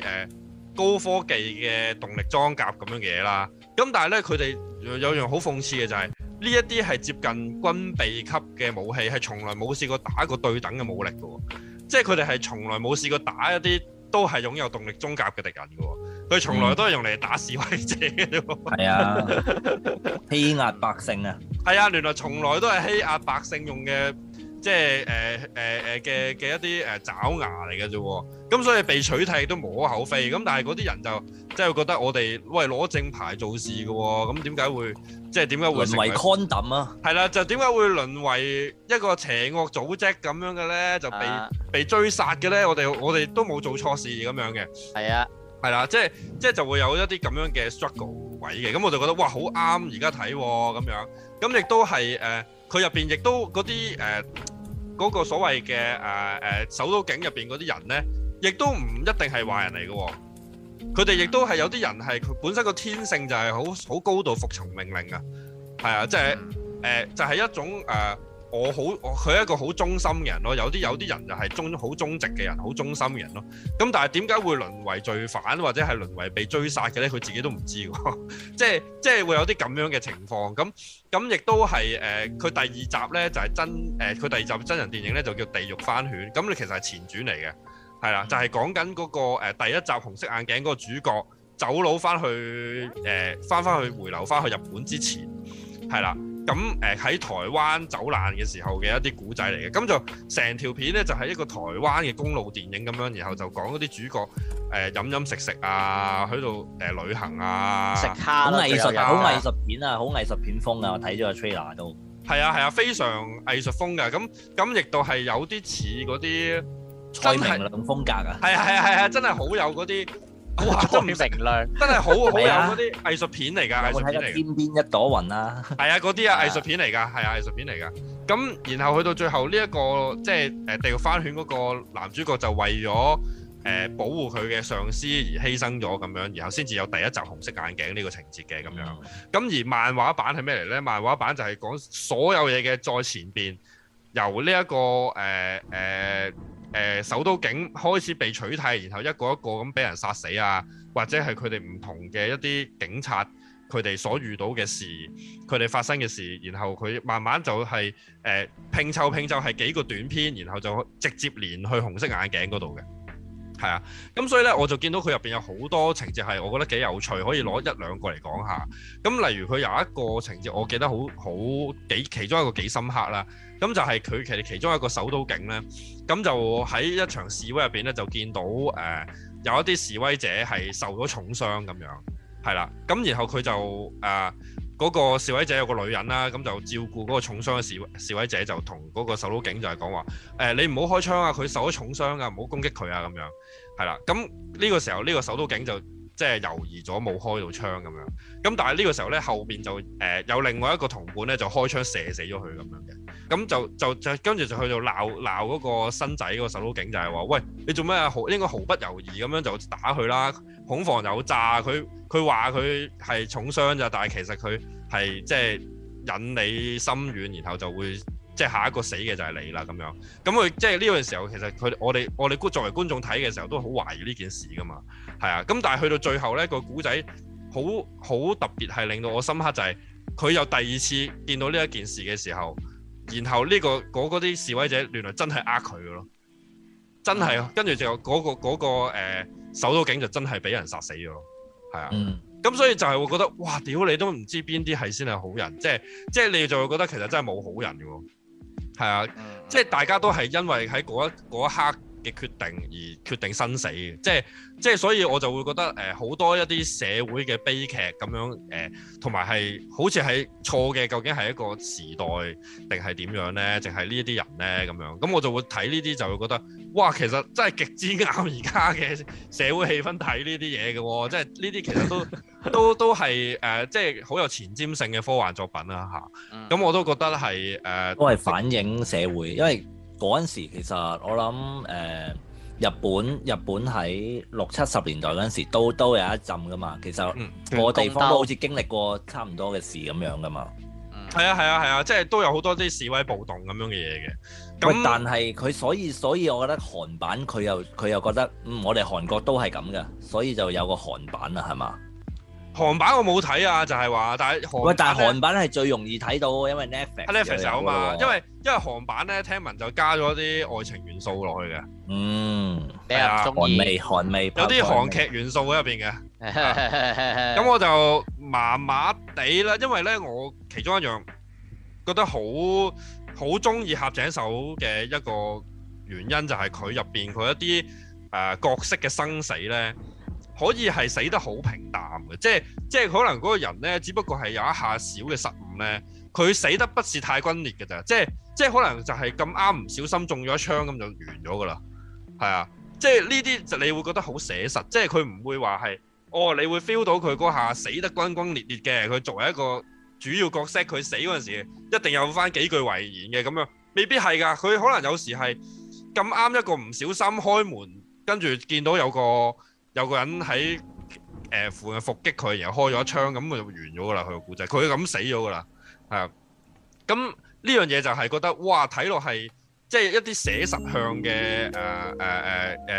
高科技嘅動力裝甲咁樣嘅嘢啦。咁但係咧，佢哋有樣好諷刺嘅就係呢一啲係接近軍備級嘅武器，係從來冇試過打過對等嘅武力嘅喎。即係佢哋係從來冇試過打一啲都係擁有動力中甲嘅敵人嘅喎，佢從來都係用嚟打示威者嘅啫喎。係、嗯、 <laughs> 啊，欺壓百姓啊！係啊，原來從來都係欺壓百姓用嘅。即係誒誒誒嘅嘅一啲誒爪牙嚟嘅啫，咁所以被取締都無可厚非。咁但係嗰啲人就即係覺得我哋喂攞正牌做事嘅喎，咁點解會即係點解會成為淪為 condom 啊？係啦，就點解會淪為一個邪惡組織咁樣嘅咧？就被、啊、被追殺嘅咧，我哋我哋都冇做錯事咁樣嘅。係啊的，係啦，即係即係就會有一啲咁樣嘅 struggle 位嘅，咁我就覺得哇好啱而家睇咁樣，咁亦、呃、都係誒佢入邊亦都嗰啲誒。呃嗰個所謂嘅誒誒首都警入邊嗰啲人咧，亦都唔一定係壞人嚟嘅、哦，佢哋亦都係有啲人係佢本身個天性就係好好高度服從命令啊，係啊，即係誒就係、係呃就係、一種誒。呃我好，佢係一個好忠心嘅人咯。有啲有啲人就係忠好忠直嘅人，好忠心嘅人咯。咁但係點解會淪為罪犯，或者係淪為被追殺嘅呢？佢自己都唔知喎。 <laughs> 即係即係會有啲咁樣嘅情況。咁咁亦都係誒，佢、呃、第二集呢就係、是、真誒，佢、呃、第二集真人電影呢就叫《地獄番犬》。咁你其實係前傳嚟嘅，係啦，就係、是、講緊、那、嗰個、呃、第一集紅色眼鏡嗰個主角走佬翻去誒，翻、呃、翻去回流翻去日本之前，係啦。咁誒喺台灣走難嘅時候嘅一啲古仔嚟嘅，咁就成條片咧就係、是、一個台灣嘅公路電影咁樣，然後就講嗰啲主角誒、呃、飲飲食食啊，喺度誒旅行啊，食卡，好啊，好藝、啊、藝術片啊，好藝術片風啊，我睇咗阿 trailer 都，係啊係啊，啊，非常藝術風嘅，咁咁亦都係有啲似嗰啲蔡明亮嗰種風格啊，係啊係啊係啊，真係好有嗰啲。好啊，真係正真係好好有嗰啲藝術片嚟㗎，藝術片嚟嘅。睇天邊一朵雲啦，係啊，嗰啲啊，藝術片嚟㗎，係啊，藝術片嚟㗎。咁然後去到最後呢一、這個，即係誒《地獄花犬》嗰個男主角就為咗誒、呃、保護佢嘅上司而犧牲咗咁樣，然後先至有第一集紅色眼鏡呢個情節嘅咁樣。咁、嗯、而漫畫版係咩嚟咧？漫畫版就係講所有嘢嘅再前邊，由呢、這、一個誒誒。呃呃誒、呃、首都警開始被取締，然後一個一個咁俾人殺死啊，或者係佢哋唔同嘅一啲警察，佢哋所遇到嘅事，佢哋發生嘅事，然後佢慢慢就係、是、誒、呃、拼湊拼湊就係幾個短片，然後就直接連去紅色眼鏡嗰度嘅，係啊，咁所以呢，我就見到佢入邊有好多情節係我覺得幾有趣，可以攞一兩個嚟講下。咁、嗯、例如佢有一個情節，我記得好好幾其中一個幾深刻啦。咁就係佢其其中一個首都警咧，咁就喺一場示威入邊咧，就見到誒、呃、有一啲示威者係受咗重傷咁樣，係啦。咁然後佢就誒嗰、呃那個示威者有個女人啦，咁就照顧嗰個重傷嘅示示威者，就同嗰個首都警就係講話誒，你唔好開槍啊，佢受咗重傷噶、啊，唔好攻擊佢啊，咁樣係啦。咁呢個時候呢個首都警就即係猶豫咗，冇開到槍咁樣。咁但係呢個時候咧，後邊就誒、呃、有另外一個同伴咧就開槍射死咗佢咁樣嘅。咁就就就跟住就去到鬧鬧嗰個新仔嗰個守護警就係話：喂，你做咩啊？應該毫不猶豫咁樣就打佢啦。恐防有詐佢，佢話佢係重傷咋，但係其實佢係即係引你心軟，然後就會即係、就是、下一個死嘅就係你啦。咁樣咁佢即係呢個時候，其實佢我哋我哋作為觀眾睇嘅時候，都好懷疑呢件事噶嘛。係啊，咁但係去到最後呢，個古仔好好特別係令到我深刻就係、是、佢有第二次見到呢一件事嘅時候。然後呢、這個嗰啲、那個、示威者原來真係呃佢嘅咯，真係啊！跟住就嗰、那個嗰、那個誒首、呃、都警就真係俾人殺死咗咯，係啊！咁、嗯、所以就係會覺得哇！屌你都唔知邊啲係先係好人，即係即係你就會覺得其實真係冇好人嘅喎，係啊！即係大家都係因為喺嗰一嗰一刻。嘅決定而決定生死嘅，即係即係，所以我就會覺得誒、呃呃，好多一啲社會嘅悲劇咁樣誒，同埋係好似係錯嘅，究竟係一個時代定係點樣呢？定係呢啲人呢咁樣？咁我就會睇呢啲就會覺得，哇！其實真係極之啱。而家嘅社會氣氛睇呢啲嘢嘅喎，即係呢啲其實都 <laughs> 都都係誒、呃，即係好有前瞻性嘅科幻作品啦嚇。咁、啊、我都覺得係誒，呃、都係反映社會，因為。嗰陣時其實我諗誒、呃、日本日本喺六七十年代嗰陣時都都有一陣噶嘛，其實個地方都好似經歷過差唔多嘅事咁樣噶嘛。係、嗯嗯嗯、啊係啊係啊，啊，即係都有好多啲示威暴動咁樣嘅嘢嘅。咁但係佢所以所以，所以我覺得韓版佢又佢又覺得嗯，我哋韓國都係咁噶，所以就有個韓版啊，係嘛？韓版我冇睇啊，就係、是、話，但係韓，但係韓版係最容易睇到，因為 Netflix，Netflix 有嘛，因為因為韓版咧，聽聞就加咗啲愛情元素落去嘅，嗯，係啊、uh，韓味韓味，有啲韓劇元素喺入邊嘅，咁我就麻麻地啦，因為咧我其中一樣覺得好好中意《押井守》嘅一個原因就係佢入邊佢一啲誒、uh, 角色嘅生死咧。可以係死得好平淡嘅，即係即係可能嗰個人呢，只不過係有一下小嘅失誤呢，佢死得不是太轟烈嘅咋，即係即係可能就係咁啱唔小心中咗一槍咁就完咗噶啦，係啊，即係呢啲就你會覺得好寫實，即係佢唔會話係哦，你會 feel 到佢嗰下死得轟轟烈烈嘅，佢作為一個主要角色，佢死嗰陣時一定有返幾句遺言嘅咁樣，未必係噶，佢可能有時係咁啱一個唔小心開門，跟住見到有個。有個人喺誒附近伏擊佢，然後開咗一槍，咁佢就完咗噶啦，佢個故仔，佢咁死咗噶啦，係啊，咁呢樣嘢就係覺得哇，睇落係即係一啲寫實向嘅誒誒誒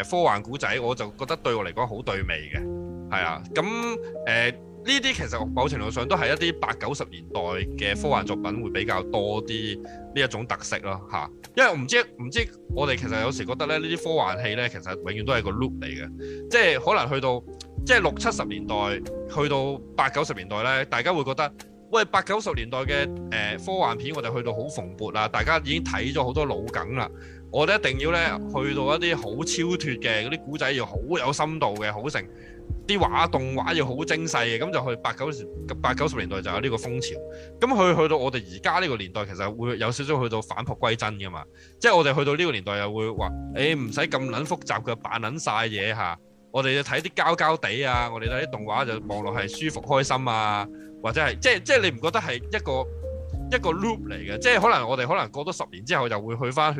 誒科幻故仔，我就覺得對我嚟講好對味嘅，係啊，咁誒。呃呢啲其實某程度上都係一啲八九十年代嘅科幻作品會比較多啲呢一種特色咯嚇，因為我唔知唔知我哋其實有時覺得咧呢啲科幻戲呢，其實永遠都係個 loop 嚟嘅，即係可能去到即係六七十年代去到八九十年代呢，大家會覺得喂，八九十年代嘅誒、呃、科幻片我哋去到好蓬勃啦，大家已經睇咗好多老梗啦，我哋一定要呢，去到一啲好超脫嘅嗰啲古仔，要好有深度嘅好成。啲畫動畫要好精細嘅，咁就去八九十八九十年代就有呢個風潮。咁佢去，去到我哋而家呢個年代，其實會有少少去到反璞歸真㗎嘛。即係我哋去到呢個年代又會話，誒唔使咁撚複雜嘅扮撚晒嘢吓。我哋睇啲膠膠地啊，我哋睇啲動畫就望落係舒服開心啊，或者係即係即係你唔覺得係一個一個 loop 嚟嘅？即係可能我哋可能過多十年之後就會去翻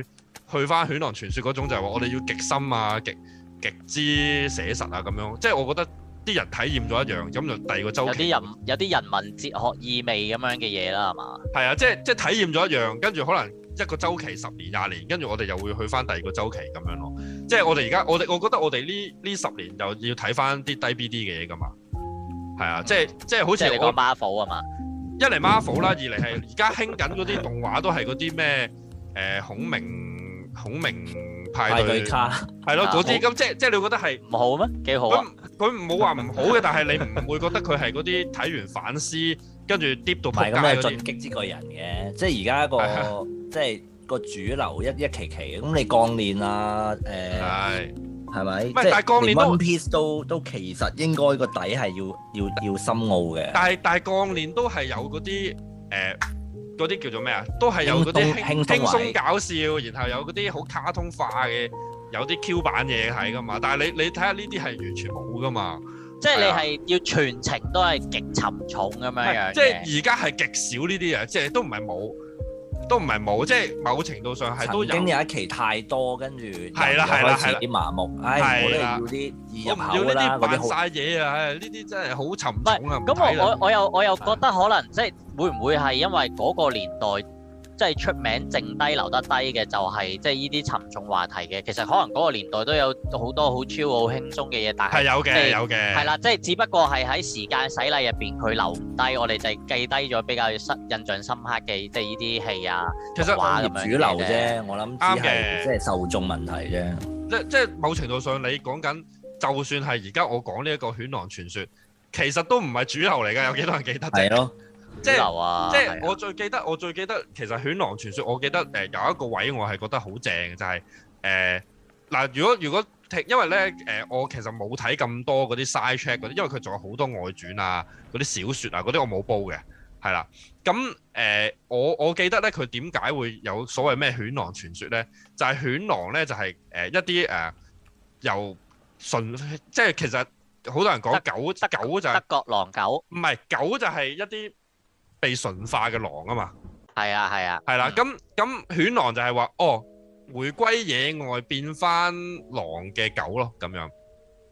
去翻《犬狼傳說》嗰種，就係話我哋要極深啊極。極之寫實啊，咁樣即係我覺得啲人體驗咗一樣，咁就第二個週期有啲人有啲人民哲學意味咁樣嘅嘢啦，係嘛？係啊，即係即係體驗咗一樣，跟住可能一個週期十年廿年，跟住我哋又會去翻第二個週期咁樣咯。即係我哋而家我哋我覺得我哋呢呢十年就要睇翻啲低 B 啲嘅嘢噶嘛？係啊，嗯、即係即係好似你講 Marvel 啊嘛，一嚟 Marvel 啦，二嚟係而家興緊嗰啲動畫都係嗰啲咩誒孔明孔明，孔明派對卡，係咯，嗰啲咁，即即你覺得係唔好咩？幾好啊！佢佢冇話唔好嘅，但係你唔會覺得佢係嗰啲睇完反思跟住跌到。唔係咁嘅進擊之巨人嘅，即係而家個即係個主流一一期期咁，你鋼鏈啊誒係係咪？但係鋼鏈都 One Piece 都其實應該個底係要要要深奧嘅。但係但係鋼鏈都係有嗰啲誒。嗰啲叫做咩啊？都係有嗰啲輕輕鬆搞笑，然後有嗰啲好卡通化嘅，有啲 Q 版嘢係噶嘛。但係你你睇下呢啲係完全冇噶嘛，即係你係要全程都係極沉重咁樣。即係而家係極少呢啲嘢，即係都唔係冇。都唔係冇，即係某程度上係曾經有一期太多，跟住係啦係啦係啦，有啲麻木，唉，的我哋要啲易入口啦，嗰啲好曬嘢啊，唉，呢啲真係好沉重啊。咁的我我我又我又覺得可能的即係會唔會係因為嗰個年代？即係出名，剩低留得低嘅就係即係呢啲沉重話題嘅。其實可能嗰個年代都有好多好超好輕鬆嘅嘢，但係有嘅，有嘅，係啦，即係的只不過係喺時間洗禮入邊，佢留唔低，我哋就係記低咗比較深、印象深刻嘅，即係呢啲戲啊、畫咁樣嘅。其實唔係主流啫，我諗啱嘅，即係受眾問題啫。即即係某程度上，你講緊就算係而家我講呢一個《犬狼傳說》，其實都唔係主流嚟嘅，有幾多人記得？係咯。即係、就是就是、我最記得，我最記得其實《犬狼傳說》，我記得誒、呃、有一個位，我係覺得好正，就係誒嗱。如果如果因為咧誒、呃，我其實冇睇咁多嗰啲 side track 嗰啲，因為佢仲有好多外傳啊，嗰啲小說啊嗰啲、呃，我冇煲嘅，係啦。咁誒，我我記得咧，佢點解會有所謂咩《犬狼傳說》咧？就係、是、犬狼咧，就係、是、誒、呃、一啲誒由純，即係其實好多人講狗，德狗就係、是、德國狼狗，唔係狗就係一啲。被馴化嘅狼啊嘛，係啊係啊，係啦、啊，咁咁、啊嗯、犬狼就係話哦，回歸野外變翻狼嘅狗咯，咁樣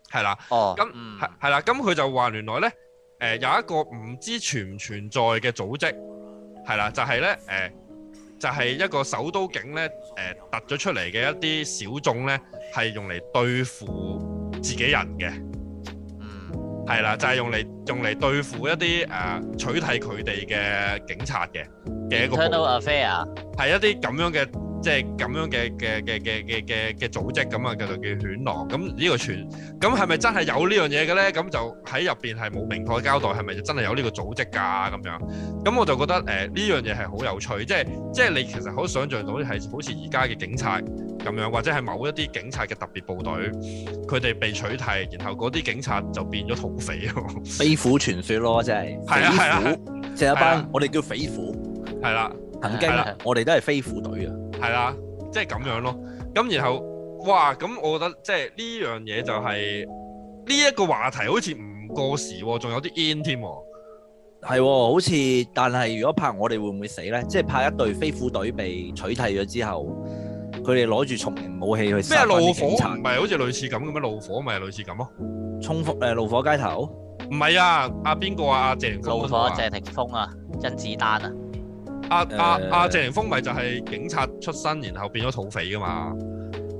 係啦，啊、哦，咁係係啦，咁佢、嗯啊、就話原來咧，誒、呃、有一個唔知存唔存在嘅組織，係啦、啊，就係、是、咧，誒、呃、就係、是、一個首都警咧，誒突咗出嚟嘅一啲小眾咧，係用嚟對付自己人嘅。係啦，就係、是、用嚟用嚟對付一啲誒、呃、取締佢哋嘅警察嘅嘅一個。Internal affair 係一啲咁樣嘅。即係咁樣嘅嘅嘅嘅嘅嘅嘅組織咁啊，叫做叫犬狼，咁呢個傳，咁係咪真係有呢樣嘢嘅咧？咁就喺入邊係冇明確交代，係咪就真係有呢個組織噶，咁樣？咁我就覺得誒，呢樣嘢係好有趣，即係即係你其實可想像到係好似而家嘅警察咁樣，或者係某一啲警察嘅特別部隊，佢哋被取締，然後嗰啲警察就變咗土匪咯，匪虎傳說咯，即係啊，虎，啊，成一班我哋叫匪虎，係啦。曾經，的我哋都係飛虎隊啊。係啦，即係咁樣咯。咁然後，哇！咁我覺得即係呢樣嘢就係呢一個話題好，好似唔過時喎，仲有啲 in 添喎。係喎，好似。但係如果拍我哋會唔會死咧？即、就、係、是、拍一隊飛虎隊被取締咗之後，佢哋攞住重型武器去殺咩怒火唔係好似類似咁嘅怒火咪類似咁咯。衝鋒怒火街頭？唔係啊，阿邊個啊？阿鄭、啊啊啊、怒火，謝霆鋒啊，甄子丹啊。阿阿阿謝霆鋒咪就係警察出身，然後變咗土匪㗎嘛？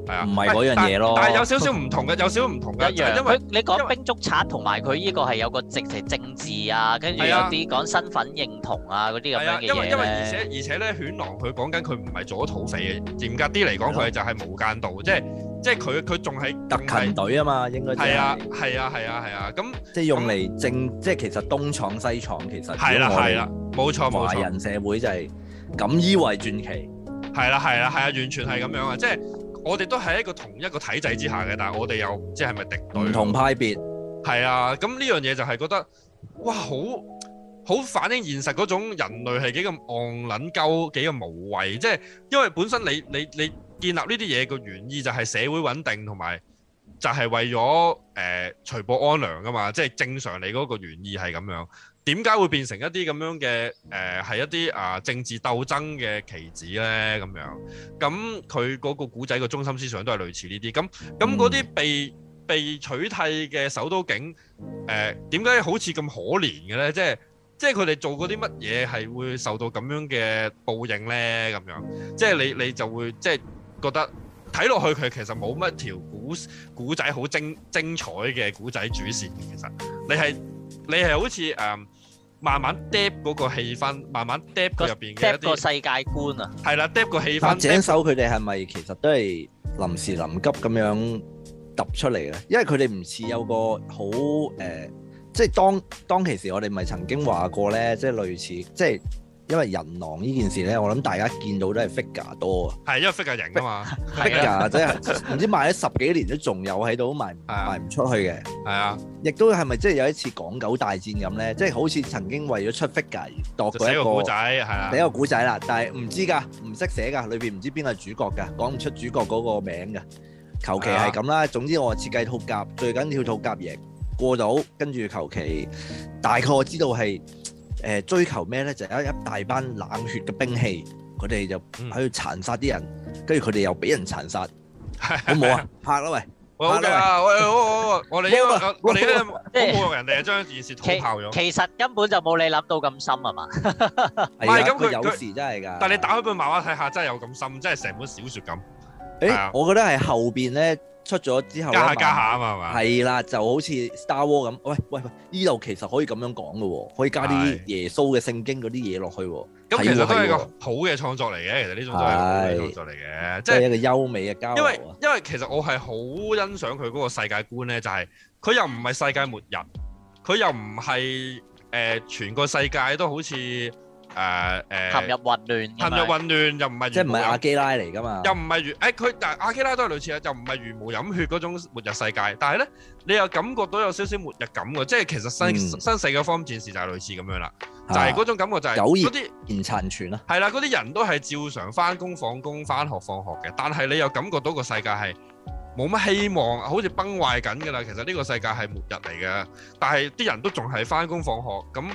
係、嗯、啊，唔係嗰樣嘢咯。但係有少少唔同嘅，有少少唔同嘅，一樣、嗯、因為你講兵捉賊同埋佢呢個係有個直情政治啊，跟住、啊、有啲講身份認同啊嗰啲咁樣、啊、因為因為而且而且咧，犬狼佢講緊佢唔係做咗土匪嘅，嚴格啲嚟講，佢就係無間道，嗯、即係。即係佢佢仲係特勤隊啊嘛，應該係啊係啊係啊係啊咁。即係用嚟正，即係其實東廠西廠，其實係啦係啦，冇錯冇錯。華人社會就係咁依為傳奇。係啦係啦係啊，完全係咁樣啊！即係我哋都喺一個同一個體制之下嘅，但係我哋又即係係咪敵對？唔同派別係啊，咁呢樣嘢就係覺得哇，好好反映現實嗰種人類係幾咁戇撚鳩，幾咁無謂。即係因為本身你你你。建立呢啲嘢嘅原意就係社會穩定同埋，就係為咗誒除暴安良噶嘛，即係正常你嗰個原意係咁樣。點解會變成一啲咁樣嘅誒係一啲啊、呃、政治鬥爭嘅棋子咧咁樣？咁佢嗰個古仔嘅中心思想都係類似呢啲。咁咁嗰啲被被取締嘅首都警誒點解好似咁可憐嘅咧？即係即係佢哋做過啲乜嘢係會受到咁樣嘅報應咧咁樣？即係你你就會即係。覺得睇落去佢其實冇乜條古古仔好精精彩嘅古仔主線，其實你係你係好似誒、嗯、慢慢 dep 嗰個氣氛，慢慢 dep 入邊嘅一 dep 那個世界觀啊，係啦 dep 個氣氛。押井守佢哋係咪其實都係臨時臨急咁樣揼出嚟咧？因為佢哋唔似有個好誒、呃，即係當當其時我哋咪曾經話過咧，即係類似即係。因為人狼呢件事咧，我諗大家見到都係 figure 多啊，係因為 figure 型啊嘛，figure 真係唔知賣咗十幾年都仲有喺度賣，賣唔出去嘅，係啊的，亦都係咪即係有一次港九大戰咁咧？即係、嗯、好似曾經為咗出 figure 而度嗰個寫個故仔係啊，寫個故仔啦，但係唔知㗎，唔識寫㗎，裏邊唔知邊個主角㗎，講唔出主角嗰個名㗎，求其係咁啦。的總之我設計套甲，最緊要套甲型過到，跟住求其大概我知道係。誒，追求咩咧？就係一一大班冷血嘅兵器，佢哋就喺度殘殺啲人，跟住佢哋又俾人殘殺，好唔好啊？拍咯喂，好嘅，我好好，我哋因為我哋因為即係侮辱人哋，將電視通泡咗。其實根本就冇你諗到咁深啊嘛，唔係咁佢有時真係㗎。但係你打開部漫畫睇下，真係有咁深，真係成本小説咁。誒，我覺得係後邊咧。出咗之後，加下加下啊嘛嘛，係啦吧，就好似 Star War 咁，喂喂喂，呢度其實可以咁樣講嘅喎，可以加啲耶穌嘅聖經嗰啲嘢落去喎，咁是其實都係一個好嘅創作嚟嘅，其實呢種都係創作嚟嘅，是即係是一個優美嘅交流。因為因為其實我係好欣賞佢嗰個世界觀咧，就係、是、佢又唔係世界末日，佢又唔係誒全個世界都好似。誒誒，陷入混亂，陷入混亂又唔係，即係唔係阿基拉嚟㗎嘛？又唔係如誒佢，但係阿基拉都係類似啦，就唔係如無飲血嗰種末日世界。但係咧，你又感覺到有少少末日感嘅，即係其實新新世界方戰士就係類似咁樣啦，就係嗰種感覺就係嗰啲唔殘存啦。係啦，嗰啲人都係照常返工放工、返學放學嘅，但係你又感覺到個世界係冇乜希望，好似崩壞緊㗎啦。其實呢個世界係末日嚟嘅，但係啲人都仲係返工放學咁。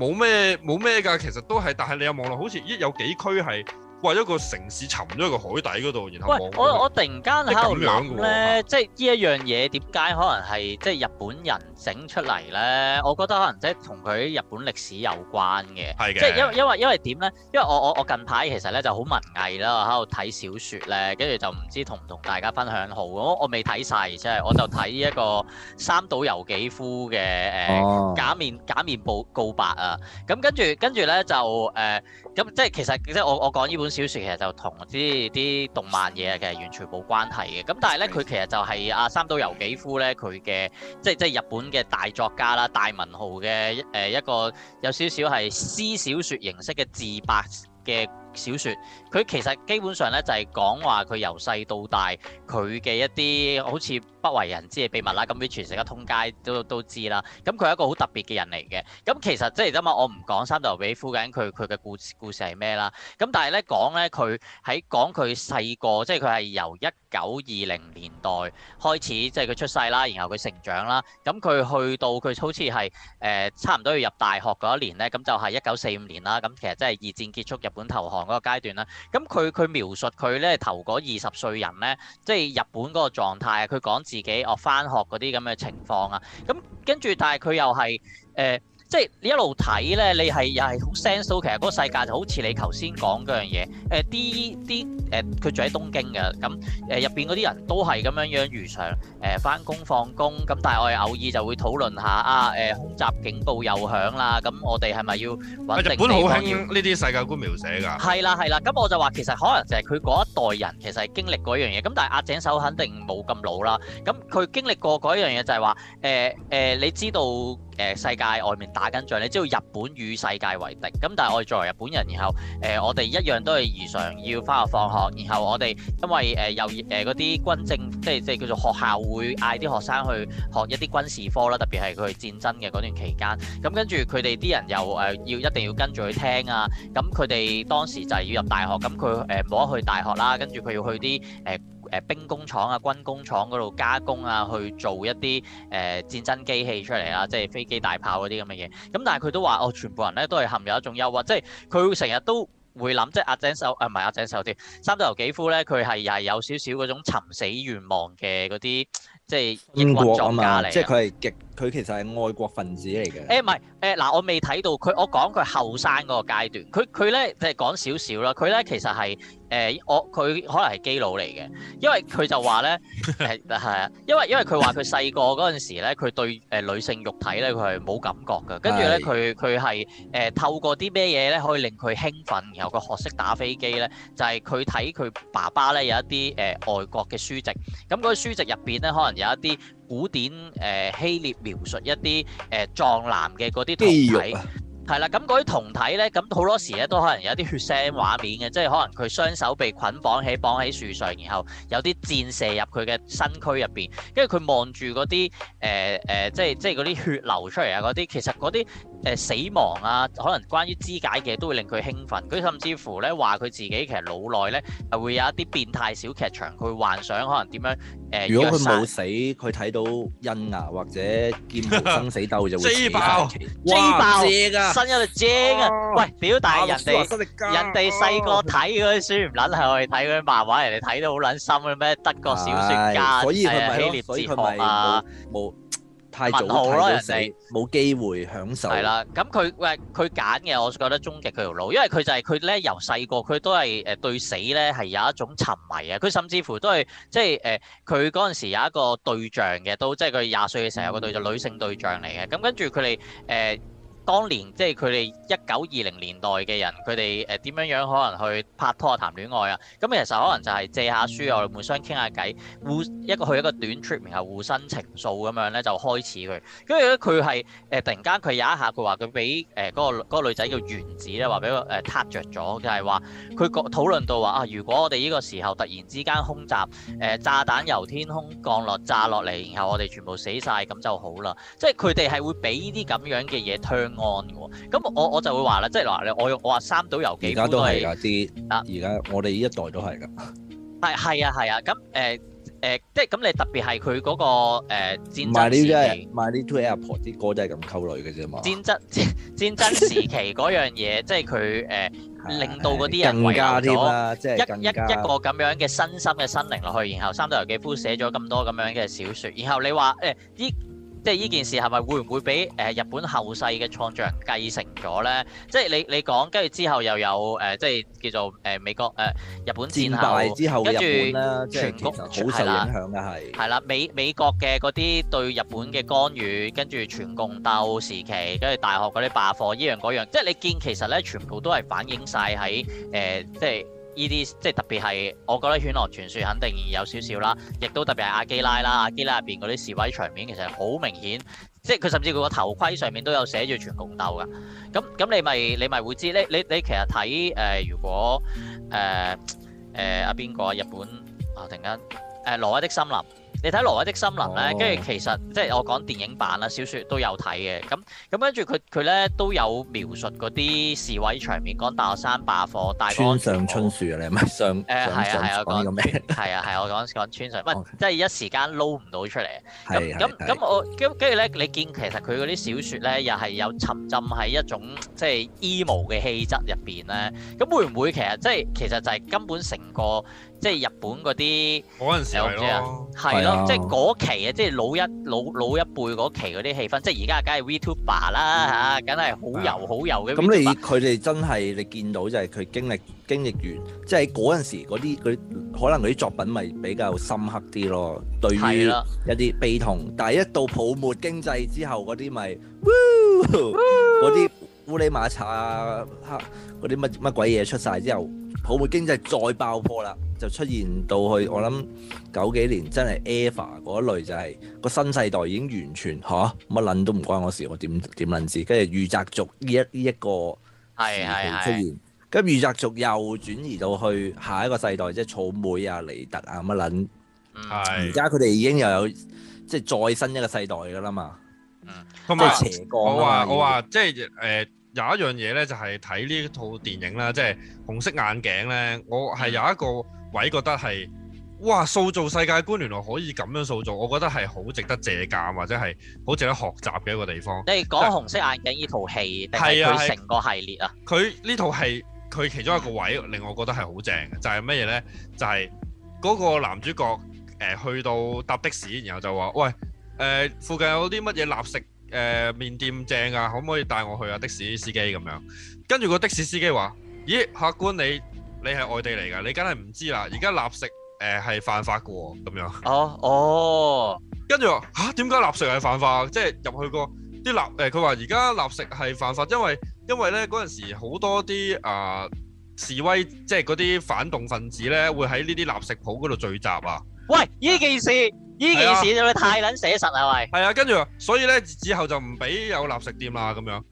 冇咩冇咩㗎，其實都係，但係你有望落，好似一有幾區係。話一個城市沉咗一個海底嗰度，然後我我我突然間喺度諗咧，即係呢一樣嘢點解可能係即係日本人整出嚟咧？我覺得可能即係同佢日本歷史有關嘅，即係因為因為因為點咧？因為我我我近排其實咧就好文藝啦，喺度睇小説咧，跟住就唔知同唔同大家分享好？我我未睇晒，即係我就睇呢一個《三島由紀夫》嘅誒《假面假面布告白》啊，咁跟住跟住咧就誒咁即係其實即係我我講呢本。小説其實就同啲啲動漫嘢其實完全冇關係嘅，咁但係呢，佢其實就係、是、阿、啊、三島由紀夫呢？佢嘅，即係即係日本嘅大作家啦、大文豪嘅誒、呃、一個有少少係私小說形式嘅自白嘅小説，佢其實基本上呢，就係講話佢由細到大佢嘅一啲好似。不為人知嘅秘密啦，咁俾全世界通街都都知啦。咁佢係一個好特別嘅人嚟嘅。咁其實即係點啊？我唔講三流比夫緊佢佢嘅故事，故事係咩啦？咁但係咧講咧，佢喺講佢細個，即係佢係由一九二零年代開始，即係佢出世啦，然後佢成長啦。咁佢去到佢好似係誒差唔多要入大學嗰一年咧，咁就係一九四五年啦。咁其實即係二戰結束、日本投降嗰個階段啦。咁佢佢描述佢咧頭嗰二十歲人咧，即係日本嗰個狀態啊！佢講。自己哦，翻學嗰啲咁嘅情況啊，咁跟住，但係佢又係誒。呃即係你一路睇咧，你係又係好 sensitive，其實嗰個世界就好似你頭先講嗰樣嘢。誒啲啲誒，佢住喺東京嘅，咁誒入邊嗰啲人都係咁樣樣如常誒返工放工。咁但係我哋偶爾就會討論下啊誒空襲警報又響啦。咁我哋係咪要揾日本好興呢啲世界觀描寫㗎？係啦係啦。咁我就話其實可能就係佢嗰一代人其實經歷嗰樣嘢。咁但係押井守肯定冇咁老啦。咁佢經歷過嗰一樣嘢就係話誒誒，你知道。誒世界外面打緊仗，你知道日本與世界為敵，咁但係我哋作為日本人，然後誒、呃、我哋一樣都係如常要翻學放學，然後我哋因為誒又誒嗰啲軍政，即係即係叫做學校會嗌啲學生去學一啲軍事科啦，特別係佢去戰爭嘅嗰段期間，咁跟住佢哋啲人又誒要、呃、一定要跟住去聽啊，咁佢哋當時就係要入大學，咁佢誒冇得去大學啦，跟住佢要去啲誒。呃誒、呃、兵工廠啊、軍工廠嗰度加工啊，去做一啲誒、呃、戰爭機器出嚟啦，即係飛機、大炮嗰啲咁嘅嘢。咁但係佢都話，哦，全部人咧都係陷有一種憂鬱，即係佢會成日都會諗，即係阿井秀，啊唔係阿井秀啲，三島由紀夫咧，佢係又係有少少嗰種尋死願望嘅嗰啲，即係英國作家嚟，即係佢係極。佢其實係愛國分子嚟嘅。誒，唔係誒，嗱，我未睇到佢。我講佢後生嗰個階段，佢佢咧，誒講少少啦。佢咧其實係誒我，佢可能係基佬嚟嘅，因為佢就話咧，係啊，因為因為佢話佢細個嗰陣時咧，佢對誒女性肉體咧佢係冇感覺㗎。跟住咧佢佢係誒透過啲咩嘢咧可以令佢興奮，然後佢學識打飛機咧，就係佢睇佢爸爸咧有一啲誒、呃、外國嘅書籍，咁嗰個書籍入邊咧可能有一啲。古典誒、呃、希臘描述一啲誒壯男嘅嗰啲胴體，係啦玉，咁嗰啲胴體咧，咁好多時咧都可能有啲血腥畫面嘅，即係可能佢雙手被捆綁起，綁喺樹上，然後有啲箭射入佢嘅身軀入邊，跟住佢望住嗰啲誒誒，即係即係嗰啲血流出嚟啊嗰啲，其實嗰啲。誒死亡啊，可能關於肢解嘅都會令佢興奮。佢甚至乎咧話佢自己其實腦內咧係會有一啲變態小劇場，佢幻想可能點樣誒？呃、如果佢冇死，佢睇、嗯、到刃牙或者劍豪生死鬥就會精爆，爆嘅、啊、新一嘅精啊！喂，屌！但、啊、人哋人哋細個睇嗰啲書唔撚係去睇嗰啲漫畫，人哋睇到好撚深。咩？德國小説家，所以佢係、啊、所以佢咪冇。太早睇到死，冇你機會享受。係啦，咁佢喂佢揀嘅，我覺得終極佢條路，因為佢就係佢咧由細個，佢都係誒對死咧係有一種沉迷嘅。佢甚至乎都係即係誒，佢嗰陣時有一個對象嘅，都即係佢廿歲嘅時候有個對象，嗯、女性對象嚟嘅。咁跟住佢哋誒。呃當年即係佢哋一九二零年代嘅人，佢哋誒點樣樣可能去拍拖啊、談戀愛啊，咁其實可能就係借下書，我哋互相傾下偈，互一個去一個短 trip，然後互生情愫咁樣咧，就開始佢。跟住咧佢係誒突然間佢有一下佢話佢俾誒嗰個女仔叫原子咧話俾個誒 touch 著咗，就係話佢講討論到話啊，如果我哋呢個時候突然之間空襲誒、呃、炸彈由天空降落炸落嚟，然後我哋全部死晒咁就好啦，即係佢哋係會俾呢啲咁樣嘅嘢安咁、嗯、我我就會話啦，即係話你我我話三島由紀夫而家都係噶啲，而家我哋呢一代都係噶，係係啊係啊，咁誒誒，即係咁你特別係佢嗰個誒戰爭 My 賣啲 two apple 啲歌都係咁溝女嘅啫嘛，戰爭戰戰爭時期嗰樣嘢、 <laughs> 呃，即係佢誒令到嗰啲人遺留咗一一一個咁樣嘅身心嘅身靈落去，然後三島由紀夫寫咗咁多咁樣嘅小説，然後你話誒依。呃即係呢件事係咪會唔會俾誒、呃、日本後世嘅創作人繼承咗呢？即係你你講跟住之後又有誒、呃，即係叫做誒美國誒日本戰敗之後嘅日本呢，跟住全局好受影響嘅，係係啦，美美國嘅嗰啲對日本嘅干預，跟住全共鬥時期，跟住大學嗰啲罷課，依樣嗰樣，即係你見其實呢，全部都係反映晒喺誒，即係。呢啲即係特別係，我覺得《犬狼傳說》肯定有少少啦，亦都特別係阿基拉啦，阿基拉入邊嗰啲示威場面其實好明顯，即係佢甚至佢個頭盔上面都有寫住全共鬥㗎。咁咁你咪你咪會知？你你你其實睇誒、呃，如果誒誒阿邊個啊？日本啊，突然間誒《挪、呃、威的森林》。你睇《挪威的森林》咧，跟住其實即係我講電影版啦，小説都有睇嘅。咁咁跟住佢佢咧都有描述嗰啲示威場面，講大學生暴貨，大江上春樹啊，你係咪？上誒係啊係啊講呢個咩？係啊係我講講村上，唔係即係一時間撈唔到出嚟。咁咁咁我跟住咧，你見其實佢嗰啲小説咧，又係有沉浸喺一種即係衣 m 嘅氣質入邊咧。咁、嗯嗯、會唔會其實即係其實就係根本成個？即係日本嗰啲嗰陣時咯，係咯，即係嗰期啊，即係老一老老一輩嗰期嗰啲氣氛，即係而家梗係 VTuber 啦嚇，梗係好油好油嘅。咁你佢哋真係你見到就係佢經歷經歷完，即係嗰陣時嗰啲佢可能嗰啲作品咪比較深刻啲咯，對於一啲悲痛。但係一到泡沫經濟之後嗰啲咪，嗰啲。烏尼馬茶啊，嚇嗰啲乜乜鬼嘢出晒之後，泡沫經濟再爆破啦，就出現到去我諗九幾年真係 Eva 嗰類就係、是、個新世代已經完全嚇乜撚都唔關我事，我點點撚知？跟住御宅族呢一呢一、這個時期出現，咁御宅族又轉移到去下一個世代，即係草莓啊、尼特啊乜撚，而家佢哋已經又有即係再新一個世代噶啦嘛。嗯，邪過、啊、我話我話即係誒。就是有一樣嘢咧，就係睇呢套電影啦，即係紅色眼鏡呢，我係有一個位覺得係，哇！塑造世界觀原來可以咁樣塑造，我覺得係好值得借鑑或者係好值得學習嘅一個地方。你講紅色眼鏡呢套戲定係佢成個系列啊？佢呢套係佢其中一個位令我覺得係好正嘅，就係乜嘢呢？就係嗰個男主角、呃、去到搭的士，然後就話：喂誒、呃，附近有啲乜嘢垃圾？誒、呃、麵店正啊，可唔可以帶我去啊？的士司機咁樣，跟住個的士司機話：咦，客官你你係外地嚟㗎？你梗係唔知啦。而家立食誒係犯法㗎喎、啊，咁樣。哦，哦。跟住話嚇，點解立食係犯法？即係入去個啲立誒，佢話而家立食係犯法，因為因為咧嗰陣時好多啲啊、呃、示威，即係嗰啲反動分子咧會喺呢啲立食舖嗰度聚集啊。喂，呢件事。呢件事太撚寫實喇喂，係啊，跟住所以咧之後就唔俾有垃圾店啦咁樣。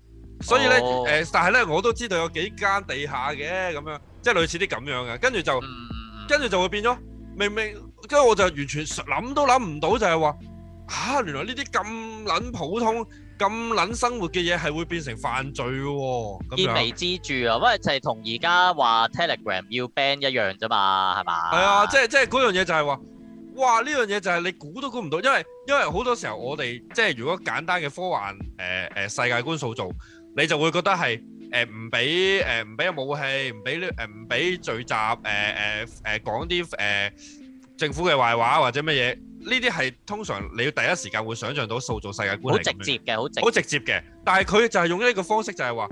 所以咧誒，但係咧我都知道有幾間地下嘅咁樣，即係類似啲咁樣嘅。跟住就跟住就會變咗，明明跟住我就完全諗都諗唔到，就係話嚇，原來呢啲咁撚普通、咁撚生活嘅嘢係會變成犯罪嘅喎。啲微之著啊，不過就係同而家話 Telegram 要 ban 一樣啫嘛，係嘛？係啊，即係即係嗰樣嘢就係話。哇！呢樣嘢就係你估都估唔到，因為因為好多時候我哋即係如果簡單嘅科幻誒誒、呃呃、世界觀塑造，你就會覺得係誒唔俾誒唔俾武器，唔俾呢唔俾聚集，誒誒誒講啲誒政府嘅壞話或者乜嘢，呢啲係通常你要第一時間會想象到塑造世界觀好直接嘅，好直好直接嘅，但係佢就係用呢個方式就係話，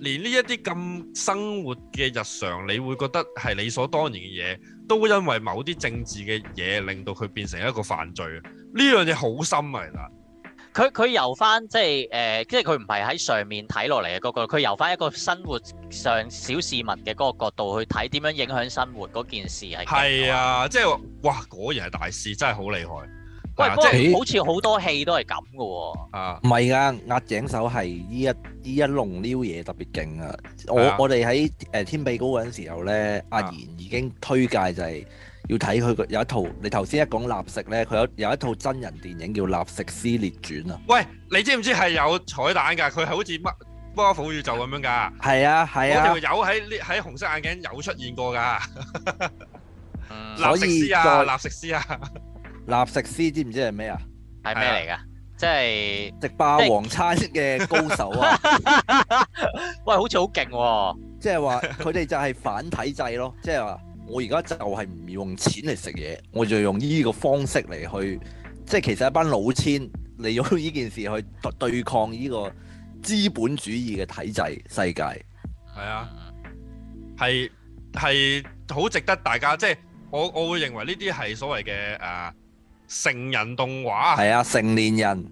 連呢一啲咁生活嘅日常，你會覺得係理所當然嘅嘢。都因為某啲政治嘅嘢，令到佢變成一個犯罪。呢樣嘢好深啊，其實。佢佢由翻即係誒，即係佢唔係喺上面睇落嚟嘅嗰個，佢由翻一個生活上小市民嘅嗰個角度去睇點樣影響生活嗰件事係。係啊，即係哇！果然係大師，真係好厲害。喂，不過好似好多戲都係咁嘅喎。啊，唔係噶，押井守係呢一呢一籠撩嘢特別勁啊！我我哋喺誒天比高嗰陣時候咧，阿賢已經推介就係要睇佢有一套。你頭先一講垃圾咧，佢有有一套真人電影叫《立食師列傳》啊！喂，你知唔知係有彩蛋㗎？佢係 <laughs> 好似乜《Marvel 宇宙》咁樣㗎？係啊，係啊，有喺喺紅色眼鏡有出現過㗎。立食師啊！立食師啊！立食師知唔知係咩是啊是？係咩嚟㗎？即係食霸王餐式嘅高手啊！ <laughs> <laughs> 喂，好似好勁喎！即係話佢哋就係反體制咯。即係話我而家就係唔用錢嚟食嘢，我就用呢個方式嚟去，即、就、係、是、其實一班老千利用呢件事去對抗呢個資本主義嘅體制世界。係啊，係係好值得大家即係我我會認為呢啲係所謂嘅誒。啊成人動畫係啊，成年人。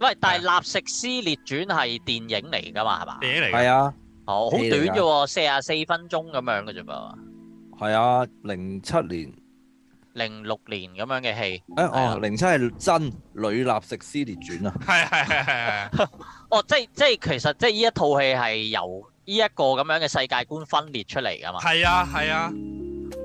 喂，但係《立食師列傳》係電影嚟噶嘛？係嘛？電影嚟。係啊。哦，好短啫，四十四分鐘咁樣嘅啫噃。係啊，零七年。零六年咁樣嘅戲。誒，哦，零七係真《女立食師列傳》啊。係係係係係。哦，即係即係其實即係呢一套戲係由呢一個咁樣嘅世界觀分裂出嚟噶嘛？係啊係啊。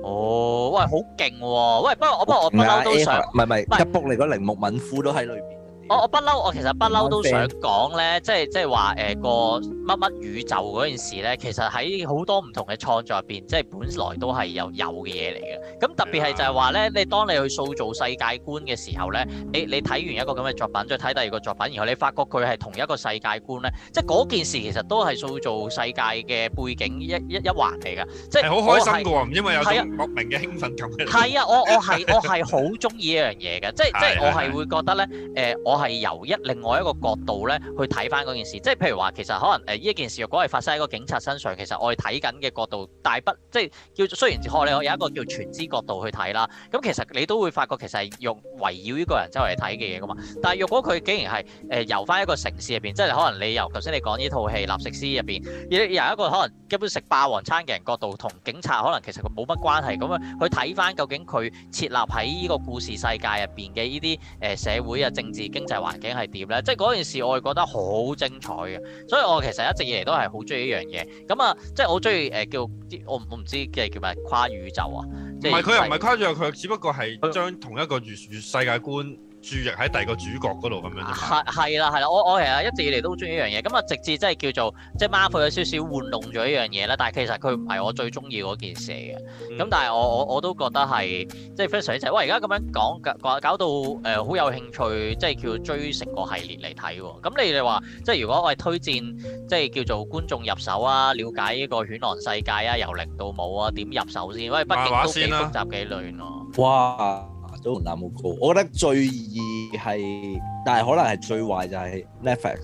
哦，oh, 喂，好勁喎、哦！喂，不過 <noise> 我不過我畢孬、啊、都想，唔係唔係，吉卜力鈴木敏夫都喺裏邊。不 <noise> 我我不嬲，我其實不嬲，都想講咧，即係即係話誒個乜乜宇宙嗰件事咧，其實喺好多唔同嘅創作入邊，即係本來都係有有嘅嘢嚟嘅。咁特別係就係話咧，你當你去塑造世界觀嘅時候咧，你你睇完一個咁嘅作品，再睇第二個作品，然後你發覺佢係同一個世界觀咧，即係嗰件事其實都係塑造世界嘅背景一一一環嚟嘅，即係好開心噶喎！唔因為有莫名嘅興奮同，係啊！我我係我係好鍾意一樣嘢嘅，即係即係我係會覺得咧，誒我。係由一另外一個角度咧去睇翻嗰件事，即係譬如話，其實可能誒呢一件事，若果係發生喺個警察身上，其實我哋睇緊嘅角度大不即係叫，雖然學你我有一個叫全知角度去睇啦，咁其實你都會發覺其實係用圍繞呢個人周圍睇嘅嘢噶嘛。但係若果佢竟然係誒由翻一個城市入邊，即係可能你由頭先你講呢套戲《立食師》入邊，由一個可能基本食霸王餐嘅人角度，同警察可能其實佢冇乜關係，咁樣去睇翻究竟佢設立喺呢個故事世界入邊嘅呢啲誒社會啊政治經經濟環境係點咧？即係嗰件事，我係覺得好精彩嘅，所以我其實一直以嚟都係好中意呢樣嘢。咁啊，即係我中意誒叫啲，我我唔知叫叫咩跨宇宙啊？即係佢又唔係跨宇宙，佢只不過係、嗯、將同一個越越世界觀。注入喺第二個主角嗰度咁樣。係係啦係啦，我我其實一直以嚟都好中意呢樣嘢，咁啊直至即係叫做即係 Marvel 有少少玩弄咗呢樣嘢咧，但係其實佢唔係我最中意嗰件事嘅。咁、嗯、但係我我我都覺得係即係非常之正。喂，而家咁樣講搞到誒好、呃、有興趣，即係叫追成個系列嚟睇喎。咁你哋話即係如果我係推薦即係叫做觀眾入手啊，了解呢個犬狼世界啊，由零到冇啊，點入手先？喂，畢竟都幾複雜幾亂喎。哇吧！都難好高，我覺得最易係，但係可能係最壞就係 Netflix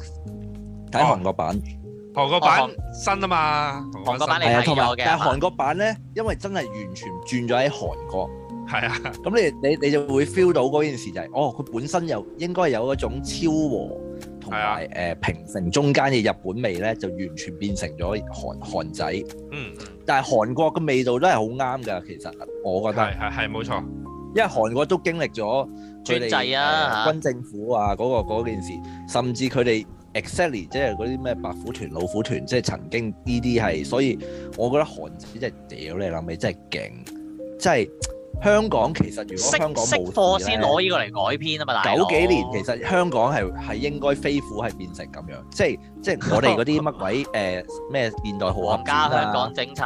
睇韓國版。哦、韓國版、哦、韓新啊嘛，韓國版你睇有嘅，有的但係韓國版咧，因為真係完全轉咗喺韓國。係啊，咁你你你就會 feel 到嗰件事就係、是，哦，佢本身又應該有一種昭和同埋誒平成中間嘅日本味咧，就完全變成咗韓韓仔。嗯，但係韓國嘅味道都係好啱㗎，其實我覺得係係係冇錯。因為韓國都經歷咗佢哋軍政府啊，嗰、嗰個嗰件事，甚至佢哋 excel 即係嗰啲咩白虎團、老虎團，即係曾經呢啲係。所以我覺得韓子真係屌你諗，你，想想你真係勁，即係香港其實如果香港冇貨先攞呢個嚟改編啊嘛。九幾年其實香港係係應該飛虎係變成咁樣，即係即係我哋嗰啲乜鬼誒咩、呃、現代豪俠、啊，皇家香港政策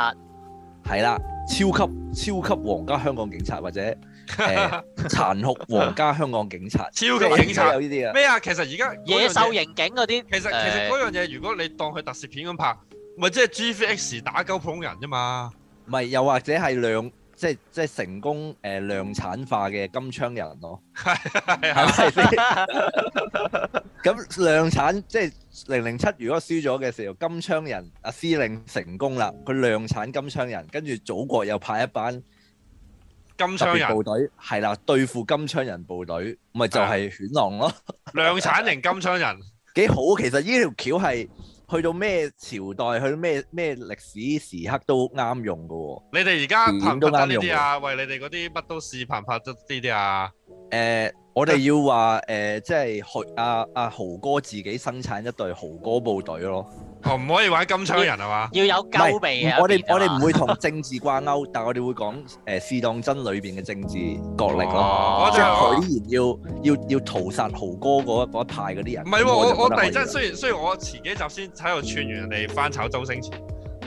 係啦，超級超級皇家香港警察或者。誒，殘酷皇家香港警察，超級警察有呢啲啊？咩啊？其實而家野獸刑警嗰啲，其實其實嗰樣嘢，如果你當佢特攝片咁拍，咪即係 GFX 打狗普通人啫嘛？唔係，又或者係量，即係即係成功誒、呃、量產化嘅金槍人咯、啊。係係咪？咁量產即係零零七，如果輸咗嘅時候，金槍人阿司令成功啦，佢量產金槍人，跟住祖國又派一班。金槍人部隊係啦，對付金槍人部隊，咪就係犬狼咯、啊。量產型金槍人幾 <laughs> 好，其實呢條橋係去到咩朝代，去到咩咩歷史時刻都啱用嘅喎、哦。你哋而家拍緊呢啲啊，為你哋嗰啲乜都視頻，拍拍得呢啲啊？誒，我哋要話誒，即係豪阿阿豪哥自己生產一隊豪哥部隊咯。哦，唔可以玩金槍人係嘛？要有夠味啊！我哋我哋唔會同政治掛鈎，但係我哋會講誒《事當真》裏邊嘅政治角力咯。即係許言要要要屠殺豪哥嗰一派嗰啲人。唔係喎，我我突然之間雖然雖然我前幾集先喺度串完人哋，翻炒周星馳，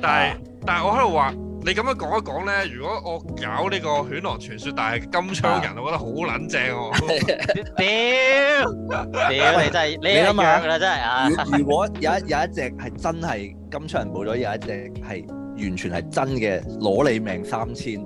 但係但係我喺度話。你咁樣講一講咧，如果我搞呢個《犬狼傳説》，但係金槍人我、啊，我覺得好撚正喎！屌，屌，你真係你咁樣㗎啦，真係啊！如果有有一隻係真係金槍人冇咗，有一隻係完全係真嘅攞你命三千。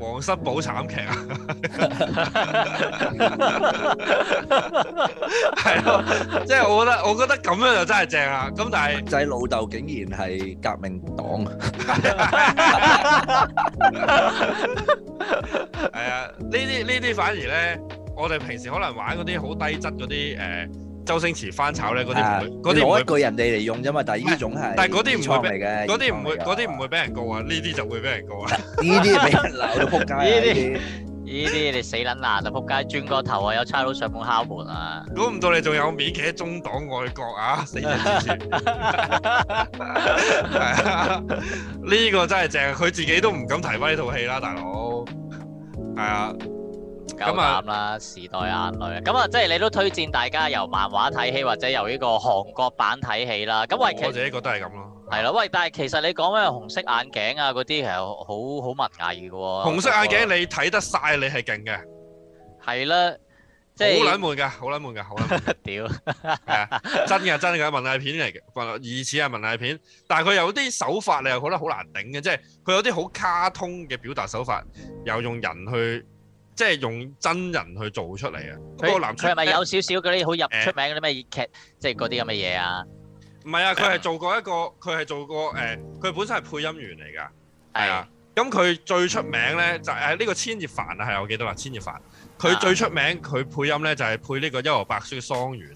黃新寶慘劇啊， <laughs> <laughs> <laughs> 啊，係咯，即係我覺得我覺得咁樣就真係正啊，咁但係仔老豆竟然係革命黨， <laughs> 係 <laughs> <laughs> <laughs> 啊，呢啲呢啲反而咧，我哋平時可能玩嗰啲好低質嗰啲誒。呃周星馳翻炒咧嗰啲，攞一句人哋嚟用啫嘛，但係呢種係錯嚟嘅，嗰啲唔會，嗰啲唔會俾人告啊，呢啲就會俾人告啊，呢啲俾人鬧到仆街啊，呢啲呢啲你死撚喇就仆街，轉個頭啊有差佬上門敲門啊，估唔到你仲有面企喺忠黨愛國啊，死人黐線，呢個真係正，佢自己都唔敢提翻呢套戲啦，大佬係啊。咁啊，啦！時代眼淚咁啊，即係你都推薦大家由漫畫睇戲或者由呢個韓國版睇戲啦。咁我係其實我自己覺得係咁咯。係咯，喂！但係其實你講咩紅色眼鏡啊嗰啲其實好好文藝嘅喎。紅色眼鏡你睇得晒，你係勁嘅。係啦，即係好撚悶㗎，好撚悶㗎，好撚悶。屌，係啊！真嘅真嘅文藝片嚟嘅，疑似係文藝片，但係佢有啲手法你又覺得好難頂嘅，即係佢有啲好卡通嘅表達手法，又用人去。即係用真人去做出嚟啊！嗰個男出係咪有少少嗰啲好入出名嗰啲咩熱劇，即係嗰啲咁嘅嘢啊？唔係啊，佢係做過一個，佢係做過誒，佢本身係配音員嚟㗎。係啊，咁佢最出名咧就係呢個千葉繁啊，係我記得啦，千葉繁。佢最出名佢配音咧就係配呢個《幽遊白書》嘅桑原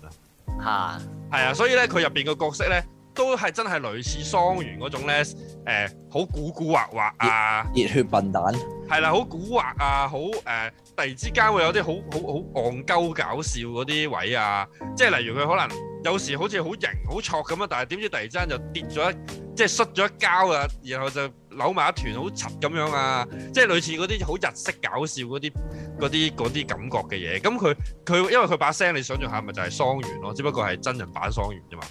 啊。嚇！係啊，所以咧佢入邊個角色咧都係真係類似桑原嗰種咧誒，好古古惑惑啊！熱血笨蛋。係啦，好古惑啊，好誒、呃，突然之間會有啲好好好戇鳩搞笑嗰啲位啊，即係例如佢可能有時好似好型好挫咁啊，但係點知突然之間就跌咗，即係摔咗一跤啊，然後就扭埋一團好柒咁樣啊，即係類似嗰啲好日式搞笑嗰啲嗰啲啲感覺嘅嘢。咁佢佢因為佢把聲，你想住下咪就係桑元咯，只不過係真人版桑元啫嘛。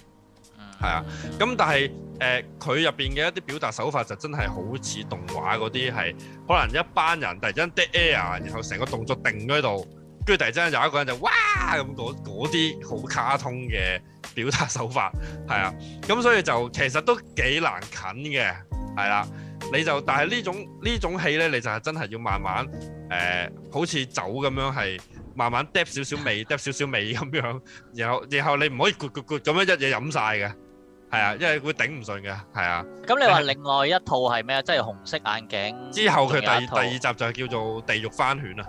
係啊，咁但係誒佢入邊嘅一啲表達手法就真係好似動畫嗰啲係，可能一班人突然之間 dead air，然後成個動作定咗喺度，跟住突然之間有一個人就哇咁，嗰嗰啲好卡通嘅表達手法係啊，咁所以就其實都幾難啃嘅，係啦，你就但係呢種呢種戲咧，你就係真係要慢慢誒，好似酒咁樣係慢慢 dap 少少味，dap 少少味咁樣，然後然後你唔可以咕咕咕咁樣一嘢飲曬嘅。係啊，因為會頂唔順嘅，係啊。咁，嗯，你話另外一套係咩啊？即係紅色眼鏡。之後佢第第二集就係叫做地獄番犬啊。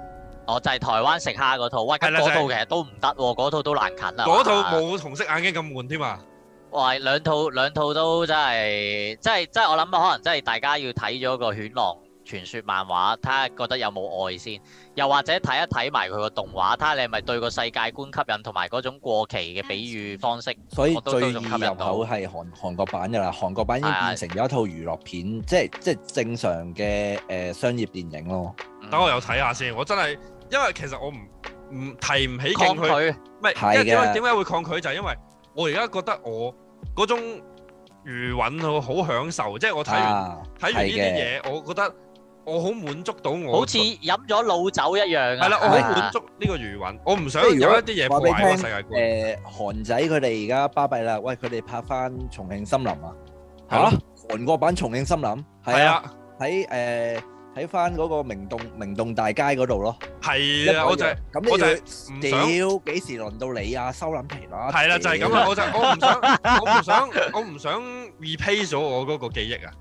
哦，就係台灣食蝦嗰套。喂，嗰套其實都唔得喎，嗰套都難啃啊。嗰套冇紅色眼鏡咁悶添啊。喂，兩套兩套都真係，即係真係，真係，我諗可能真係大家要睇咗個犬狼傳說漫畫，睇下覺得有冇愛先。又或者睇一睇埋佢個動畫，睇下你係咪對個世界觀吸引，同埋嗰種過期嘅比喻方式。所以我都最易入口係韓韓國版噶啦，韓國版已經變成咗一套娛樂片，的即係即係正常嘅誒、呃、商業電影咯。等、嗯、我又睇下先，我真係因為其實我唔唔提唔起勁，抗拒。唔係，點解點解會抗拒就係、是、因為我而家覺得我嗰種餘韻我好享受，即係我睇完睇的完呢啲嘢，我覺得。我好滿足到我，好似飲咗老酒一樣啊！係啦，我好滿足呢個餘韻，我唔想有一啲嘢破壞個世界觀。誒，韓仔佢哋而家巴閉啦，喂佢哋拍翻《重慶森林》啊！嚇，韓國版《重慶森林》係啊，睇誒睇翻嗰個明洞明洞大街嗰度咯。係啊，我就咁我就屌，幾時輪到你啊？收撚皮啦！係啦，就係咁啦，我就我唔想我唔想我唔想 repeat 咗我嗰個記憶啊！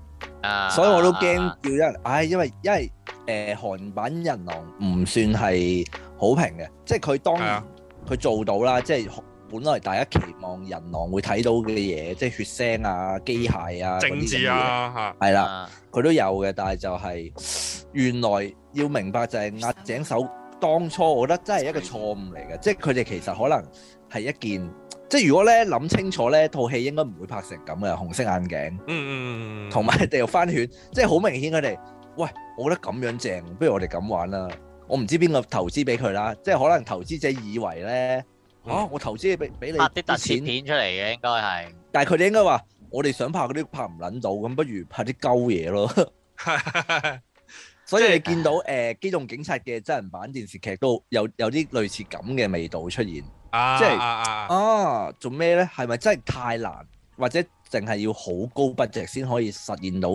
所以我都驚叫人，唉，因為因為誒、呃、韓版人狼唔算係好評嘅，即係佢當然佢做到啦，的即係本來大家期望人狼會睇到嘅嘢，即係血腥啊、機械啊、政治啊，係啦，佢的、啊、都有嘅，但係就係原來要明白就係押井守當初，我覺得真係一個錯誤嚟嘅，的即係佢哋其實可能係一件。即係如果咧諗清楚咧，套戲應該唔會拍成咁嘅紅色眼鏡，嗯嗯嗯，同埋地獄番犬，即係好明顯佢哋，喂，我覺得咁樣正，不如我哋咁玩啦。我唔知邊個投資俾佢啦，即係可能投資者以為咧，嗯、啊，我投資俾俾你拍啲特攝片出嚟嘅應該係，但係佢哋應該話，我哋想拍嗰啲拍唔撚到，咁不如拍啲鳩嘢咯。 <laughs> <laughs> 所以你見到誒、 <laughs> 嗯、機動警察嘅真人版電視劇都有有啲類似咁嘅味道出現。啊、即係是啊啊！做咩咧？係咪真係太難？或者淨係要好高 b 值先可以實現到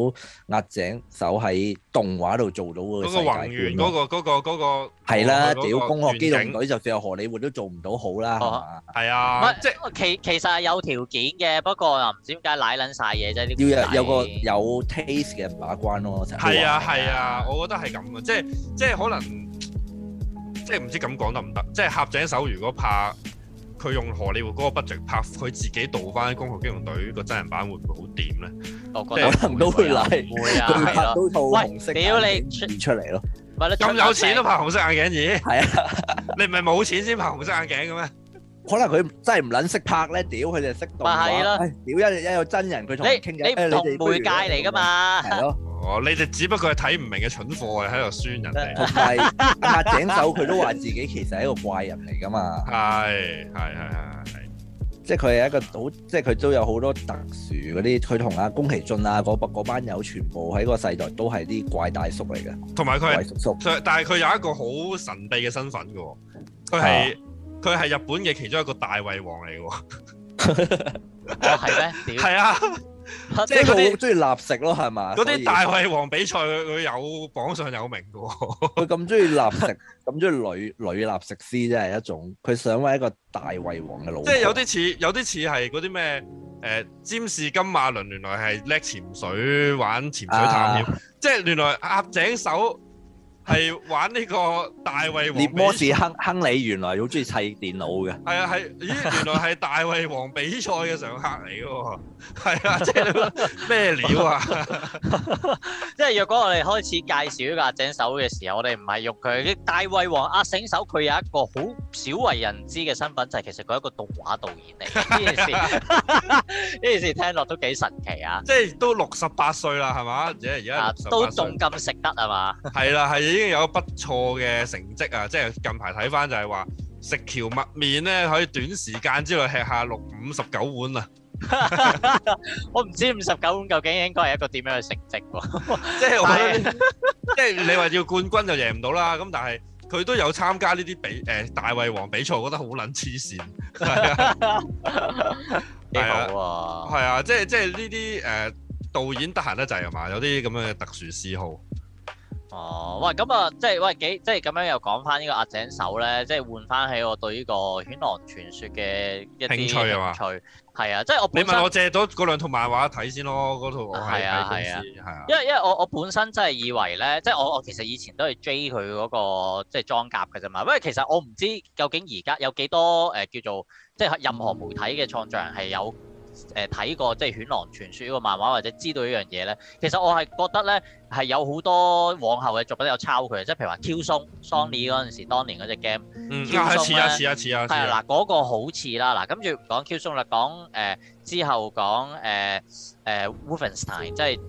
壓井手喺動畫度做到嗰個,、那個？嗰、那個宏願，嗰、那、嗰個係啦，屌、那、工、個、學機動隊就算有荷里活都做唔到好啦，係嘛？係啊，唔即係其其實係有條件嘅，不過又唔知點解奶撚晒嘢啫，呢要有有個有 taste 嘅把關咯，成係啊係啊,啊,啊，我覺得係咁啊，即係即係可能。即係唔知咁講得唔得？即係《押井守》如果拍佢用荷里活嗰個 budget 拍佢自己導翻《攻殼機動隊》個真人版，會唔會好掂咧？我覺得可能都會嚟，會啊，都套紅色眼鏡出嚟咯。咪咯，咁有錢都拍紅色眼鏡耳？係啊，你唔係冇錢先拍紅色眼鏡嘅咩？可能佢真係唔撚識拍咧。屌，佢哋識導啊！屌，因因為有真人佢同你傾偈，你哋同媒界嚟噶嘛？係咯。哦，你哋只不過係睇唔明嘅蠢貨且，喺度酸人哋。同埋押井守佢都話自己其實係一個怪人嚟噶嘛。係係係係係。即係佢係一個好，即係佢都有好多特殊嗰啲。佢同阿宮崎駿啊嗰班友全部喺個世代都係啲怪大叔嚟嘅。同埋佢係，怪叔叔。但係佢有一個好神秘嘅身份嘅。佢係佢係日本嘅其中一個大胃王嚟嘅。係 <laughs> 咩、哦？屌。係 <laughs> 對啊。 <laughs> 即係佢好中意立食咯，係嘛？嗰啲大胃王比賽佢有榜上有名嘅。佢咁中意立食，咁中意女女立食師真係一種。佢想搵一個大胃王嘅老婆。即係有啲似，有啲似係嗰啲咩誒，詹、呃、士金馬倫，原來係叻潛水玩潛水探險，啊、即係原來押井守。係玩呢個大胃王。連摩士亨亨利原來好中意砌電腦嘅。係啊係，咦原來係大胃王比賽嘅常客嚟嘅喎。係啊，即係咩料啊 <laughs> ？即係若果我哋開始介紹個阿井手嘅時候，我哋唔係用佢大胃王阿、啊、井手佢有一個好少為人知嘅身份，就係其實佢一個動畫導演嚟。呢件事 <laughs> 呢件事聽落都幾神奇啊即！即、yeah, 係都六十八歲啦，係嘛？而家都仲咁食得係嘛？係啦，係。已經有不錯嘅成績啊！即係近排睇翻就係話食蕎麥麵咧，可以短時間之內吃下六五十九碗啊！ <laughs> <laughs> 我唔知五十九碗究竟應該係一個點樣嘅成績喎、啊。即係我覺得 <laughs> 即係你話要冠軍就贏唔到啦。咁但係佢都有參加呢啲比誒、呃、大胃王比賽，我覺得 <laughs> <laughs> 好撚黐綫。係啊，係啊，即係即係呢啲誒導演得閒得滯啊嘛，有啲咁嘅特殊嗜好。哦，喂，咁啊，即係喂，幾即係咁樣又講翻呢個押井守咧，即係換翻起我對呢個犬狼傳說嘅一啲興趣係嘛，係啊，即係我本身你問我借咗嗰兩套漫畫睇先咯，嗰套係啊係啊係啊，因為因為我我本身真係以為咧，即係我我其實以前都係追佢嗰、嗰個即係裝甲嘅啫嘛，因為其實我唔知究竟而家有幾多誒、呃、叫做即係任何媒體嘅創作人係有。誒睇、呃、過即係《犬狼傳說》呢個漫畫或者知道呢樣嘢咧，其實我係覺得咧係有好多往後嘅作品有抄佢，即係譬如話《Q 松、嗯》Sony 嗰陣時、嗯、當年嗰隻 game，嗯，似啊似啊似啊係啊嗱嗰個好似啦嗱，跟、啊、住唔講 Q 松啦，講誒、呃、之後講誒誒、呃呃呃、Wolfenstein，即係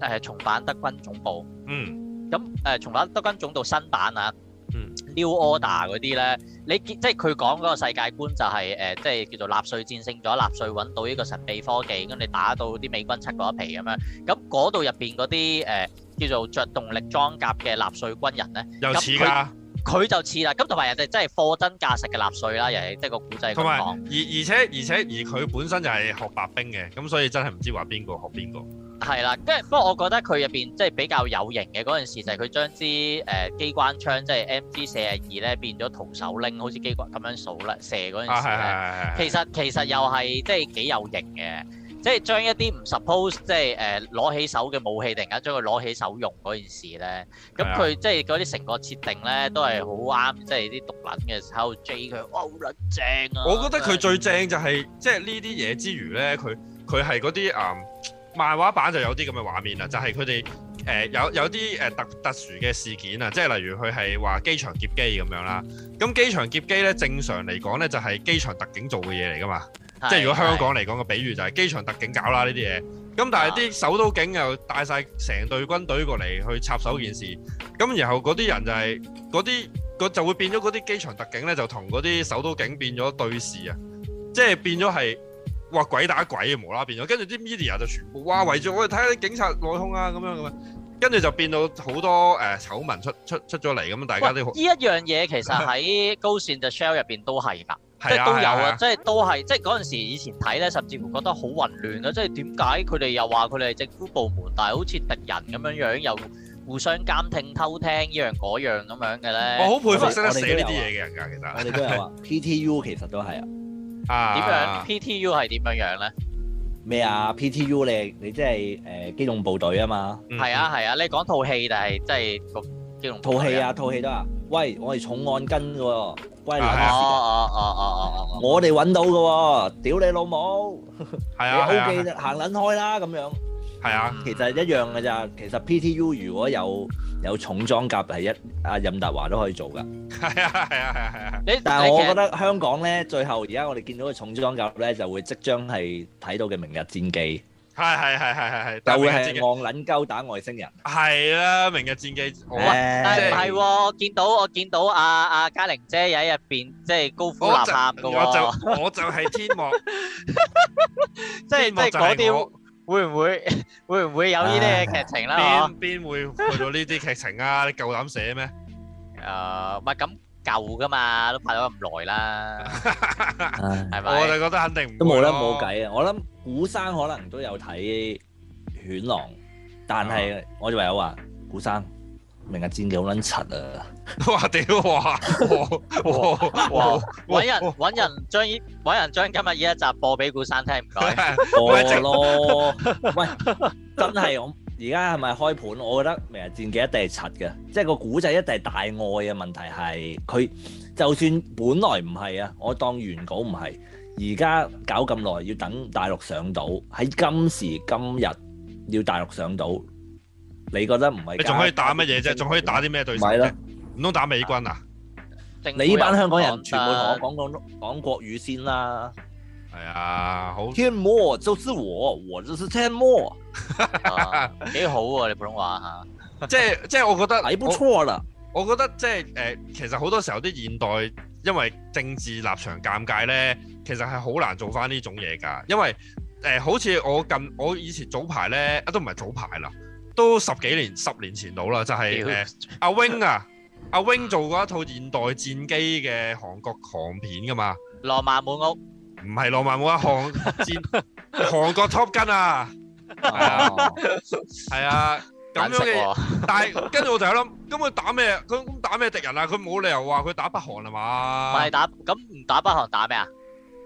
誒重返德軍總部，嗯，咁誒、呃、重返德軍總部新版啊，嗯。order 啲咧，你即係佢講嗰個世界觀就係、是、誒、呃，即係叫做納粹戰勝咗納粹，揾到依個神秘科技，咁你打到啲美軍七過一皮咁樣。咁嗰度入邊嗰啲誒叫做着動力裝甲嘅納粹軍人咧，又似㗎他，佢就似啦。咁同埋人哋真係貨真價實嘅納粹啦，亦即係個古仔咁講。而且而且而且而佢本身就係學白兵嘅，咁所以真係唔知話邊個學邊個。係啦，跟住不過我覺得佢入邊即係比較有型嘅嗰陣時就，就係佢將支誒機關槍即係 MG 四二咧變咗徒手拎，好似機關咁樣數啦，射嗰陣時咧、啊，其實其實又係即係幾有型嘅，即係將一啲唔 suppose 即係誒攞起手嘅武器，突然間將佢攞起手用嗰件事咧，咁佢的即係嗰啲成個設定咧都係好啱。嗯、即係啲毒撚嘅時候，追佢哇好撚正啊！我覺得佢它 最正就係、是、即係呢啲嘢之餘咧，佢佢係嗰啲嗯。漫畫版就有啲咁嘅畫面啦，就係佢哋誒有有啲誒、呃、特特殊嘅事件啊，即係例如佢係話機場劫機咁樣啦。咁機場劫機咧，正常嚟講咧就係機場特警做嘅嘢嚟㗎嘛。是即係如果香港嚟講嘅比喻就係機場特警搞啦呢啲嘢。咁是但係啲首都警又帶晒成隊軍隊過嚟去插手件事。咁然後嗰啲人就係嗰啲就會變咗嗰啲機場特警咧，就同嗰啲首都警變咗對視啊，即係變咗係。哇！鬼打鬼啊，無啦啦變咗，跟住啲 media 就全部哇圍住我哋睇啲警察內鬥啊咁樣咁樣，跟住就變到好多誒、呃、醜聞出出出咗嚟，咁大家都好呢。一樣嘢其實喺 Ghost in the Shell 入邊都係㗎、 <laughs> 啊啊啊，即係都有啊，即係都係即係嗰陣時以前睇咧，甚至乎覺得好混亂啊！即係點解佢哋又話佢哋係政府部門，但係好似敵人咁樣樣，又互相監聽偷聽依樣嗰樣咁樣嘅咧？我好佩服識們得寫呢啲嘢嘅人㗎，其實我哋都有， <laughs> 有 PTU，其實都係啊。 <laughs> 啊，點樣 PTU 係點樣樣咧？咩啊？PTU 你你即係誒機動部隊啊嘛？係啊係啊，你講套戲但係即係個機動？套戲啊套戲都啊，喂，我係重案跟嘅喎，歸來吧世界。哦哦哦哦哦，啊啊啊啊啊、我哋揾到嘅喎、啊，屌你老母，係啊好記得行撚開啦咁樣。係啊，其實一樣嘅咋。其實 PTU 如果有有重裝甲，係一阿任達華都可以做噶。係啊，係啊，係啊，係啊。你但係我覺得香港咧，最後而家我哋見到嘅重裝甲咧，就會即將係睇到嘅明日戰記。係係係係係係。但會係戇撚鳩打外星人。係啦，明日戰記。但係唔係，我見到我見到阿阿嘉玲姐喺入邊，即係高呼吶喊嘅喎。我就我就係天幕。即係即係嗰啲。會唔會會唔會有呢啲劇情啦？邊邊會去到呢啲劇情啊？你夠膽寫咩？啊，咪咁舊噶嘛，都拍咗咁耐啦，係咪？我哋覺得肯定都冇啦冇計啊！我諗古生可能都有睇犬狼，但係我就唯有話古生，明日戰記好撚柒啊！哇，屌，哇，哇，揾人，揾人將依揾人將，今日依一集播俾古生聽唔該，播咯囉！ <laughs> 喂，真係我而家係咪開盤？我覺得明日戰記一定係柒嘅，即係個古仔一定係大愛嘅，問題係佢就算本來唔係啊，我當原稿唔係，而家搞咁耐要等大陸上到，喺今時今日要大陸上到。你覺得唔係？你仲可以打乜嘢啫？仲可以打啲咩對手？唔係咯，唔通打美軍啊？定你呢班香港人全部同我講講、啊、講國語先啦。係啊，好。天魔，就是我，我就是天魔！呃，幾好啊！你普通話嚇，即係即係，我覺得、就是。你唔錯啦。我覺得即係誒，其實好多時候啲現代因為政治立場尷尬咧，其實係好難做翻呢種嘢㗎。因為誒、呃，好似我近我以前早排咧，都唔係早排啦。都十幾年，十年前到啦，就係誒阿 wing 啊，阿 wing 做過一套現代戰機嘅韓國狂片噶嘛，《浪漫滿屋》唔係《浪漫滿屋》啊，韓戰韓國 Top Gun 啊，係啊，咁樣嘅，但係跟住我就係諗，咁佢打咩？佢打咩敵人啊？佢冇理由話佢打北韓啊嘛？唔係打咁唔打北韓打咩啊？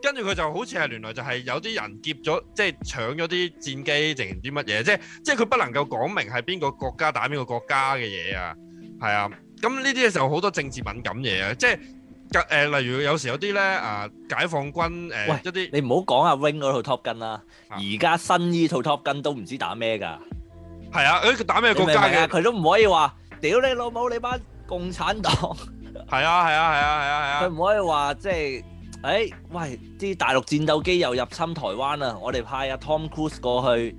跟住佢就好似係原來就係有啲人劫咗，即係搶咗啲戰機，定啲乜嘢？即係即係佢不能夠講明係邊個國家打邊個國家嘅嘢啊，係啊。咁呢啲嘅時候好多政治敏感嘢啊，即係誒例如有時有啲咧啊，解放軍誒一啲，你唔好講阿 Wing 嗰套 Top Gun 啦，而家新依套 Top Gun 都唔知打咩㗎，係啊，誒佢打咩國家嘅？佢都唔可以話，屌你老母你班共產黨，係啊係啊係啊係啊，佢唔可以話即係。誒，喂！啲大陸戰鬥機又入侵台灣啦，我哋派阿 Tom Cruise 過去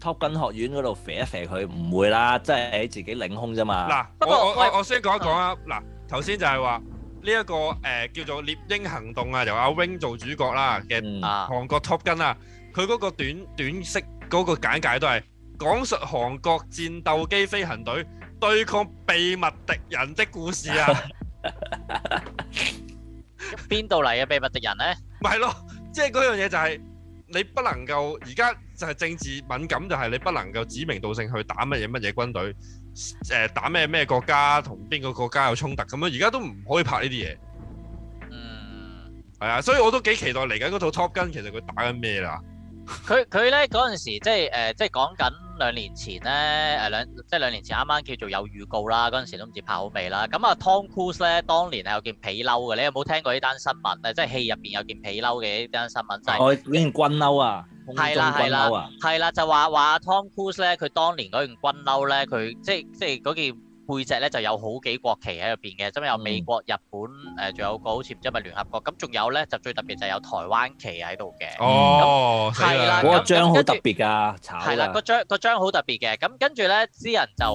Top Gun 學院嗰度肥一肥佢，唔會啦，即係自己領空啫嘛。嗱，不過我我我先講一講啊。嗱，頭先就係話呢一個誒叫做《獵鷹行動》啊，由阿 Wing 做主角啦嘅韓國 Top Gun 啊，佢嗰個短短式嗰個簡介都係講述韓國戰鬥機飛行隊對抗秘密敵人的故事啊。邊度嚟嘅秘密敵人咧？咪係咯，即係嗰樣嘢就係你不能夠而家就係政治敏感，就係、是、你不能夠指名道姓去打乜嘢乜嘢軍隊，誒、呃、打咩咩國家同邊個國家有衝突咁樣，而家都唔可以拍呢啲嘢。嗯，係啊，所以我都幾期待嚟緊嗰套 Top g 其實佢打緊咩啦？佢佢咧嗰陣時、呃、即係誒即係講緊兩年前咧誒、呃、兩即係兩年前啱啱叫做有預告啦，嗰陣時都唔知拍好未啦。咁啊，Tom Cruise 咧當年係有件皮褸嘅，你有冇聽過呢單新聞啊？即係戲入邊有件皮褸嘅呢單新聞真係，嗰、就係哦、件軍褸啊，係啦係啦，係啦就話話 Tom Cruise 咧，佢、啊啊啊啊、當年嗰件軍褸咧，佢即係即係嗰件。背脊咧就有好幾國旗喺入邊嘅，即係有美國、日本誒，仲有個好似唔知係咪聯合國，咁仲有咧就最特別就係有台灣旗喺度嘅。哦，係啦，嗰張好特別㗎，炒係啦，個張個張好特別嘅，咁跟住咧啲人就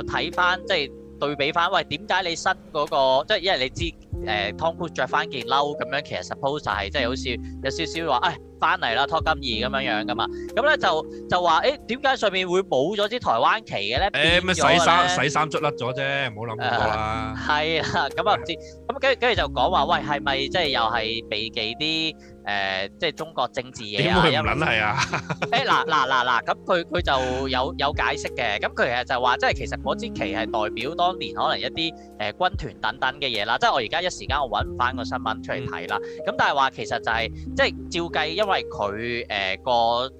誒就睇翻即係。對比翻，喂，點解你新嗰、那個，即係因為你知，誒、呃、Tom Cruise 著翻件褸咁樣，其實 suppose 係、就是、即係好似有少少話，誒，翻嚟啦，拖金兒咁樣樣噶嘛，咁咧就就話，誒，點解上面會冇咗支台灣旗嘅咧？誒，咩、欸、洗衫洗衫捽甩咗啫，唔好諗咁多啦。係啊，咁啊唔知，咁跟跟住就講話唉、啊，喂，係咪即係又係避忌啲？誒、呃，即係中國政治嘢啊！點會係啊？誒嗱嗱嗱嗱，咁佢佢就有有解釋嘅。咁佢其實就話，即係其實嗰支旗係代表當年可能一啲誒、呃、軍團等等嘅嘢啦。即係我而家一時間我揾唔翻個新聞出嚟睇啦。咁、嗯、但係話其實就係、是、即係照計，因為佢誒、呃、個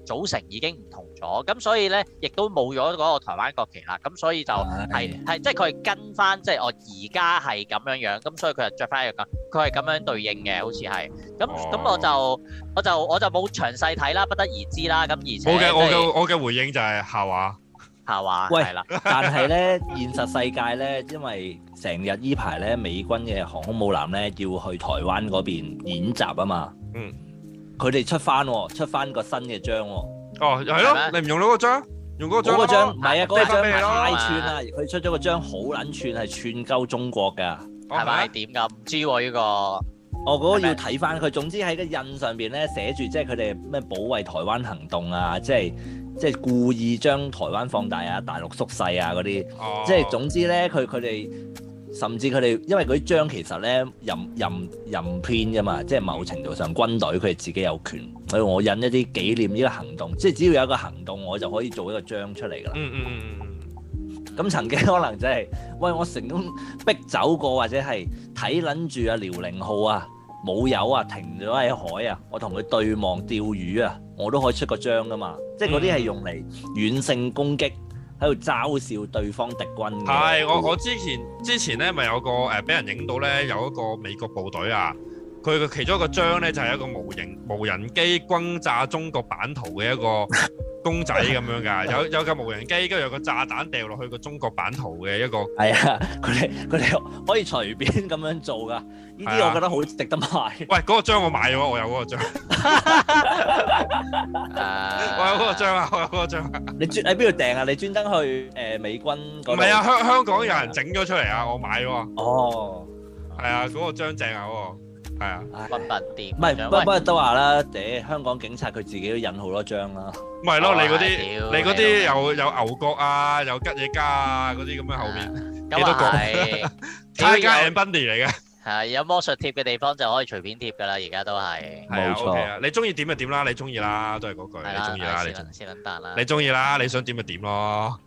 組成已經唔同。咁所以咧，亦都冇咗嗰個台灣國旗啦。咁所以就係係即係佢係跟翻，即係、就是、我而家係咁樣樣。咁所以佢就著翻個，佢係咁樣對應嘅，好似係。咁咁、哦、我就我就我就冇詳細睇啦，不得而知啦。咁而且我嘅的、就是、我嘅回應就係下話下話。下話喂，係啦。 <laughs> 但係咧，現實世界咧，因為成日呢排咧美軍嘅航空母艦咧要去台灣嗰邊演習啊嘛。嗯。佢哋出翻喎、哦，出翻個新嘅章喎。哦，係咯、啊，嗎你唔用嗰個章，用嗰個章，唔係啊，嗰、啊、個章太串啦，佢、啊、嗎出咗個章好撚串，係串鳩中國㗎，係咪嗎？點咁？唔知喎呢個，我嗰個要睇翻佢。總之喺個印上邊咧寫住，即係佢哋咩保衞台灣行動啊，即係即係故意將台灣放大啊，大陸縮細啊嗰啲，哦、即係總之咧，佢佢哋。甚至佢哋，因為嗰啲章其實咧任任任編噶嘛，即係某程度上軍隊佢哋自己有權，所以我引一啲紀念呢個行動，即係只要有一個行動，我就可以做一個章出嚟噶啦。嗯嗯嗯咁曾經可能就係、是，喂我成功逼走過或者係睇撚住啊遼寧號啊冇油啊停咗喺海啊，海我同佢對望釣魚啊，我都可以出個章噶嘛，即係嗰啲係用嚟軟性攻擊。嗯嗯喺度嘲笑對方敵軍嘅。係我，我之前之前咧，咪有個誒、呃、俾人影到咧，有一個美國部隊啊。佢嘅其中一個章咧，就係一個無形無人機轟炸中國版圖嘅一個公仔咁樣㗎。有有架無人機，跟住有個炸彈掉落去個中國版圖嘅一個係啊。佢哋佢哋可以隨便咁樣做㗎。呢啲我覺得好值得買。喂，嗰個章我買咗喎，我有嗰個章。我有嗰個章啊！我有嗰個章啊！你專喺邊度訂啊？你專登去誒美軍？唔係啊，香香港有人整咗出嚟啊！我買咗喎。哦，係啊，嗰個章正啊嗰個。係啊，軍品啲，唔係，不不過都話啦，屌香港警察佢自己都印好多張啦，咪咯，你嗰啲你嗰啲有有牛角啊，有吉野家啊嗰啲咁嘅後面幾、嗯、多個 Charlie and Bundy 嚟嘅。有魔術貼嘅地方就可以隨便貼噶啦，而家都係。係，冇錯啊！你中意點就點啦，你中意啦，都係嗰句，你中意啦，你中，是撚但啦！你中意啦，你想點就點咯。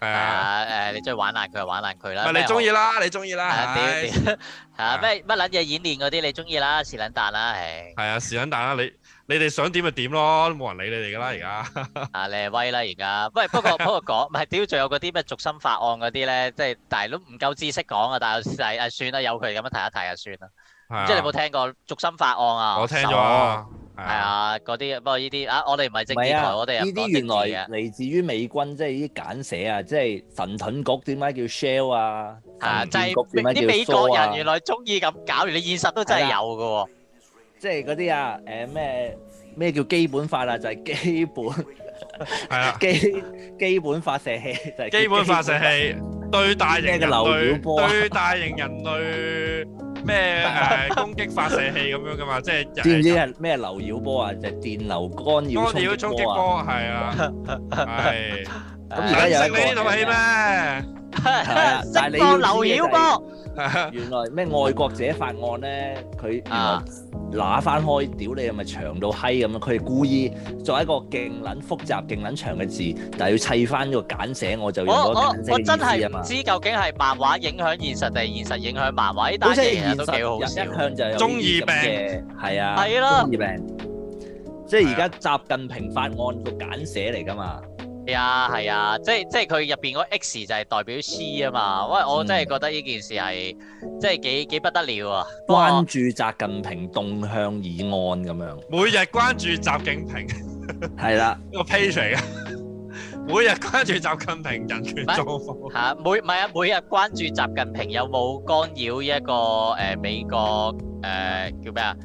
係啊，誒，你中意玩爛佢就玩爛佢啦。你中意啦，你中意啦。係啊，咩乜撚嘢演練嗰啲，你中意啦，是撚但啦，係。係啊，是撚但啦，你。你哋想點就點咯，都冇人理你哋噶啦而家。啊，你係威啦而家，不過不過不過講，唔係，屌仲有嗰啲咩軸心法案嗰啲咧，即係大家都唔夠知識講啊，但係誒算啦，由佢咁樣提一提啊算啦。即係你有冇聽過軸心法案啊？我聽咗。係啊，嗰啲不過依啲啊，我哋唔係政經台，我哋啊。依啲原來嚟自於美軍，即係依啲簡寫啊，即係神盾局點解叫 Shell 啊？神盾局點解叫蘇啊？啲美國人原來中意咁搞，而你現實都真係有嘅喎。即係嗰啲啊，誒咩咩叫基本法啦、啊，就係、是、基本係啊基基本發射器就係基本發射器，對大型嘅，對對大型人類咩誒、啊呃、攻擊發射器咁樣噶嘛，即係知唔知係咩流擾波啊？就係、是、電流干擾衝擊波啊，係啊，係、啊。咁而家又一個，識你呢度咩？即係放流妖噃。原來咩《愛國者法案》咧？佢啊嗱翻開，屌你係咪長到閪咁啊？佢係故意作一個勁撚複雜、勁撚長嘅字，但係要砌翻個簡寫，我就我我真係唔知究竟係漫畫影響現實定現實影響漫畫。即係其實都幾好笑。一向就有中二病，係啊，係咯。即係而家習近平法案個簡寫嚟㗎嘛？係啊，係啊，即係即係佢入邊嗰 X 就係代表 C 啊嘛，喂，我真係覺得呢件事係即係幾幾不得了啊！關注習近平動向以安咁樣，我每日關注習近平係啦呢個 page 嚟噶，每日關注習近平人權狀況吓，每唔係啊，每日關注習近平有冇干擾一個誒、呃、美國誒、呃、叫咩啊？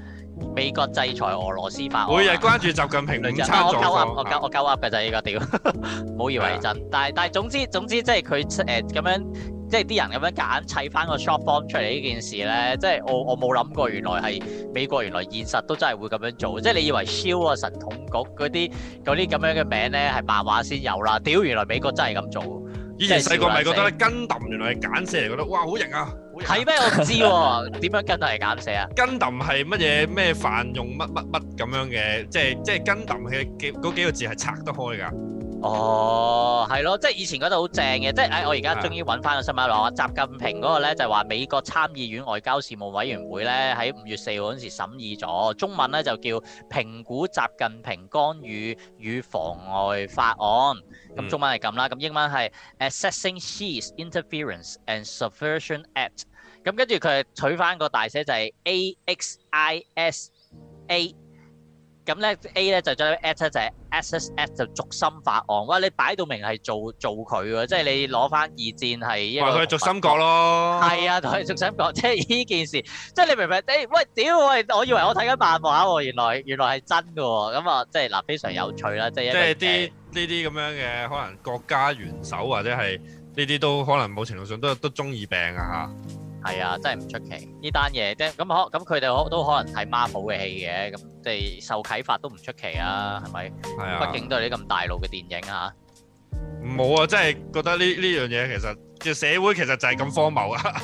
美國制裁俄羅斯吧，每日關注習近平午餐狀況。我夠我夠噏嘅就呢個屌， <laughs> 冇以為真是的 但。但係但係總之總之即係佢誒咁樣，即係啲人咁樣夾硬砌翻個 short form 出嚟呢件事咧，即係我我冇諗過原來係美國原來現實都真係會咁樣做，即係你以為 Shield 啊神統局嗰啲嗰啲咁樣嘅名咧係漫畫先有啦，屌原來美國真係咁做。以前細個咪覺得跟揼原來係簡寫嚟，覺得哇好型啊！係咩？ <laughs> 我唔知喎，點樣跟到嚟減死啊？跟氹係乜嘢？咩飯用乜乜乜咁樣嘅？即係即係跟氹嘅嗰幾個字係拆得開㗎？哦，係咯，即係以前覺得好正嘅，即係誒、哎，我而家終於揾翻個新聞咯。習近平嗰個咧就話美國參議院外交事務委員會咧喺五月四號嗰時審議咗中文咧就叫評估習近平干預與妨礙法案。咁中文係咁啦，咁英文係 Assessing Xi's Interference and Subversion Act。咁跟住佢係取翻個大寫就係 A X I S A。咁咧 A 咧就將 Act 咧就 S S S 就軸心法案。喂，你擺到明係做做佢喎，即係你攞翻二戰係。因為佢係軸心國咯。係啊，佢係軸心國，即係呢件事，即係你明唔明你喂屌喂，我以為我睇緊漫畫喎，原來原來係真噶喎。咁啊，即係嗱，非常有趣啦，即係。即係啲。呢啲咁樣嘅可能國家元首或者係呢啲，都可能某程度上都都中意病啊嚇，係啊，真係唔出奇呢單嘢啫。咁好，咁佢哋可都可能睇馬寶嘅戲嘅，咁即係受啟發都唔出奇啊，係咪？啊、畢竟都係啲咁大路嘅電影啊，冇啊，真係覺得呢呢樣嘢其實即係社會其實就係咁荒謬啊。 <laughs>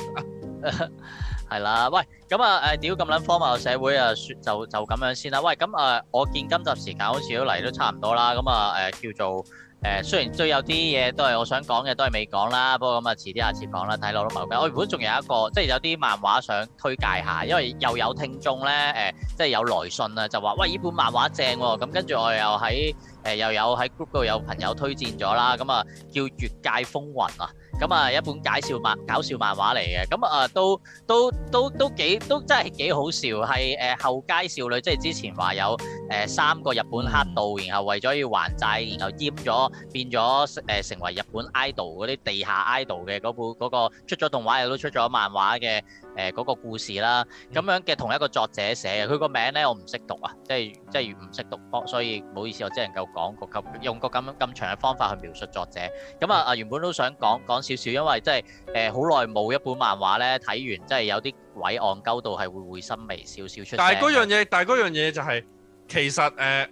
<laughs> 係啦，喂，咁啊，誒、呃，屌咁撚科幻嘅社會啊，說就就咁樣先啦。喂，咁啊、呃，我見今集時間好似都嚟都差唔多啦，咁啊誒，叫做誒、呃，雖然有都有啲嘢都係我想講嘅，都係未講啦。不過咁啊，遲啲下次講啦。睇落都冇計。我原本仲有一個，即係有啲漫畫想推介下，因為又有聽眾咧，誒、呃，即係有來信啊，就話喂，依本漫畫正喎，哦。咁跟住我又喺。誒又有喺 group 度有朋友推薦咗啦，咁啊叫《越界風雲》啊，咁啊一本搞笑漫搞笑漫畫嚟嘅，咁啊都都都都幾都真係幾好笑，係誒後街少女，即係之前話有誒三個日本黑道，然後為咗要還債，然後兼咗變咗誒成為日本 idol 嗰啲地下 idol 嘅嗰本嗰個出咗動畫，又都出咗漫畫嘅。誒嗰、呃那個故事啦，咁樣嘅同一個作者寫，佢個名咧我唔識讀啊，即係即係唔識讀，所以唔好意思，我只能夠講個咁用個咁咁長嘅方法去描述作者。咁啊啊，原本都想講講少少，因為即係誒好耐冇一本漫畫咧，睇完即係有啲胃按溝度係會會心微笑少少出但。但係嗰樣嘢、就是，但係嗰樣嘢就係其實誒、呃、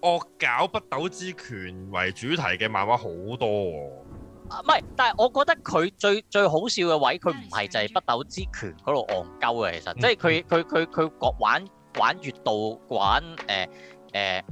惡搞北斗之拳為主題嘅漫畫好多、哦。唔係、啊，但係我覺得佢最最好笑嘅位，佢唔係就係《北斗之拳》嗰度戇鳩嘅，其實，即係佢佢佢佢玩玩越道，玩誒誒、欸欸、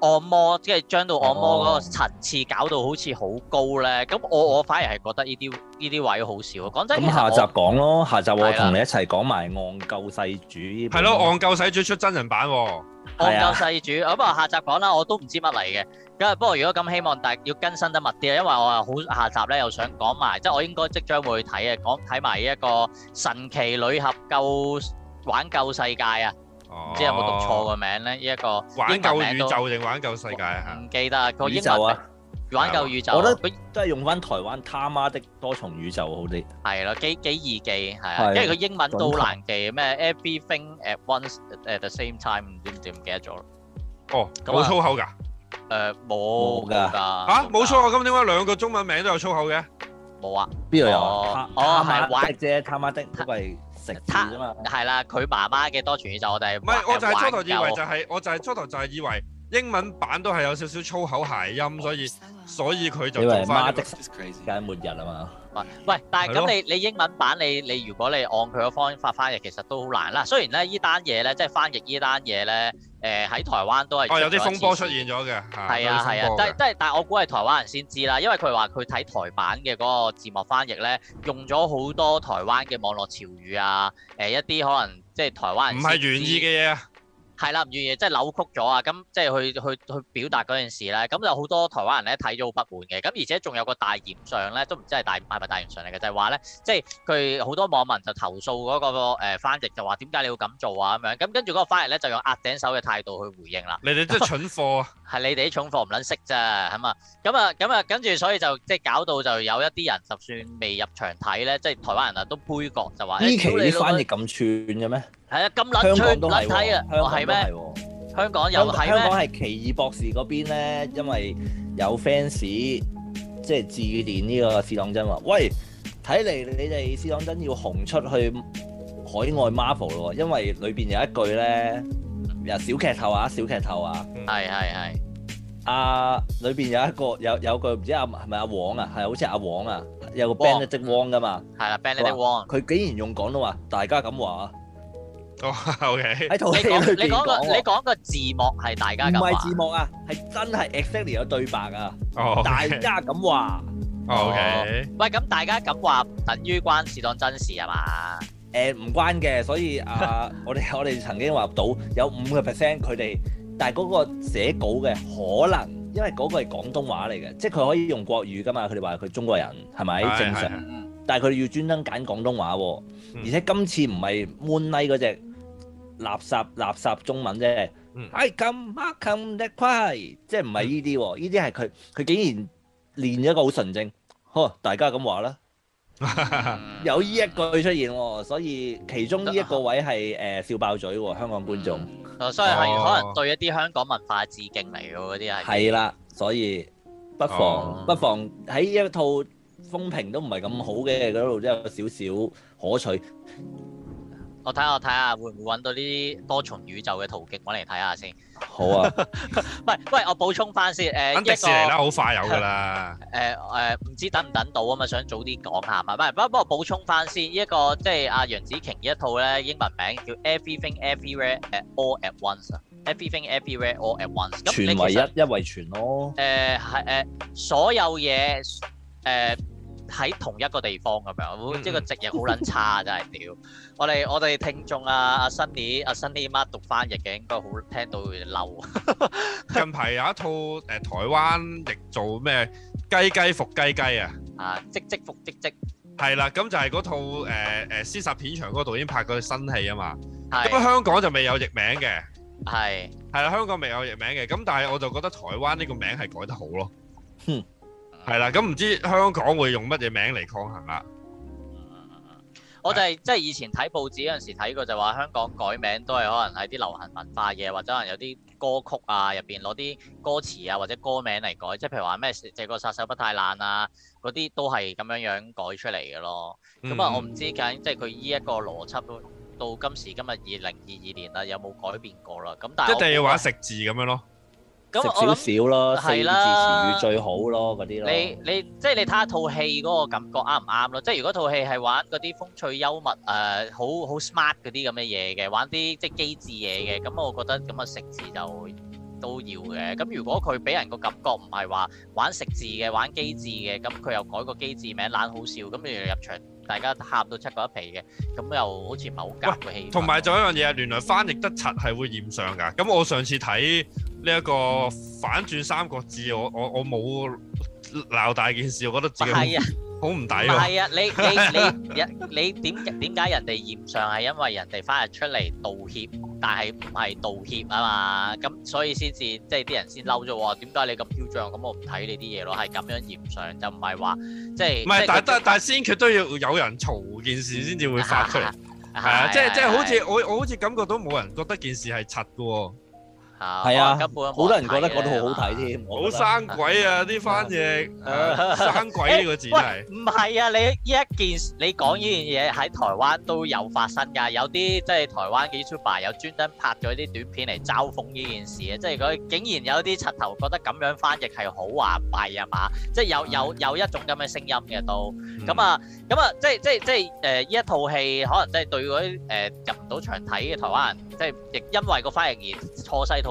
按摩，即係將到按摩嗰個層次搞到好似好高咧。咁、哦、我我反而係覺得呢啲呢啲位好笑。講真我，咁下集講咯，下集我同你一齊講埋《戇鳩世主》。係咯，《戇鳩世主》出真人版喎、哦，《戇鳩世主》咁啊，下集講啦，我都唔知乜嚟嘅。咁不過如果咁，希望大要更新得密啲啊！因為我啊好下集咧，又想講埋，即係我應該即將會睇嘅，講睇埋呢一個神奇女俠救玩救世界啊！哦，唔知有冇讀錯個名咧？呢一個玩救宇宙定玩救世界啊？唔記得啊，個英文玩救宇宙，我覺得佢都係用翻台灣他媽的多重宇宙好啲。係咯，幾幾易記係啊，因為佢英文都好難記，咩 everything at once at the same time，唔知點唔記得咗。哦，冇粗口㗎。誒，冇噶吓，冇錯啊！咁點解兩個中文名都有粗口嘅？冇啊，邊度有？哦，係 Y 姐他媽的，都係食叉啊嘛。係啦，佢爸爸嘅多傳語就我哋唔係，我就係初頭以為就係，我就係初頭就係以為英文版都係有少少粗口諧音，所以所以佢就以為媽的世界末日啊嘛。喂，但係咁對咯 你你英文版你你如果你按佢嗰方法翻譯，其實都好難啦。雖然咧呢單嘢咧，即係翻譯呢單嘢咧，誒、呃、喺台灣都係、哦、有啲風波出現咗嘅，係啊係啊，即係即係，但係我估係台灣人先知啦，因為佢話佢睇台版嘅嗰個字幕翻譯咧，用咗好多台灣嘅網絡潮語啊，誒、呃、一啲可能即係台灣唔係原意嘅嘢啊。係啦，唔願意即係扭曲咗啊！咁、嗯、即係去去去表達嗰件事咧，咁就好多台灣人咧睇咗好不滿嘅。咁而且仲有個大炎上咧，都唔知係大係咪大炎上嚟嘅，就係話咧，即係佢好多網民就投訴嗰、那個誒、呃、翻譯，就話點解你要咁做啊？咁樣咁跟住嗰個翻譯咧就用壓頂手嘅態度去回應啦。你哋真係蠢貨啊！係 <laughs> 你哋啲蠢貨唔撚識咋嘛？咁啊咁啊，跟住所以就即係搞到就有一啲人就算未入場睇咧，即係台灣人啊都杯葛就，就話呢期啲翻譯咁串嘅咩？係啊，咁甩出嚟睇啊！香港又係咩？香港有睇香港係奇異博士嗰邊咧，因為有 fans 即係致電呢個史朗珍話，喂，睇嚟你哋史朗珍要紅出去海外 Marvel 咯，因為裏邊有一句咧，啊小劇頭啊，小劇頭啊，係係係。啊，裏邊有一個有有句唔知阿係咪阿王啊，係好似阿王啊，有一個 band 咧即汪噶嘛，係啦，band 咧即汪。佢、嗯、說竟然用廣東話，大家咁話。哦，OK。係同你講，你講個你講個字幕係大家咁話。唔係字幕啊，係真係 exactly 有對白啊。哦。大家咁話。哦，OK。喂，咁大家咁話，等於關事當真事係嘛？誒，唔關嘅。所以啊，我哋我哋曾經話到有五個 percent 佢哋，但係嗰個寫稿嘅可能，因為嗰個係廣東話嚟嘅，即係佢可以用國語㗎嘛？佢哋話佢中國人係咪正常？但係佢哋要專登揀廣東話喎。而且今次唔係 Moonlight 嗰隻。垃圾垃圾中文啫、嗯、I come back in the 即係唔係呢啲喎？呢啲係佢佢竟然練咗個好純正，呵！大家咁話啦，嗯、有呢一句出現喎，所以其中呢一個位係誒、呃、笑爆嘴喎，香港觀眾。嗯、所以係可能對一啲香港文化致敬嚟㗎，嗰啲係。係啦，所以不妨不妨喺、嗯、呢一套風評都唔係咁好嘅嗰度都有少少可取。我睇下，我睇下會唔會揾到呢啲多重宇宙嘅途徑揾嚟睇下先。看看好啊，唔係，喂， <laughs> 我補充翻先。誒、呃，等迪士尼啦，好快有噶啦。誒誒、呃，唔、呃、知等唔等到啊嘛，想早啲講下嘛。唔不不過補充翻先，呢一個即係阿楊紫瓊呢一套咧，英文名叫 Everything Everywhere at All at Once 啊。Everything Everywhere All at Once。全為一，一為全咯。誒係誒，所有嘢誒。呃喺同一個地方咁樣，即係、嗯嗯、個職業好撚差， <laughs> 真係屌！我哋我哋聽眾啊，阿、啊、Sunny，阿、啊、Sunny 媽讀翻譯嘅，應該好聽到嬲。 <laughs> 近排有一套誒、呃、台灣譯做咩雞雞復雞雞啊？啊，即即復即即。係啦，咁就係嗰套誒誒屍殺片場嗰個導演拍嘅新戲啊嘛。係是。咁香港就未有譯名嘅。係是。係啦，香港未有譯名嘅，咁但係我就覺得台灣呢個名係改得好咯。哼。 <laughs> 係啦，咁唔知香港會用乜嘢名嚟抗衡啦？我就係、是、是的 即係以前睇報紙嗰陣時睇過，就話香港改名都係可能係啲流行文化嘢，或者可能有啲歌曲啊入邊攞啲歌詞啊或者歌名嚟改，即係譬如話咩《這個殺手不太冷》啊，嗰啲都係咁樣樣改出嚟嘅咯。咁啊、嗯嗯嗯，我唔知究竟即係佢依一個邏輯到今時今日二零二二年啦、啊，有冇改變過啦？咁但係一定要玩食字咁樣咯。咁食少少咯，想四字詞語最好咯，嗰啲啦咯。你你即係你睇下套戲嗰個感覺啱唔啱咯？即係如果套戲係玩嗰啲風趣幽默誒，好好 smart 嗰啲咁嘅嘢嘅，玩啲即係機智嘢嘅，咁我覺得咁嘅、嗰個、食字就都要嘅。咁如果佢俾人個感覺唔係話玩食字嘅，玩機智嘅，咁佢又改個機智名懶好笑，咁你入場。大家喊到七個一皮嘅，咁又好似唔係好夾嘅氣氛。同埋仲有一樣嘢，對 原來翻譯得柒係會染上㗎。咁我上次睇呢一個反轉《三國志》我，我我我冇鬧大件事，我覺得自己。好唔抵啊！係啊，你你你你點點解人哋嫌上係因為人哋翻嚟出嚟道歉，但係唔係道歉啊嘛？咁所以先至即係啲人先嬲咗喎。點解你咁囂張？咁我唔睇你啲嘢咯，係咁樣嫌上就唔係話即係唔係？但係但係先決都要有人嘈件事先至會發出嚟，係啊！即係即係好似我我好似感覺到冇人覺得件事係柒㗎喎。係啊，啊根本好多人覺得覺得好好睇添，好、啊、生鬼啊啲 <laughs> 翻譯， <laughs> 生鬼呢個字題、欸。唔係啊，你呢一件你講呢件嘢喺台灣都有發生噶，有啲即係台灣嘅 YouTuber 有專登拍咗啲短片嚟嘲諷呢件事、嗯、啊，即係如竟然有啲柒頭覺得咁樣翻譯係好話弊啊嘛，即係有有有一種咁嘅聲音嘅都，咁啊咁啊即係、呃、即係即係誒呢一套戲可能即係對嗰啲誒入唔到場睇嘅台灣人，即係亦因為個翻譯而錯失。套戲同可能就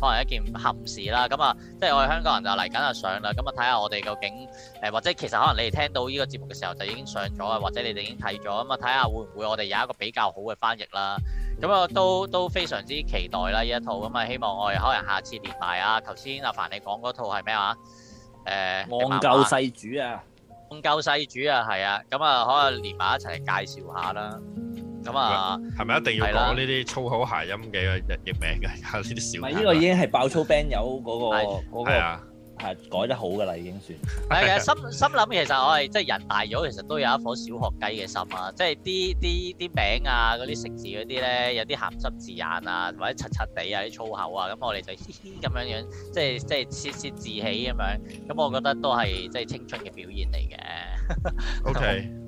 可能一件憾事啦，咁啊，即係我哋香港人就嚟緊就上啦，咁啊睇下我哋究竟誒、呃，或者其實可能你哋聽到呢個節目嘅時候就已經上咗啊，或者你哋已經睇咗，咁啊睇下會唔會我哋有一個比較好嘅翻譯啦，咁啊都都非常之期待啦呢一套，咁啊希望我哋可能下次連埋啊，頭先阿凡你講嗰套係咩話？誒、呃，戇鳩世主啊，戇鳩世主啊，係啊，咁啊可能連埋一齊介紹下啦。咁、 <noise> 嗯、啊，係咪 <noise> 嗯啊、一定要講呢啲粗口諧音嘅譯譯名嘅、啊？呢 <laughs> 啲小唔呢個已經係爆粗 band 友嗰、那個，係啊， <laughs> 係改得好㗎啦，已經算。係 <laughs> 啊，心心諗其實我係即係人大咗，其實都有一顆小學雞嘅心啊！即係啲啲啲名啊，嗰啲食字嗰啲咧，有啲鹹濕字眼啊，或者柒柒地啊啲粗口啊，咁我哋就嘻嘻咁樣樣，即係即係沾沾自喜咁樣。咁我覺得都係即係青春嘅表現嚟嘅。O K。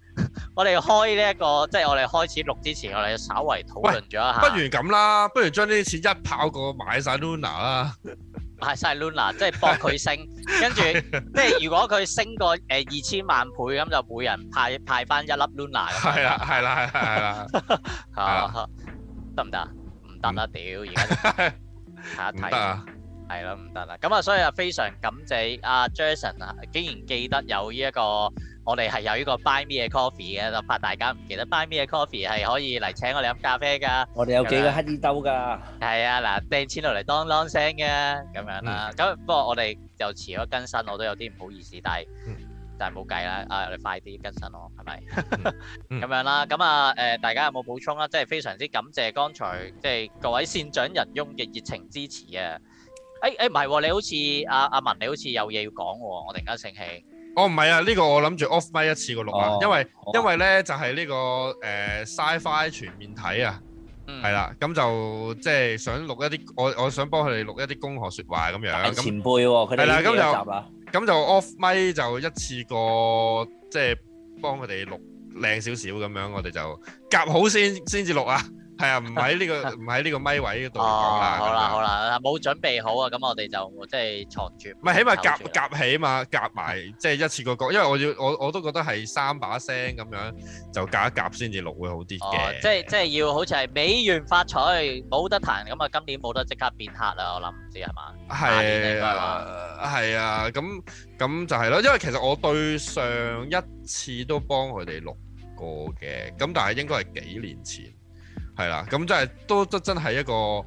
我哋開呢一個，即係我哋開始錄之前，我哋稍微討論咗一下。不如咁啦，不如將呢啲錢一炮過買晒 Luna 啦，買晒 Luna，即係幫佢升。跟住，即係如果佢升過誒二千萬倍，咁就每人派派翻一粒 Luna。係啦，係啦，係啦，係啦。得唔得？唔得啦，屌！而家睇一睇，係咯，唔得啦。咁啊，所以啊，非常感謝阿 Jason 啊，竟然記得有呢一個。我哋係有呢個 Buy Me 嘅 coffee 嘅，就怕大家唔記得 Buy Me 嘅 coffee 係可以嚟請我哋飲咖啡㗎。我哋有幾個乞兒兜㗎。係啊，嗱，掟錢落嚟當啷聲嘅咁樣啦。咁不過我哋就遲咗更新，我都有啲唔好意思，但係就係冇計啦。啊，你快啲更新我，係咪咁樣啦？咁啊誒，大家有冇補充啊？即係非常之感謝剛才即係各位善長仁翁嘅熱情支持啊！誒誒，唔係喎，你好似阿阿文，你好似有嘢要講喎，我突然間醒起。我唔係啊，呢個我諗住 off mic 一次過錄，就是這個錄啊，因為因為咧就係呢個誒 sci-fi 全面睇啊，係啦，咁就即係想錄一啲我我想幫佢哋錄一啲公學説話咁樣，係前輩佢哋係啦，咁就咁就 off mic 就一次過即係幫佢哋錄靚少少咁樣，我哋就夾好先先至錄啊。係啊，唔喺呢個唔喺呢個咪位嗰度講啊！好啦好啦，冇準備好啊，咁我哋就即係藏住，唔係起碼夾夾起啊嘛，夾埋即係一次過講，因為我要我我都覺得係三把聲咁樣就夾一夾先至錄會好啲嘅。即係即係要好似係美元發財冇得彈咁啊！今年冇得即刻變黑啊！我諗唔知係嘛？係係啊，咁咁就係咯，因為其實我對上一次都幫佢哋錄過嘅，咁但係應該係幾年前。係啦，咁真係都都真係一個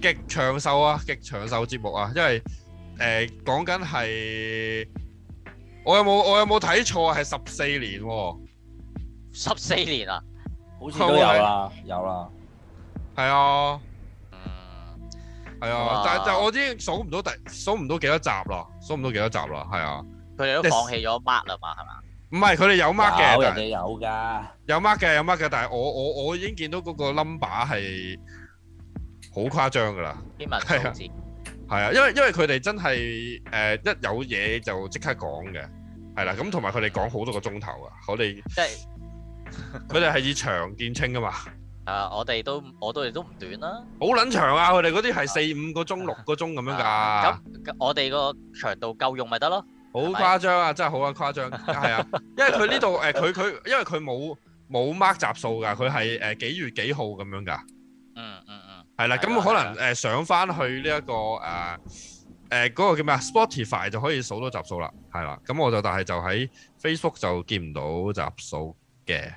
極長壽啊，極長壽節目啊，因為誒講緊，係我有冇我有冇睇錯，係十四年，啊，十四年啊，好似都有啦，就是，有啦了，係啊，嗯，係啊，嗯、但就我已經數唔到第數唔到幾多集咯，數唔到幾多集咯，係啊，佢哋都放棄咗 Mark 了」啦嘛，係嘛？唔係，佢哋有 mark 嘅，有 mark 嘅，有 mark 嘅，但係我我我已經見到嗰個 number 係好誇張㗎啦。天文數字，係啊，因為因為佢哋真係誒一有嘢就即刻講嘅，係啦。咁同埋佢哋講好多個鐘頭啊，我哋即係佢哋係以長見稱㗎嘛。誒，我哋都我對你都唔短啦。好撚長啊！佢哋嗰啲係四五個鐘、六個鐘咁樣㗎。咁我哋個長度夠用咪得咯？好誇張啊！真係好誇張，係 <laughs> 啊，因為佢呢度誒，佢、呃、佢，因為佢冇冇 mark 集數㗎，佢係誒幾月幾號咁樣㗎、嗯。嗯嗯嗯。係啦，咁可能誒、呃、上返去呢、這、一個誒誒嗰個叫咩啊，Spotify 就可以數到集數啦。係啦、啊，咁我就但係就喺 Facebook 就見唔到集數嘅，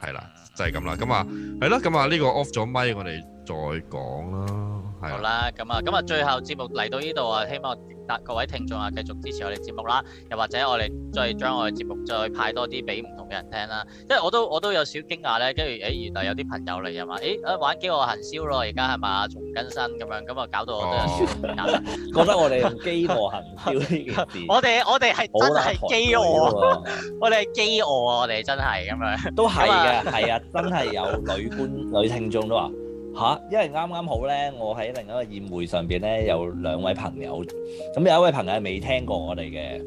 係啦、啊，就係咁啦。咁、嗯、啊，係啦、嗯，咁啊呢個 off 咗咪，我哋再講啦。好啦，咁啊是，咁啊，最後節目嚟到呢度啊，希望得各位聽眾啊，繼續支持我哋節目啦，又或者我哋再將我哋節目再派多啲俾唔同嘅人聽啦。因為我都我都有少少驚訝咧，跟住誒原來有啲朋友嚟又話，誒啊玩飢餓行銷咯，而家係嘛，重更新咁樣，咁啊搞到我都 <laughs> 覺得我哋飢餓行銷呢件事，我哋 <laughs> 我哋係真係飢餓，我哋係飢餓啊，我哋真係咁樣，都係啊，係啊 <laughs> 是，真係有女觀女聽眾都話。嚇！因為啱啱好咧，我喺另一個宴會上邊咧，有兩位朋友，咁有一位朋友未聽過我哋嘅，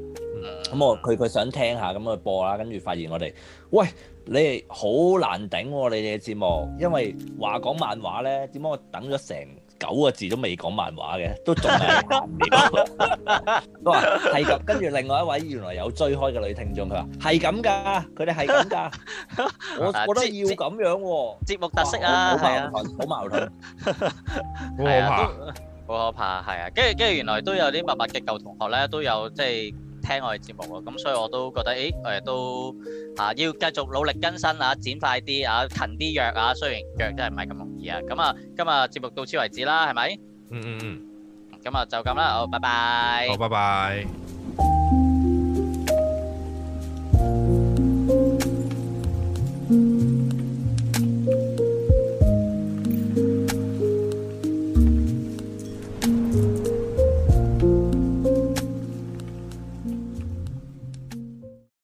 咁我佢佢想聽下，咁佢播啦，跟住發現我哋，喂，你哋好難頂喎，啊，你哋嘅節目，因為話講漫畫咧，點解我等咗成九個字都未講漫畫嘅，都仲係。都話係咁，跟住另外一位原來有追開嘅女聽眾，佢話係咁㗎，佢哋係咁㗎。我覺得要咁樣喎，節目特色啊，係啊，好矛盾，好矛盾，好可怕，好可怕，係啊。跟住跟住，原來都有啲默默嘅舊同學咧，都有即係。聽我哋節目啊，咁所以我都覺得，誒、欸、我哋都啊，要繼續努力更新啊，剪快啲啊，勤啲約啊，雖然約真係唔係咁容易啊。咁啊，今日節目到此為止啦，係咪？嗯嗯嗯。咁啊，就咁啦，好，拜拜。好，拜拜。